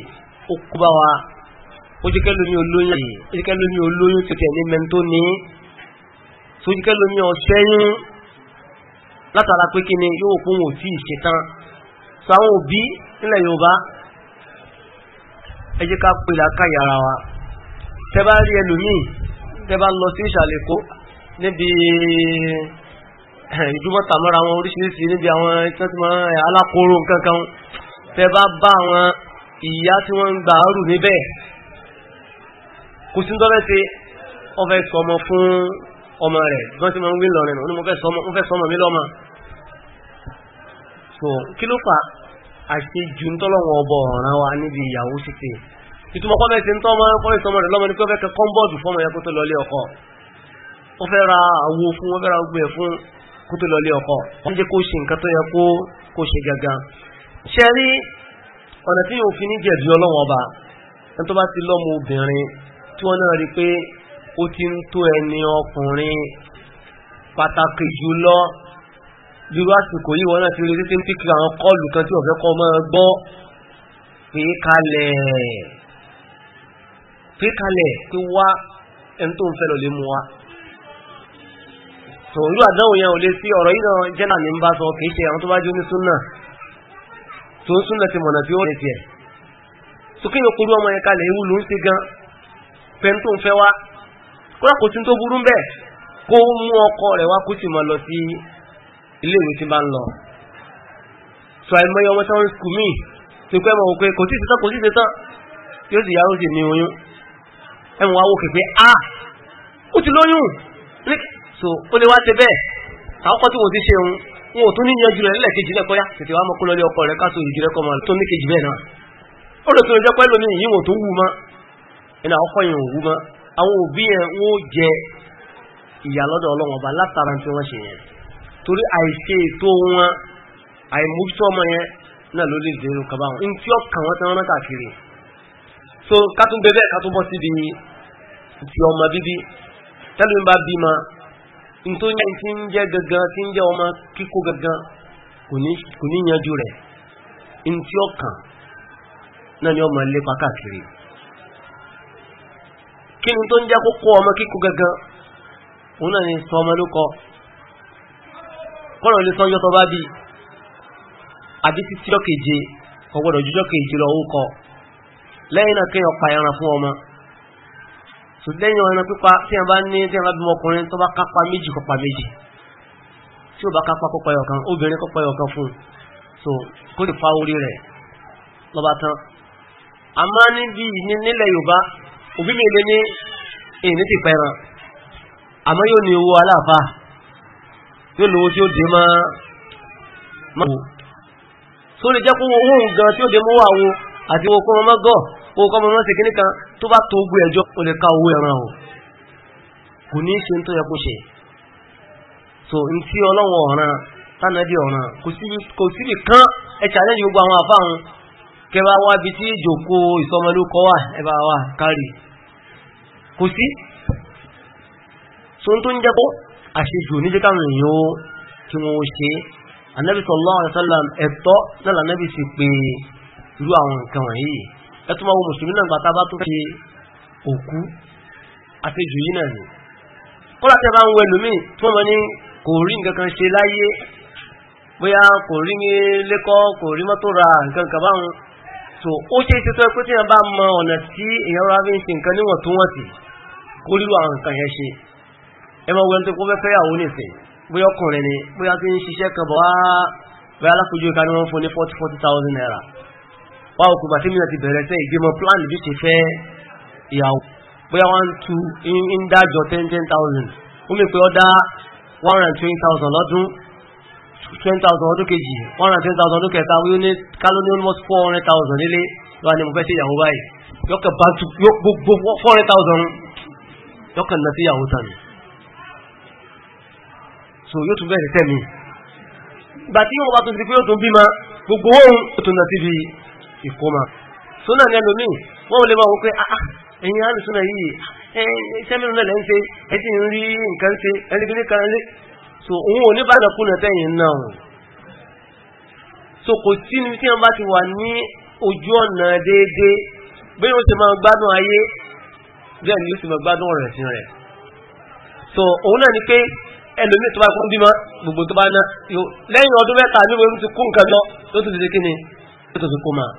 ó kó bá wa ó jẹ́ kẹ́lómi olóyún ó jẹ́ kẹ́lómi olóyún tó tẹ̀lé mẹ́ntó ní tó jẹ́ kẹ́lómi látara pé kí ni yóò kún wò tí ìṣetán so àwọn òbí nílẹ̀ Yorùbá ẹ ká pè láká yàrá wa tẹ́ rí ẹlòmíì tẹ́ lọ sí ìsàlẹ̀ níbi ìdúbọ̀ tàmọ́ra wọn oríṣiríṣi níbi àwọn ìtọ́tìmọ̀ eh, alákòóró kankan tẹ bá bá àwọn ìyá tí wọ́n ń gba àárù níbẹ̀ kò sí tọ́fẹ́ sí ọfẹ́ sọmọ fún ọmọ rẹ̀ gbọ́n tí ma ń wí lọ rẹ̀nà onímọ̀ so kí ló fà àṣẹ jù tọ́lọ́wọ́ ọbọ̀ ọ̀ràn wa níbi ìyàwó síse ìtumọ̀ kọ́fẹ́ sí tọ́ kọ́fẹ́ sọmọ rẹ̀ lọ́mọ ní kọ́fẹ́ kọ́mbọ́ọ̀dù fọ́mọ yẹ kó tó lọlé ọkọ wọ́n fẹ́ ra àwo fún ra gbẹ̀ fún kó tó lọ lé ọkọ wọ́n jẹ́ kó ṣe nǹkan tó yẹ kó kó ṣe gangan ṣe rí ọ̀nà tí yóò fi ní jẹ̀bi ọlọ́wọ́n ọba ẹni tó bá ti lọ́mọ obìnrin tí wọ́n náà rí pé ó ti ń tó ẹni ọkùnrin pàtàkì jùlọ irú àsìkò yìí wọ́n náà ti rí títí ń píkì àwọn kọlù kan tí ọ̀fẹ́ kọ́ máa gbọ́ pé kalẹ̀ pé kalẹ̀ pé wá ẹni tó ń fẹ́ lọ lè mú wa tó irú àdánwò yẹn ò lè sí ọ̀rọ̀ yìí náà jẹ́nà ní ń bá sọ kìí ṣe àwọn tó bá jẹ́ oní súnà tó ń súnà ti mọ̀nà tí ó lè tiẹ̀ tó kí ni ọmọ yẹn kalẹ̀ ewu ló ń ṣe gan pẹ̀lú tó ń fẹ́ wá kódà kò sí tó burú bẹ́ẹ̀ kó mú ọkọ rẹ̀ wá kó sì mọ̀ lọ sí ilé ìwé tí bá ń lọ sọ àìmọye ọmọ sáwọn skul míì tó pẹ́ mọ̀ wò pé kò sí ìṣetán kò sí ìṣetán yóò so ó lè wá ṣe bẹ́ẹ̀ àwọn tí wọ́n ti ṣe òun wọn ò tún ní yanjú rẹ̀ nílẹ̀ kejì lẹ́kọ́yá tètè wá mọ́kún lọ́lé ọkọ̀ rẹ̀ káàtó ìjì rẹ̀ tó ní kejì bẹ́ẹ̀ náà ó lè tún ẹjọ́ pẹ́ lómi yìí wọn tó wù mọ́ ẹnà ọkọ̀ yìí wù mọ́ àwọn òbí yẹn wọn jẹ ìyà lọ́dọ̀ látara so kátó bẹ́ẹ̀ kátó bọ́ kini to nye ife n je gagan ti n je oma kiko gagan kuni nya jo re inu ti o ka na ni o ma le kwa kaka sere kinu to n je akwukwo oma kiko gagan unanye nso omalu ko kwanarle bi yoso babi abi si ti lo keje obodo jujo keje lo uko leyin ake ya payara fun so lẹ́yìn ọ̀nà pípa tí a bá ní tí a bá bímọ ọkùnrin tó bá kápá méjì kọpa méjì tí ó bá kápá kọpa ọ̀kan obìnrin kọpa ọ̀kan fún so kó lè pa orí rẹ̀ lọ́ba tán a máa níbi nílẹ̀ Yorùbá òbí mi lè ní èyí ti pẹ̀ràn àmọ́ yóò ní owó aláàfà yóò lówó tí ó dé máa máa wò tó lè jẹ́ kó owó nǹkan tí ó dé mọ́ wà wo àti owó kó wọn mọ́ gọ́ọ̀ owó mọ́ mọ́ sí tó bá tó gbé ẹjọ́ o lè ka owó ẹran o kò ní ṣe tó yẹ ṣe so n tí ọlọ́wọ́ ọ̀ràn tánàbí ọ̀ràn kò síbi kan ẹ challenge gbogbo àwọn àfáhùn kẹba wá bí tí ìjòkó ìsọmọlúkọ wà ẹba wà kárì kò sí so n tó ń jẹ́ kó àṣejù níjẹ́ káwọn èèyàn ó kí wọ́n ṣe anábì sallallahu alaihi ẹ̀tọ́ náà lànàbì sì pé irú àwọn nǹkan wọ̀nyí ẹtùmọ̀ wo mùsùlùmí náà gbàtà bá tó fi òkú àtẹjù yìí náà ni kọ́lá tẹ́ bá ń wọ ẹlòmíì tí wọ́n mọ̀ ní kò rí nǹkan kan ṣe láyé bóyá kò rí ní lẹ́kọ́ kò rí mọ́tò ra nǹkan kan báwọn so ó ṣe ṣe tó ẹ pé tí wọ́n bá mọ ọ̀nà tí èèyàn rárá fi ń ṣe nǹkan níwọ̀n tó wọ̀n tì kó lílo àwọn nǹkan yẹn ṣe ẹ mọ̀ wẹ́n tó kó fẹ́ fẹ́yàwó nìsín bóyá ọkùnrin ni bóyá tí ń ṣiṣẹ́ kan bọ̀ bóyá alákòójú ìka fún ní forty forty thousand naira wá òkú bàtí mi náà ti bẹ̀rẹ̀ sẹ́ ìgbémọ̀ plan bí ṣe fẹ́ ìyàwó bóyá one two ń dájọ ten ten thousand ó mi pé ọ́dá one and twenty thousand lọ́dún twenty thousand ọdún kejì one and twenty thousand ọdún kẹta wíwọ́n ní kálọ́ ní almost four hundred thousand nílé lọ́wọ́ ni mo fẹ́ sí ìyàwó báyìí yọkẹ̀ bá four hundred thousand yọkẹ̀ nà sí ìyàwó tán ni so yóò tún bẹ̀rẹ̀ tẹ̀ mí gbàtí yóò bá tún ti pé yóò tún bímọ gbogbo ohun ètò nà síbi ìkómà súnà lẹ́lòmí wọ́n lè máa wọ́n pé ah, ah, ẹ̀yìn àrùsúnà yìí ìṣẹ́mìnà náà lẹ́ń ṣe ẹ̀tí ń rí nǹkan ṣe ẹ̀lẹ́gbẹ̀rẹ́ kan lé so òun ò ní bá nà kúnà tẹ́yìn náà so kò sí ní tí wọ́n bá ti wà ní ojú ọ̀nà déédéé bí wọ́n ti máa gbádùn ayé bẹ́ẹ̀ ni yóò ti máa gbádùn ọ̀rẹ̀ sí rẹ̀ so òun náà ni pé ẹlòmí tó bá kún bímọ gbogbo tó bá ná lẹ́yìn ọdún mẹ́ta ní wọ́n ti kún nǹkan lọ tó ti ti kí ni tó ti kó máa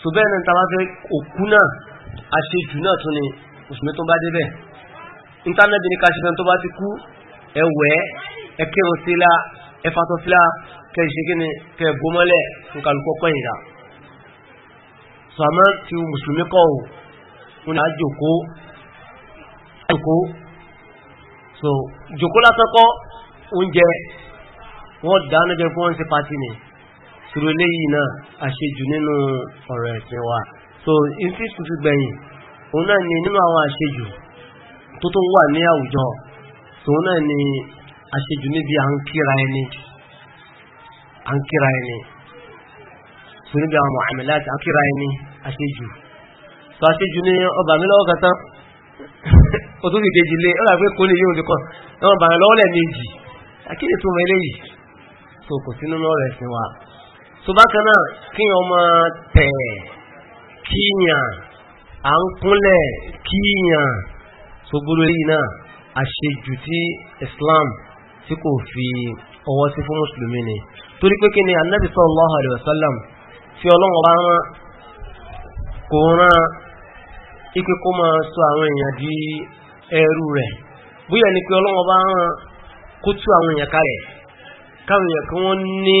so bẹ́ẹ̀ náà tàbá fẹ́ òkú náà àṣejù náà tún ni mùsùlùmí tó bá débẹ̀ íńtánẹ́ẹ̀tì ní káṣífẹ́ tó bá ti kú ẹwẹ́ ẹkẹrun sílá ẹfàtọ́ sílá kẹṣẹ́gẹ́ni kẹgbọmọ́lẹ̀ nkàlùkọ́ pẹ̀yìnrà sàmọ́ ti mùsùlùmí kọ́ ò wọn àjòkó àjòkó so jòkó látọ́kọ́ oúnjẹ wọ́n dáná jẹ fún ọ́n sí pàtí ni sùrù eléyìí náà àṣejù nínú ọ̀rọ̀ ẹ̀sìn wa so ìfí tuntun ti gbẹ̀yìn òun náà ni nínú àwọn àṣejù tó tó wà ní àwùjọ òun náà ni àṣejù níbi à ń kíra ẹni à ń kíra ẹni so níbi àwọn mọ̀hàmìlá àti àkíra ẹni àṣejù so àṣejù ní ọba mi lọ́wọ́ kan tán ó tó dìde jìlé ó ràgbé kó ní yóò nìkan ẹ̀wọ̀n bàrẹ̀ lọ́wọ́lẹ̀ méjì akíni tó eléyìí so kò sí nínú ọ̀rọ̀ ẹ̀sìn wa tó bákan náà kí ọmọ tẹ̀ kíyàn à ń kúnlẹ̀ kíyàn tó gbúrú èyí náà àṣejù tí Islam tí kò fi ọwọ́ sí fún mùsùlùmí ni torí pé kí ni Annabi sallallahu alaihi wasallam fi ọlọ́wọ́ bá rán kò rán ipe kó máa sọ àwọn èèyàn di ẹrú rẹ̀ bóyá ni pé ọlọ́wọ́ bá rán kó tú àwọn èèyàn kalẹ̀ káwọn èèyàn kí wọ́n ní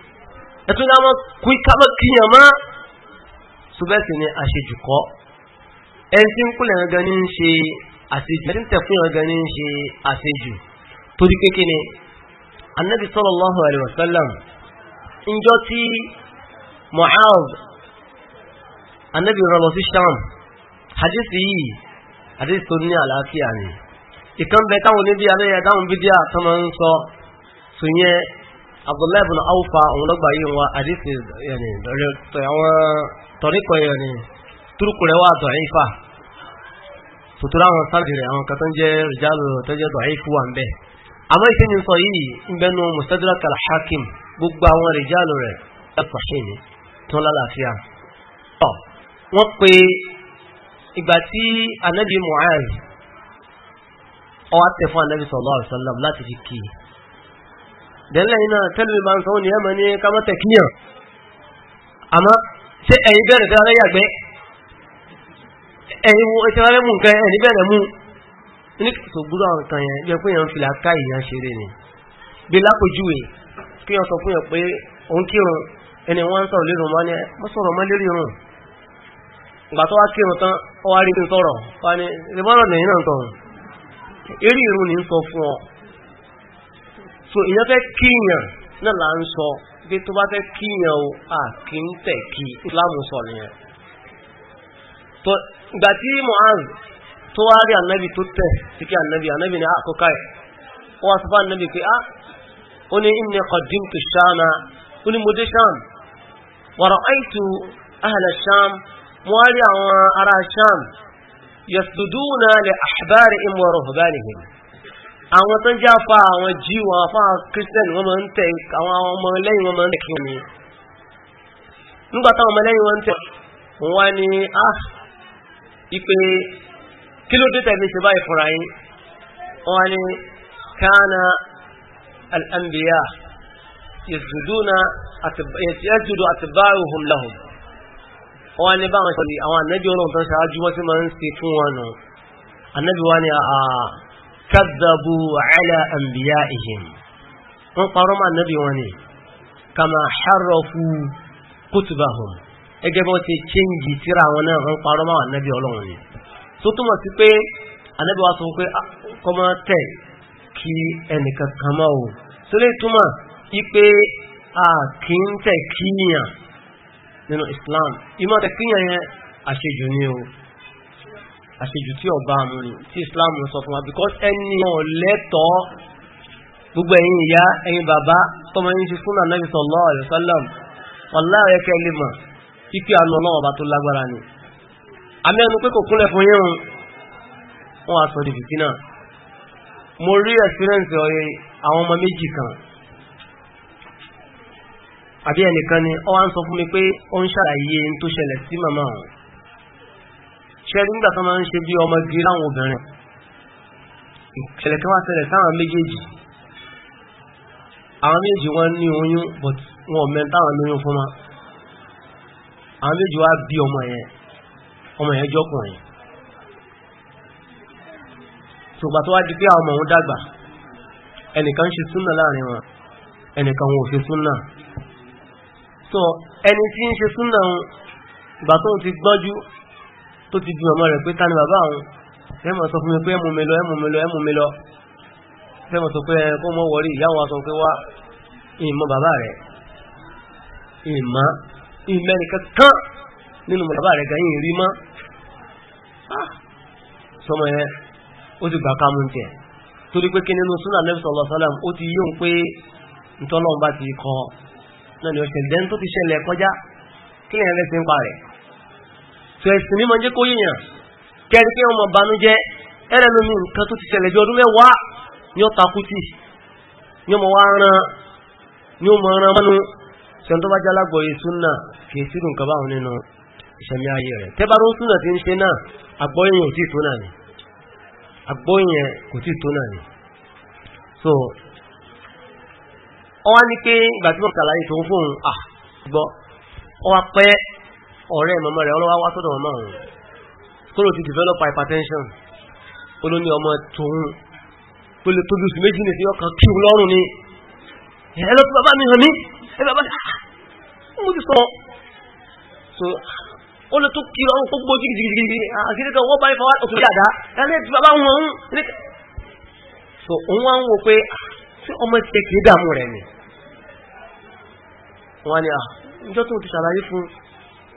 ẹ̀tún ní a máa kú ikábọ̀ kíyàn máa so bẹ́ẹ̀ sì ni àṣejù kọ́ ẹni tí ń kúlẹ̀ gangan ní ń ṣe àṣejù ẹni tẹ̀ fún gangan ní ń ṣe àṣejù torí pé kí sallam njọ́ tí Mu'adh anabi rọ lọ sí sham hadith yìí hadith tó ní àlàáfíà ni ìkan bẹ táwọn oníbíyà lẹ́yà táwọn bíbíà tó máa ń sọ sùn yẹn abdullahi bin awfa òun lọ́gbà yìí wọn àdìsí yẹn àwọn tọ́ríkọ̀ yẹn ni túrùkù rẹ̀ wà dọ̀ífà tutura sáàdì rẹ̀ àwọn kàtàn jẹ́ ìjálù tẹ́jẹ́ dọ̀ífù wà ń bẹ̀ àmọ́ ìṣe ni sọ yìí ń bẹnu mustadrak hakim gbogbo àwọn ìjálù rẹ̀ ẹ̀pọ̀ ṣe ni lálàáfíà wọ́n pe ìgbà tí anabi mu'az ọwọ́ tẹ̀ fún dẹ́lẹ̀ iná tẹ́lẹ̀ bá ń sọ ní ẹmọ ní kámọ́ tẹ̀kíyàn àmá ṣe ẹ̀yìn bẹ̀rẹ̀ tẹ́lẹ̀ rẹ̀ yàgbẹ́ ẹ̀yìn tẹ́lẹ̀ rẹ̀ mú nǹkan ẹ̀yìn bẹ̀rẹ̀ mú ní ṣògbúrò àwọn kan yẹn jẹ́ pé yẹn ń fi làákà ìyàn ṣe rè ní bí lápòjúwe kí wọ́n sọ fún yẹn pé òun kírun ẹni wọ́n ń sọ̀rọ̀ lérò wọn ni wọ́n sọ̀rọ̀ mọ́ lérí rùn ìgbà tó wá kírun tán ó wá rí ní sọ̀rọ̀ wá ní ìrìbọ̀rọ̀ nìyí náà tọ̀hún eré ìrùn ní sọ fún ọ so ìyẹn fẹ́ kíyàn náà là ń sọ pé tó bá fẹ́ kíyàn o à kì ń tẹ̀ kí islam sọ nìyẹn tó ìgbà tí Mu'az tó wá rí ànábì tó tẹ̀ sí kí ànábì ànábì ní àkókò ah, ẹ̀ ó wá sọ fún ànábì pé á ah, ó ní inni qaddimtu ṣáàna ó ní mo dé ṣáàm wa ra'aytu ahla ṣáàm mo wá rí àwọn ará ṣáàm yasuduna li ahbarihim wa ruhbanihim àwọn tó ń já fa àwọn jíù àwọn afá kírísítẹ́nì wọ́n máa ń tẹ̀ àwọn ọmọ lẹ́yìn wọn máa ń tẹ̀ kí wọ́n ni nígbà táwọn ọmọ lẹ́yìn wọn ń tẹ̀ wọ́n wá ní á ah, ipe kí ló dé tẹ̀lé ṣe báyìí fúnra yín wọ́n wá ní kánà al'ambiya yasjuduna yasjudu atba'uhum wọ́n wá báwọn ṣe àwọn ànábì ọlọ́run tó ń ṣáájú wọ́n sì máa ń ṣe fún wọn nù ànábì wá ní àà kadhabu ala anbiya'ihim wọ́n parọ́ mọ́ ànábì wọn ni kama harrafu kutubahum ẹgẹ́ bọ́ ti chéńjì tíra wọn náà wọ́n parọ́ mọ́ ànábì ọlọ́run ni tó túmọ̀ sí pé ànábì wa sọ pé ah, kọ́mọ́ tẹ̀ kí ẹnìkan kan mọ́ o tó lè túmọ̀ ipe a kì ń tẹ̀ kíyàn nínú Islam ìmọ̀ tẹ̀ kíyàn yẹn àṣejù ni o àṣejù tí ọba mu ni tí Islam sọ fún wa because ẹni ọ̀lẹ́tọ̀ọ́ gbogbo ẹ̀yin ìyá ẹ̀yin bàbá tọmọ yín ti fún Ànábì sallallahu alaihi wasallam wallahi ẹ̀kẹ́ lè mọ̀ pípẹ́ àánú ọlọ́wọ́ bá tó lágbára ni amẹ́nu pé kò kúnlẹ̀ fún yín wọn wá sọ di fìtínà mo rí experience ọ̀yẹ́ àwọn ọmọ méjì kan àbí ẹnìkan ni ó wá ń sọ fún mi pé ó ń ṣàlàyé ohun tó ṣẹlẹ̀ sí màmá òun ṣẹ́rí nígbà tó máa ń ṣe bí ọmọ gírí láwọn obìnrin ìṣẹ̀lẹ̀ kan wá ṣẹlẹ̀ sáwọn méjèèjì àwọn méjèèjì wọ́n ní oyún but wọn mẹ́ táwọn lóyún fún ma àwọn méjèèjì wá bí ọmọ yẹn ọmọ yẹn jọkùnrin ṣùgbà tó wá di pé àwọn ọmọ òun dàgbà ẹnìkan ṣe súnà láàrin wọn ẹnìkan wọn ò ṣe súnà so ẹni tí ń ṣe súnà ìgbà tó ti gbọ́njú tó ti bí ọmọ rẹ̀ pé ta ni bàbá òun fẹ́mọ̀ sọ fún mi pé ẹmú mi lọ ẹmú mi lọ ẹmú mi lọ fẹ́mọ̀ sọ pé kó mọ́ wọrí ìyá wọn sọ pé wá ìmọ̀ bàbá rẹ̀ ìmọ̀ ìmẹ́ni kankan nínú bàbá rẹ̀ gan yìí rí mọ́ ah! sọmọ yẹn ó ti gbà kámú tiẹ̀ torí pé kí nínú súnà nẹ́bí sọ̀lọ́ sálàm ó ti yóò pé ntọ́lọ́run bá ti kọ́ náà ni ọ̀sẹ̀ dẹ́n tó ti ṣẹlẹ̀ kọjá kí lẹ́yìn lẹ́sìn pa rẹ̀ so esi mímọ̀ jẹ́ kó yíyàn kẹ́rin kí wọ́n mọ̀ banújẹ́ ẹ̀rẹ̀ lómi nǹkan tó ti ṣẹlẹ̀ wa, ọdún mẹ́wàá ni ó takútì ni ó mọ̀ wá ran ni ó mọ̀ ran mọ́nu ti so ọ ní pé ìgbà tí kàlàyé tó ń ọ̀rẹ́ mọ̀mọ́ rẹ̀ ọlọ́wà wá sọ́dọ̀ mọ̀mọ́ òun tó ló ti develop hypertension ó ló ní ọmọ tòun tó lè tóbi oṣù méjì nìsí ọkàn kí òun lọ́rùn ni ẹ lọ sí bàbá mi hàn mí ẹ bàbá mi ah, mo ti sọ so ó lè tó kí ọrùn gbogbo jìgìjìgìjì àkíní kan wọ́n bá ifá òkú dàda ẹni tí bàbá wọn so òun wá ń wo pé tí ah, ọmọ ti kì í dààmú rẹ̀ ni wọ́n á ní à níjọ́ tó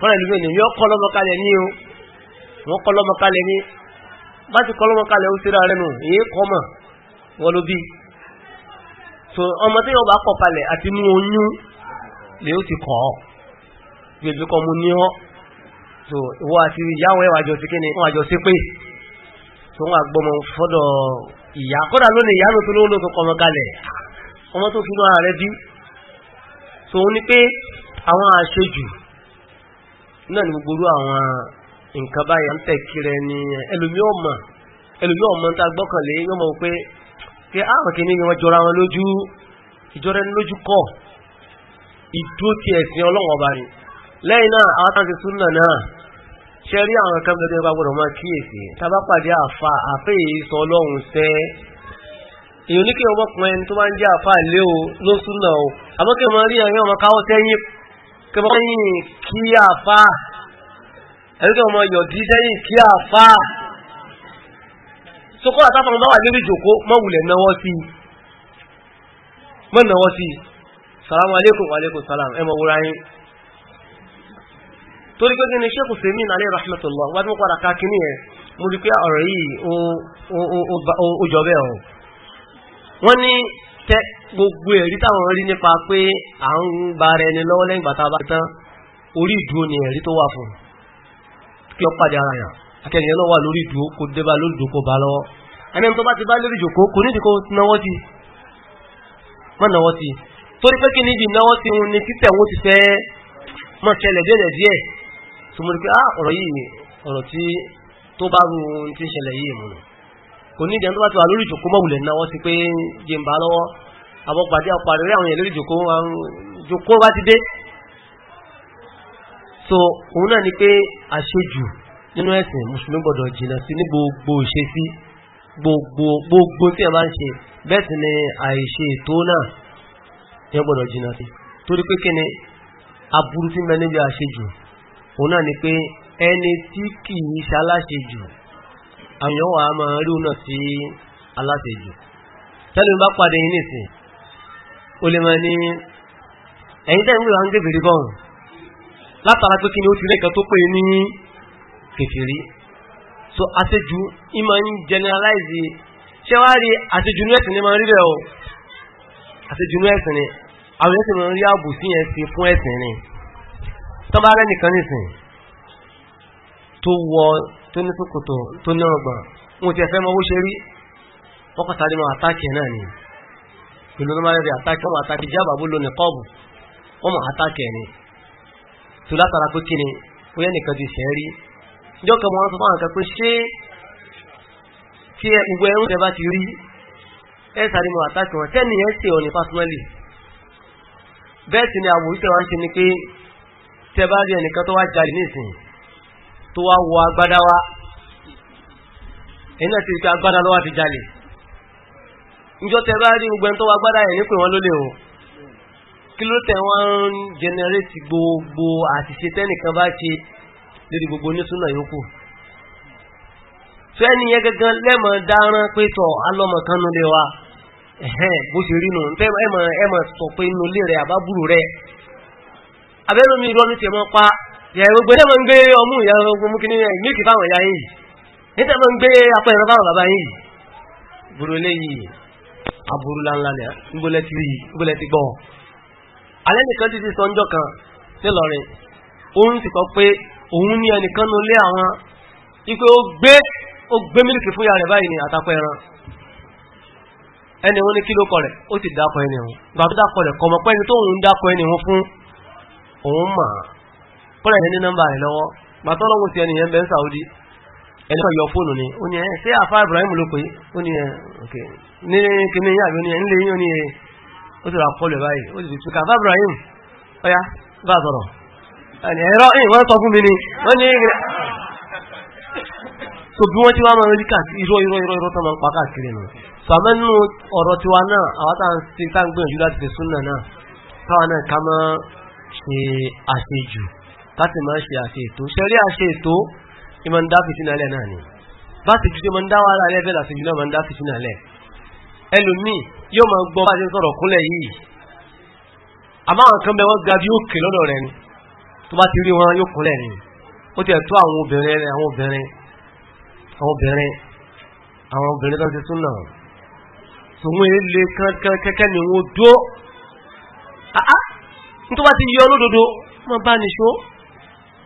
kọ́lẹ̀ lómi ni yọ kọ́ lọ́mọ kalẹ̀ ní o wọ́n kọ́ lọ́mọ kalẹ̀ ní bá ti kọ́ lọ́mọ kalẹ̀ ó síra rẹ̀ nù èyí kọ́ mọ̀ wọ́n ló bí so ọmọ ba yóò bá kọ̀ kalẹ̀ àti mú oyún lè ó ti kọ́ gbèsè kọ́ mu ní so ìwọ àti ìyáwó ẹwà jọ sí kíni wọn àjọ sí pé so wọn àgbọmọ iya ìyá kódà lónìí ìyá lóto lówó lóto kọmọ kalẹ̀ ọmọ tó fún ara rẹ bí so ó ní pé àwọn àṣejù náà ni gbogbo àwọn nǹkan báyìí ń tẹ̀ kiri ẹni ẹlòmí ń ta gbọ́kànlé yóò mọ̀ pé pé ah, àwọn kìíní ni wọ́n jọra wọn lójú ìjọra ẹni lójú kọ̀ ìdó ti ẹ̀sìn ọlọ́wọ́n ọba ni lẹ́yìn náà àwọn táwọn ti súnà náà ṣe rí àwọn kan bẹ́ẹ̀ bá gbọ́dọ̀ máa kíyèsí tábà pàdé àfa àfẹ́ yìí sọ ọlọ́run sẹ́ èyí tó bá ń jẹ́ àfa o ló súnà o rí ọmọ káwọ́ sẹ́yìn kẹfọ́ yìí kí àfá ẹ̀rẹ́kẹ́ ọmọ yọ̀ dí sẹ́yìn kí àfá sókọ́ àtàfàmọ́ bá wà lórí ìjòkó mọ́ wulẹ̀ náwọ́ sí mọ́ náwọ́ sí salamu alaikum wa alaikum salam ẹ mọ̀ wúra yín torí pé kíni sẹ́kù sèmi nàlẹ́ rahmatullah tẹ́ gbogbo ẹ̀rí táwọn rí nípa pé à ń ba ara ẹni lọ́wọ́ lẹ́yìn bàtà bá tán orí ìdúró ni ẹ̀rí tó wà fún kí ọ pàdé ara yàn akẹ́niyàn náà wà lórí ìdúró kó débà lórí ìdúró kó bá lọ́wọ́ ẹni tó bá ti bá lórí ìjòkó kò ní ìdíkó náwọ́ ti mọ́ náwọ́ ti torí pé kí ní ibi náwọ́ ti hun ni títẹ̀ wọn ti fẹ́ mọ́ ṣẹlẹ̀ díẹ̀ díẹ̀ tó mọ̀ pé ah, ọ̀rọ̀ yìí ọ̀rọ̀ tí tó bá rú ohun tí ṣẹlẹ̀ yìí mọ̀ kò ní ìdẹ́ntọ́ bá ti wà lórí ìjòkó mọ́wùlẹ̀ náà wọ́n ti pé jẹmbà lọ́wọ́ àbọ̀pàdé àpàdé àwọn èèyàn lórí ìjòkó ìjòkó bá ti dé so òun náà ni pé àṣejù nínú ẹ̀sìn mùsùlùmí gbọ́dọ̀ jìnà sí ní gbogbo ìṣe sí gbogbo gbogbo tí ẹ máa ń ṣe bẹ́ẹ̀ sì ni àìṣe ètò náà ẹ gbọ́dọ̀ jìnà sí torí pé kí ni aburú tí mẹ níbi àṣejù òun náà ni pé ẹni tí kì í ṣaláṣejù àyàn wà máa rí ọ̀nà sí aláṣejù tẹ́lẹ̀ bá pàdé yìí nìsìn o lè máa ní ẹ̀yìn tẹ́lẹ̀ wíwá ń gẹ̀gẹ̀rẹ̀ gọ́rùn látara pé kí ni ó ti lẹ́kàn tó pé ní kèfèrí so àṣejù ìmọ̀ ń generalize ṣé wá rí àṣejù ní ẹ̀sìn ni máa rí bẹ́ẹ̀ o àṣejù ní ẹ̀sìn ni àwọn ẹ̀sìn máa ń rí ààbò sí yẹn sí fún ẹ̀sìn ni tọ́ba rẹ̀ nìkan nìsìn tó wọ tó ní kòkòtò tó ní ọgbọ̀n wọn ti ẹ̀fẹ́ mọ́wó ṣe rí wọ́n kọ́ sáré mọ́ àtàkì náà ni pẹ̀lú ọmọ rẹ̀ àtàkì ọmọ àtàkì jábà bó lónìí kọ́ọ̀bù ọmọ àtàkì ẹ̀ ni tó látara pé kí ni ó yẹ nìkan ti sẹ́ẹ̀ rí ìjọ kan wọn sọ fún àwọn pé ṣé tí ẹ gbogbo ẹrú tẹ bá ti rí ẹ sáré mọ́ àtàkì wọn tẹ́ni ẹ ṣe ọ̀nì pásítọ́lì bẹ́ẹ̀ sì ni àwòrán tẹ wá ń ṣe ni pé tẹ bá rí ẹnìkan tó wá jalè nísìnyí tó wá wọ agbádá wá ẹ̀yìn náà ti rí pé agbádá lọ́wọ́ ti jalè níjọ́ tẹ bá rí gbogbo ẹni tó wá agbádá yẹn o kí ló ń jẹnẹrétì gbogbo àṣìṣe tẹ́nìkan bá ṣe lórí gbogbo onísúnà yòókù fẹ́ yẹn gangan lẹ́mọ̀ dáràn pé tọ̀ alọ́mọ kan nulè wa bó ṣe rí nù ẹ̀mọ̀ sọ pé rẹ̀ àbábùrù rẹ̀ abẹ́lómi irọ́ ní mọ́ pa yẹ gbogbo ẹ̀ máa ń gbé ọmú ìyá ogun mú kíní mílìkì fáwọn ìyá yìí níta máa ń gbé apá ẹ̀rọ fáwọn bàbá yìí burú léyìí aburú láńlá ni ńgbólẹ́ ti rí ńgbólẹ́ ti gbọ́ alẹ́ nìkan ti ti sọ ńjọ́ kan nílọrin òun ti sọ pé òun ní ẹnìkan nu lé àwọn ipe ó gbé ó gbé kọ́lá ìyẹn ní nọ́mbà rẹ̀ lọ́wọ́ gbàtọ́ lọ́wọ́ sí ẹnìyẹn bẹ́ẹ̀ Saudi ẹni kan fóònù ni ó ní ẹ ṣé àfa Ibrahim ló pé ó ní ẹ ok ní kíní àbí ó ní ẹ ńlẹ ní ó ti rà kọlù báyìí ó sì tún ká Ibrahim ọyá bá sọ̀rọ̀ ẹ̀rọ ẹ̀ wọ́n sọ fún mi ni wọ́n ní ìgbìlẹ̀ so bí wọ́n ti wá máa rí káàkiri irọ́ irọ́ irọ́ irọ́ tó máa ń pa káàkiri nù sàmẹ́ nínú ọ̀rọ̀ tiwa náà àwọn tá à náà ká máa ṣe àṣejù káti máa ṣe àṣe ètò ṣẹ́rí àṣe ètò ìmọ̀ ń dá fìtínàlẹ̀ náà ni bá ti jùlọ máa ń dá wàhálà alẹ́ bẹ́ẹ̀ làṣejù náà máa ń dá fìtínàlẹ̀ ẹlòmíì yóò máa gbọ́ bá ti sọ̀rọ̀ kúnlẹ̀ yìí àmọ́ kan bẹ wọ́n ga bí òkè lọ́dọ̀ rẹ̀ ni tó bá ti rí wọn yóò kúnlẹ̀ ni ó ti ẹ̀tọ́ àwọn obìnrin àwọn obìnrin àwọn obìnrin àwọn obìnrin tó ti tún náà tòun èlé kankan kẹ́kẹ́ ni wọ́n dó nítorí wọ́n ti yọ olódodo wọ́n bá nìṣó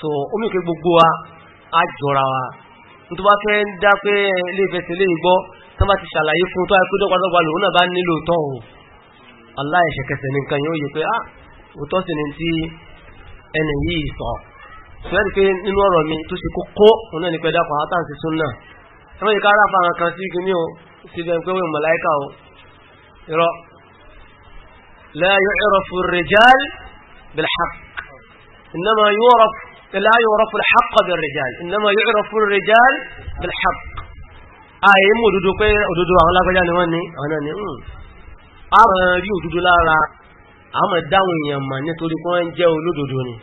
so omi ìpé gbogbo wa á jọra wa nítorí wá fẹ́ ń dá pé ilé ìfẹsẹ̀ lè gbọ́ tó bá ti ṣàlàyé fún tó àìkú dọ́gbàdọ́gba lòun náà bá nílò tán o aláìṣẹ̀kẹsẹ̀ nìkan yóò yẹ pé ah òótọ́ sì ni tí ẹni yìí sọ sọ́yẹ́ pé nínú ọ̀rọ̀ mi tó ṣe kókó òun náà ní pẹ́ dákọ̀ àtàǹsí súnà ẹmọ́ yìí ká ráfà àwọn kan sí gíní o sí bẹ́ẹ̀ pé wọ́n mọ̀láíkà o irọ́ la yu'rafu ar-rijal bil لا يعرف الحق بالرجال إنما يعرف الرجال بالحق ààyè mú òdúdó pé òdúdó àwọn lágbàjá ni wọ́n ní àwọn ni ń àwọn rí òdúdó lára àwọn dáwọn èèyàn mà nítorí kọ́ ń jẹ́ olódòdó ni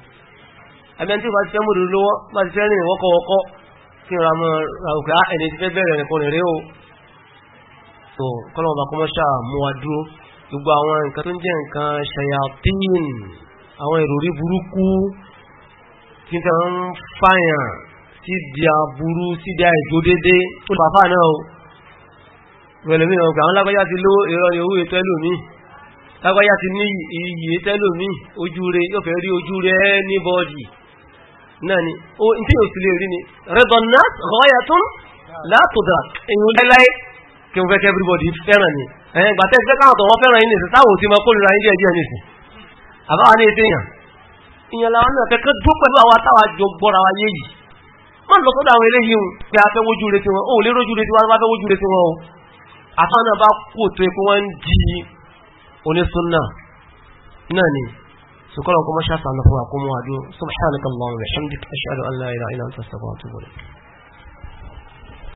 ẹgbẹ́n tí ó bá ti fẹ́ mú òdúdó lọ́wọ́ bá ti fẹ́ rìn wọ́kọ́wọ́kọ́ kí n ra mọ́ ra òkè á ẹni tí fẹ́ bẹ̀rẹ̀ nìkan rèé o tó kọ́lọ̀ ọba kọ́mọ́ṣà mú wa dúró gbogbo àwọn nǹkan tó ń jẹ́ nǹkan ṣẹ̀yà tíìn àwọn ìròrí burúkú tí kan ń fàyàn síbi aburú síbi àìjó dédé ó lè bàfà náà o ìrọ̀lẹ̀ mi ọ̀gbà àwọn lágbájá ti ló èrò ni owó ètò ẹlòmí lágbájá ti ní iyì ètò ẹlòmí ojú rẹ yóò fẹ́ rí ojú rẹ ní bọ́ọ̀dì náà ni ó ní tí yóò sì lè rí ni redonat royatun látòdà èyàn láíláí kí wọ́n fẹ́ kẹ́ everybody fẹ́ràn ni ẹ̀yẹn gbàtẹ́ ìfẹ́ káwọn tó wọ́n fẹ́ràn yín nìsín táwọn ò ti máa kórìíra yín díẹ̀ díẹ̀ nìsín àbáwọn ní ètè yàn ìyẹn làwọn náà kẹ́kẹ́ dúró pẹ̀lú àwọn atáwà jọ gbọ́ra wa yé yìí má lọ sọ́dọ̀ àwọn eléyìí o pé a fẹ́ wojú retí wọn ò lè rojú retí wọn a fẹ́ wojú retí wọn o àtàwọn náà bá kú òtò epo wọn ń di onísúnà náà ni sùkọ́lọ̀ kọ́mọ́ṣà sànà àkómọ́ àdó subhanakallahumma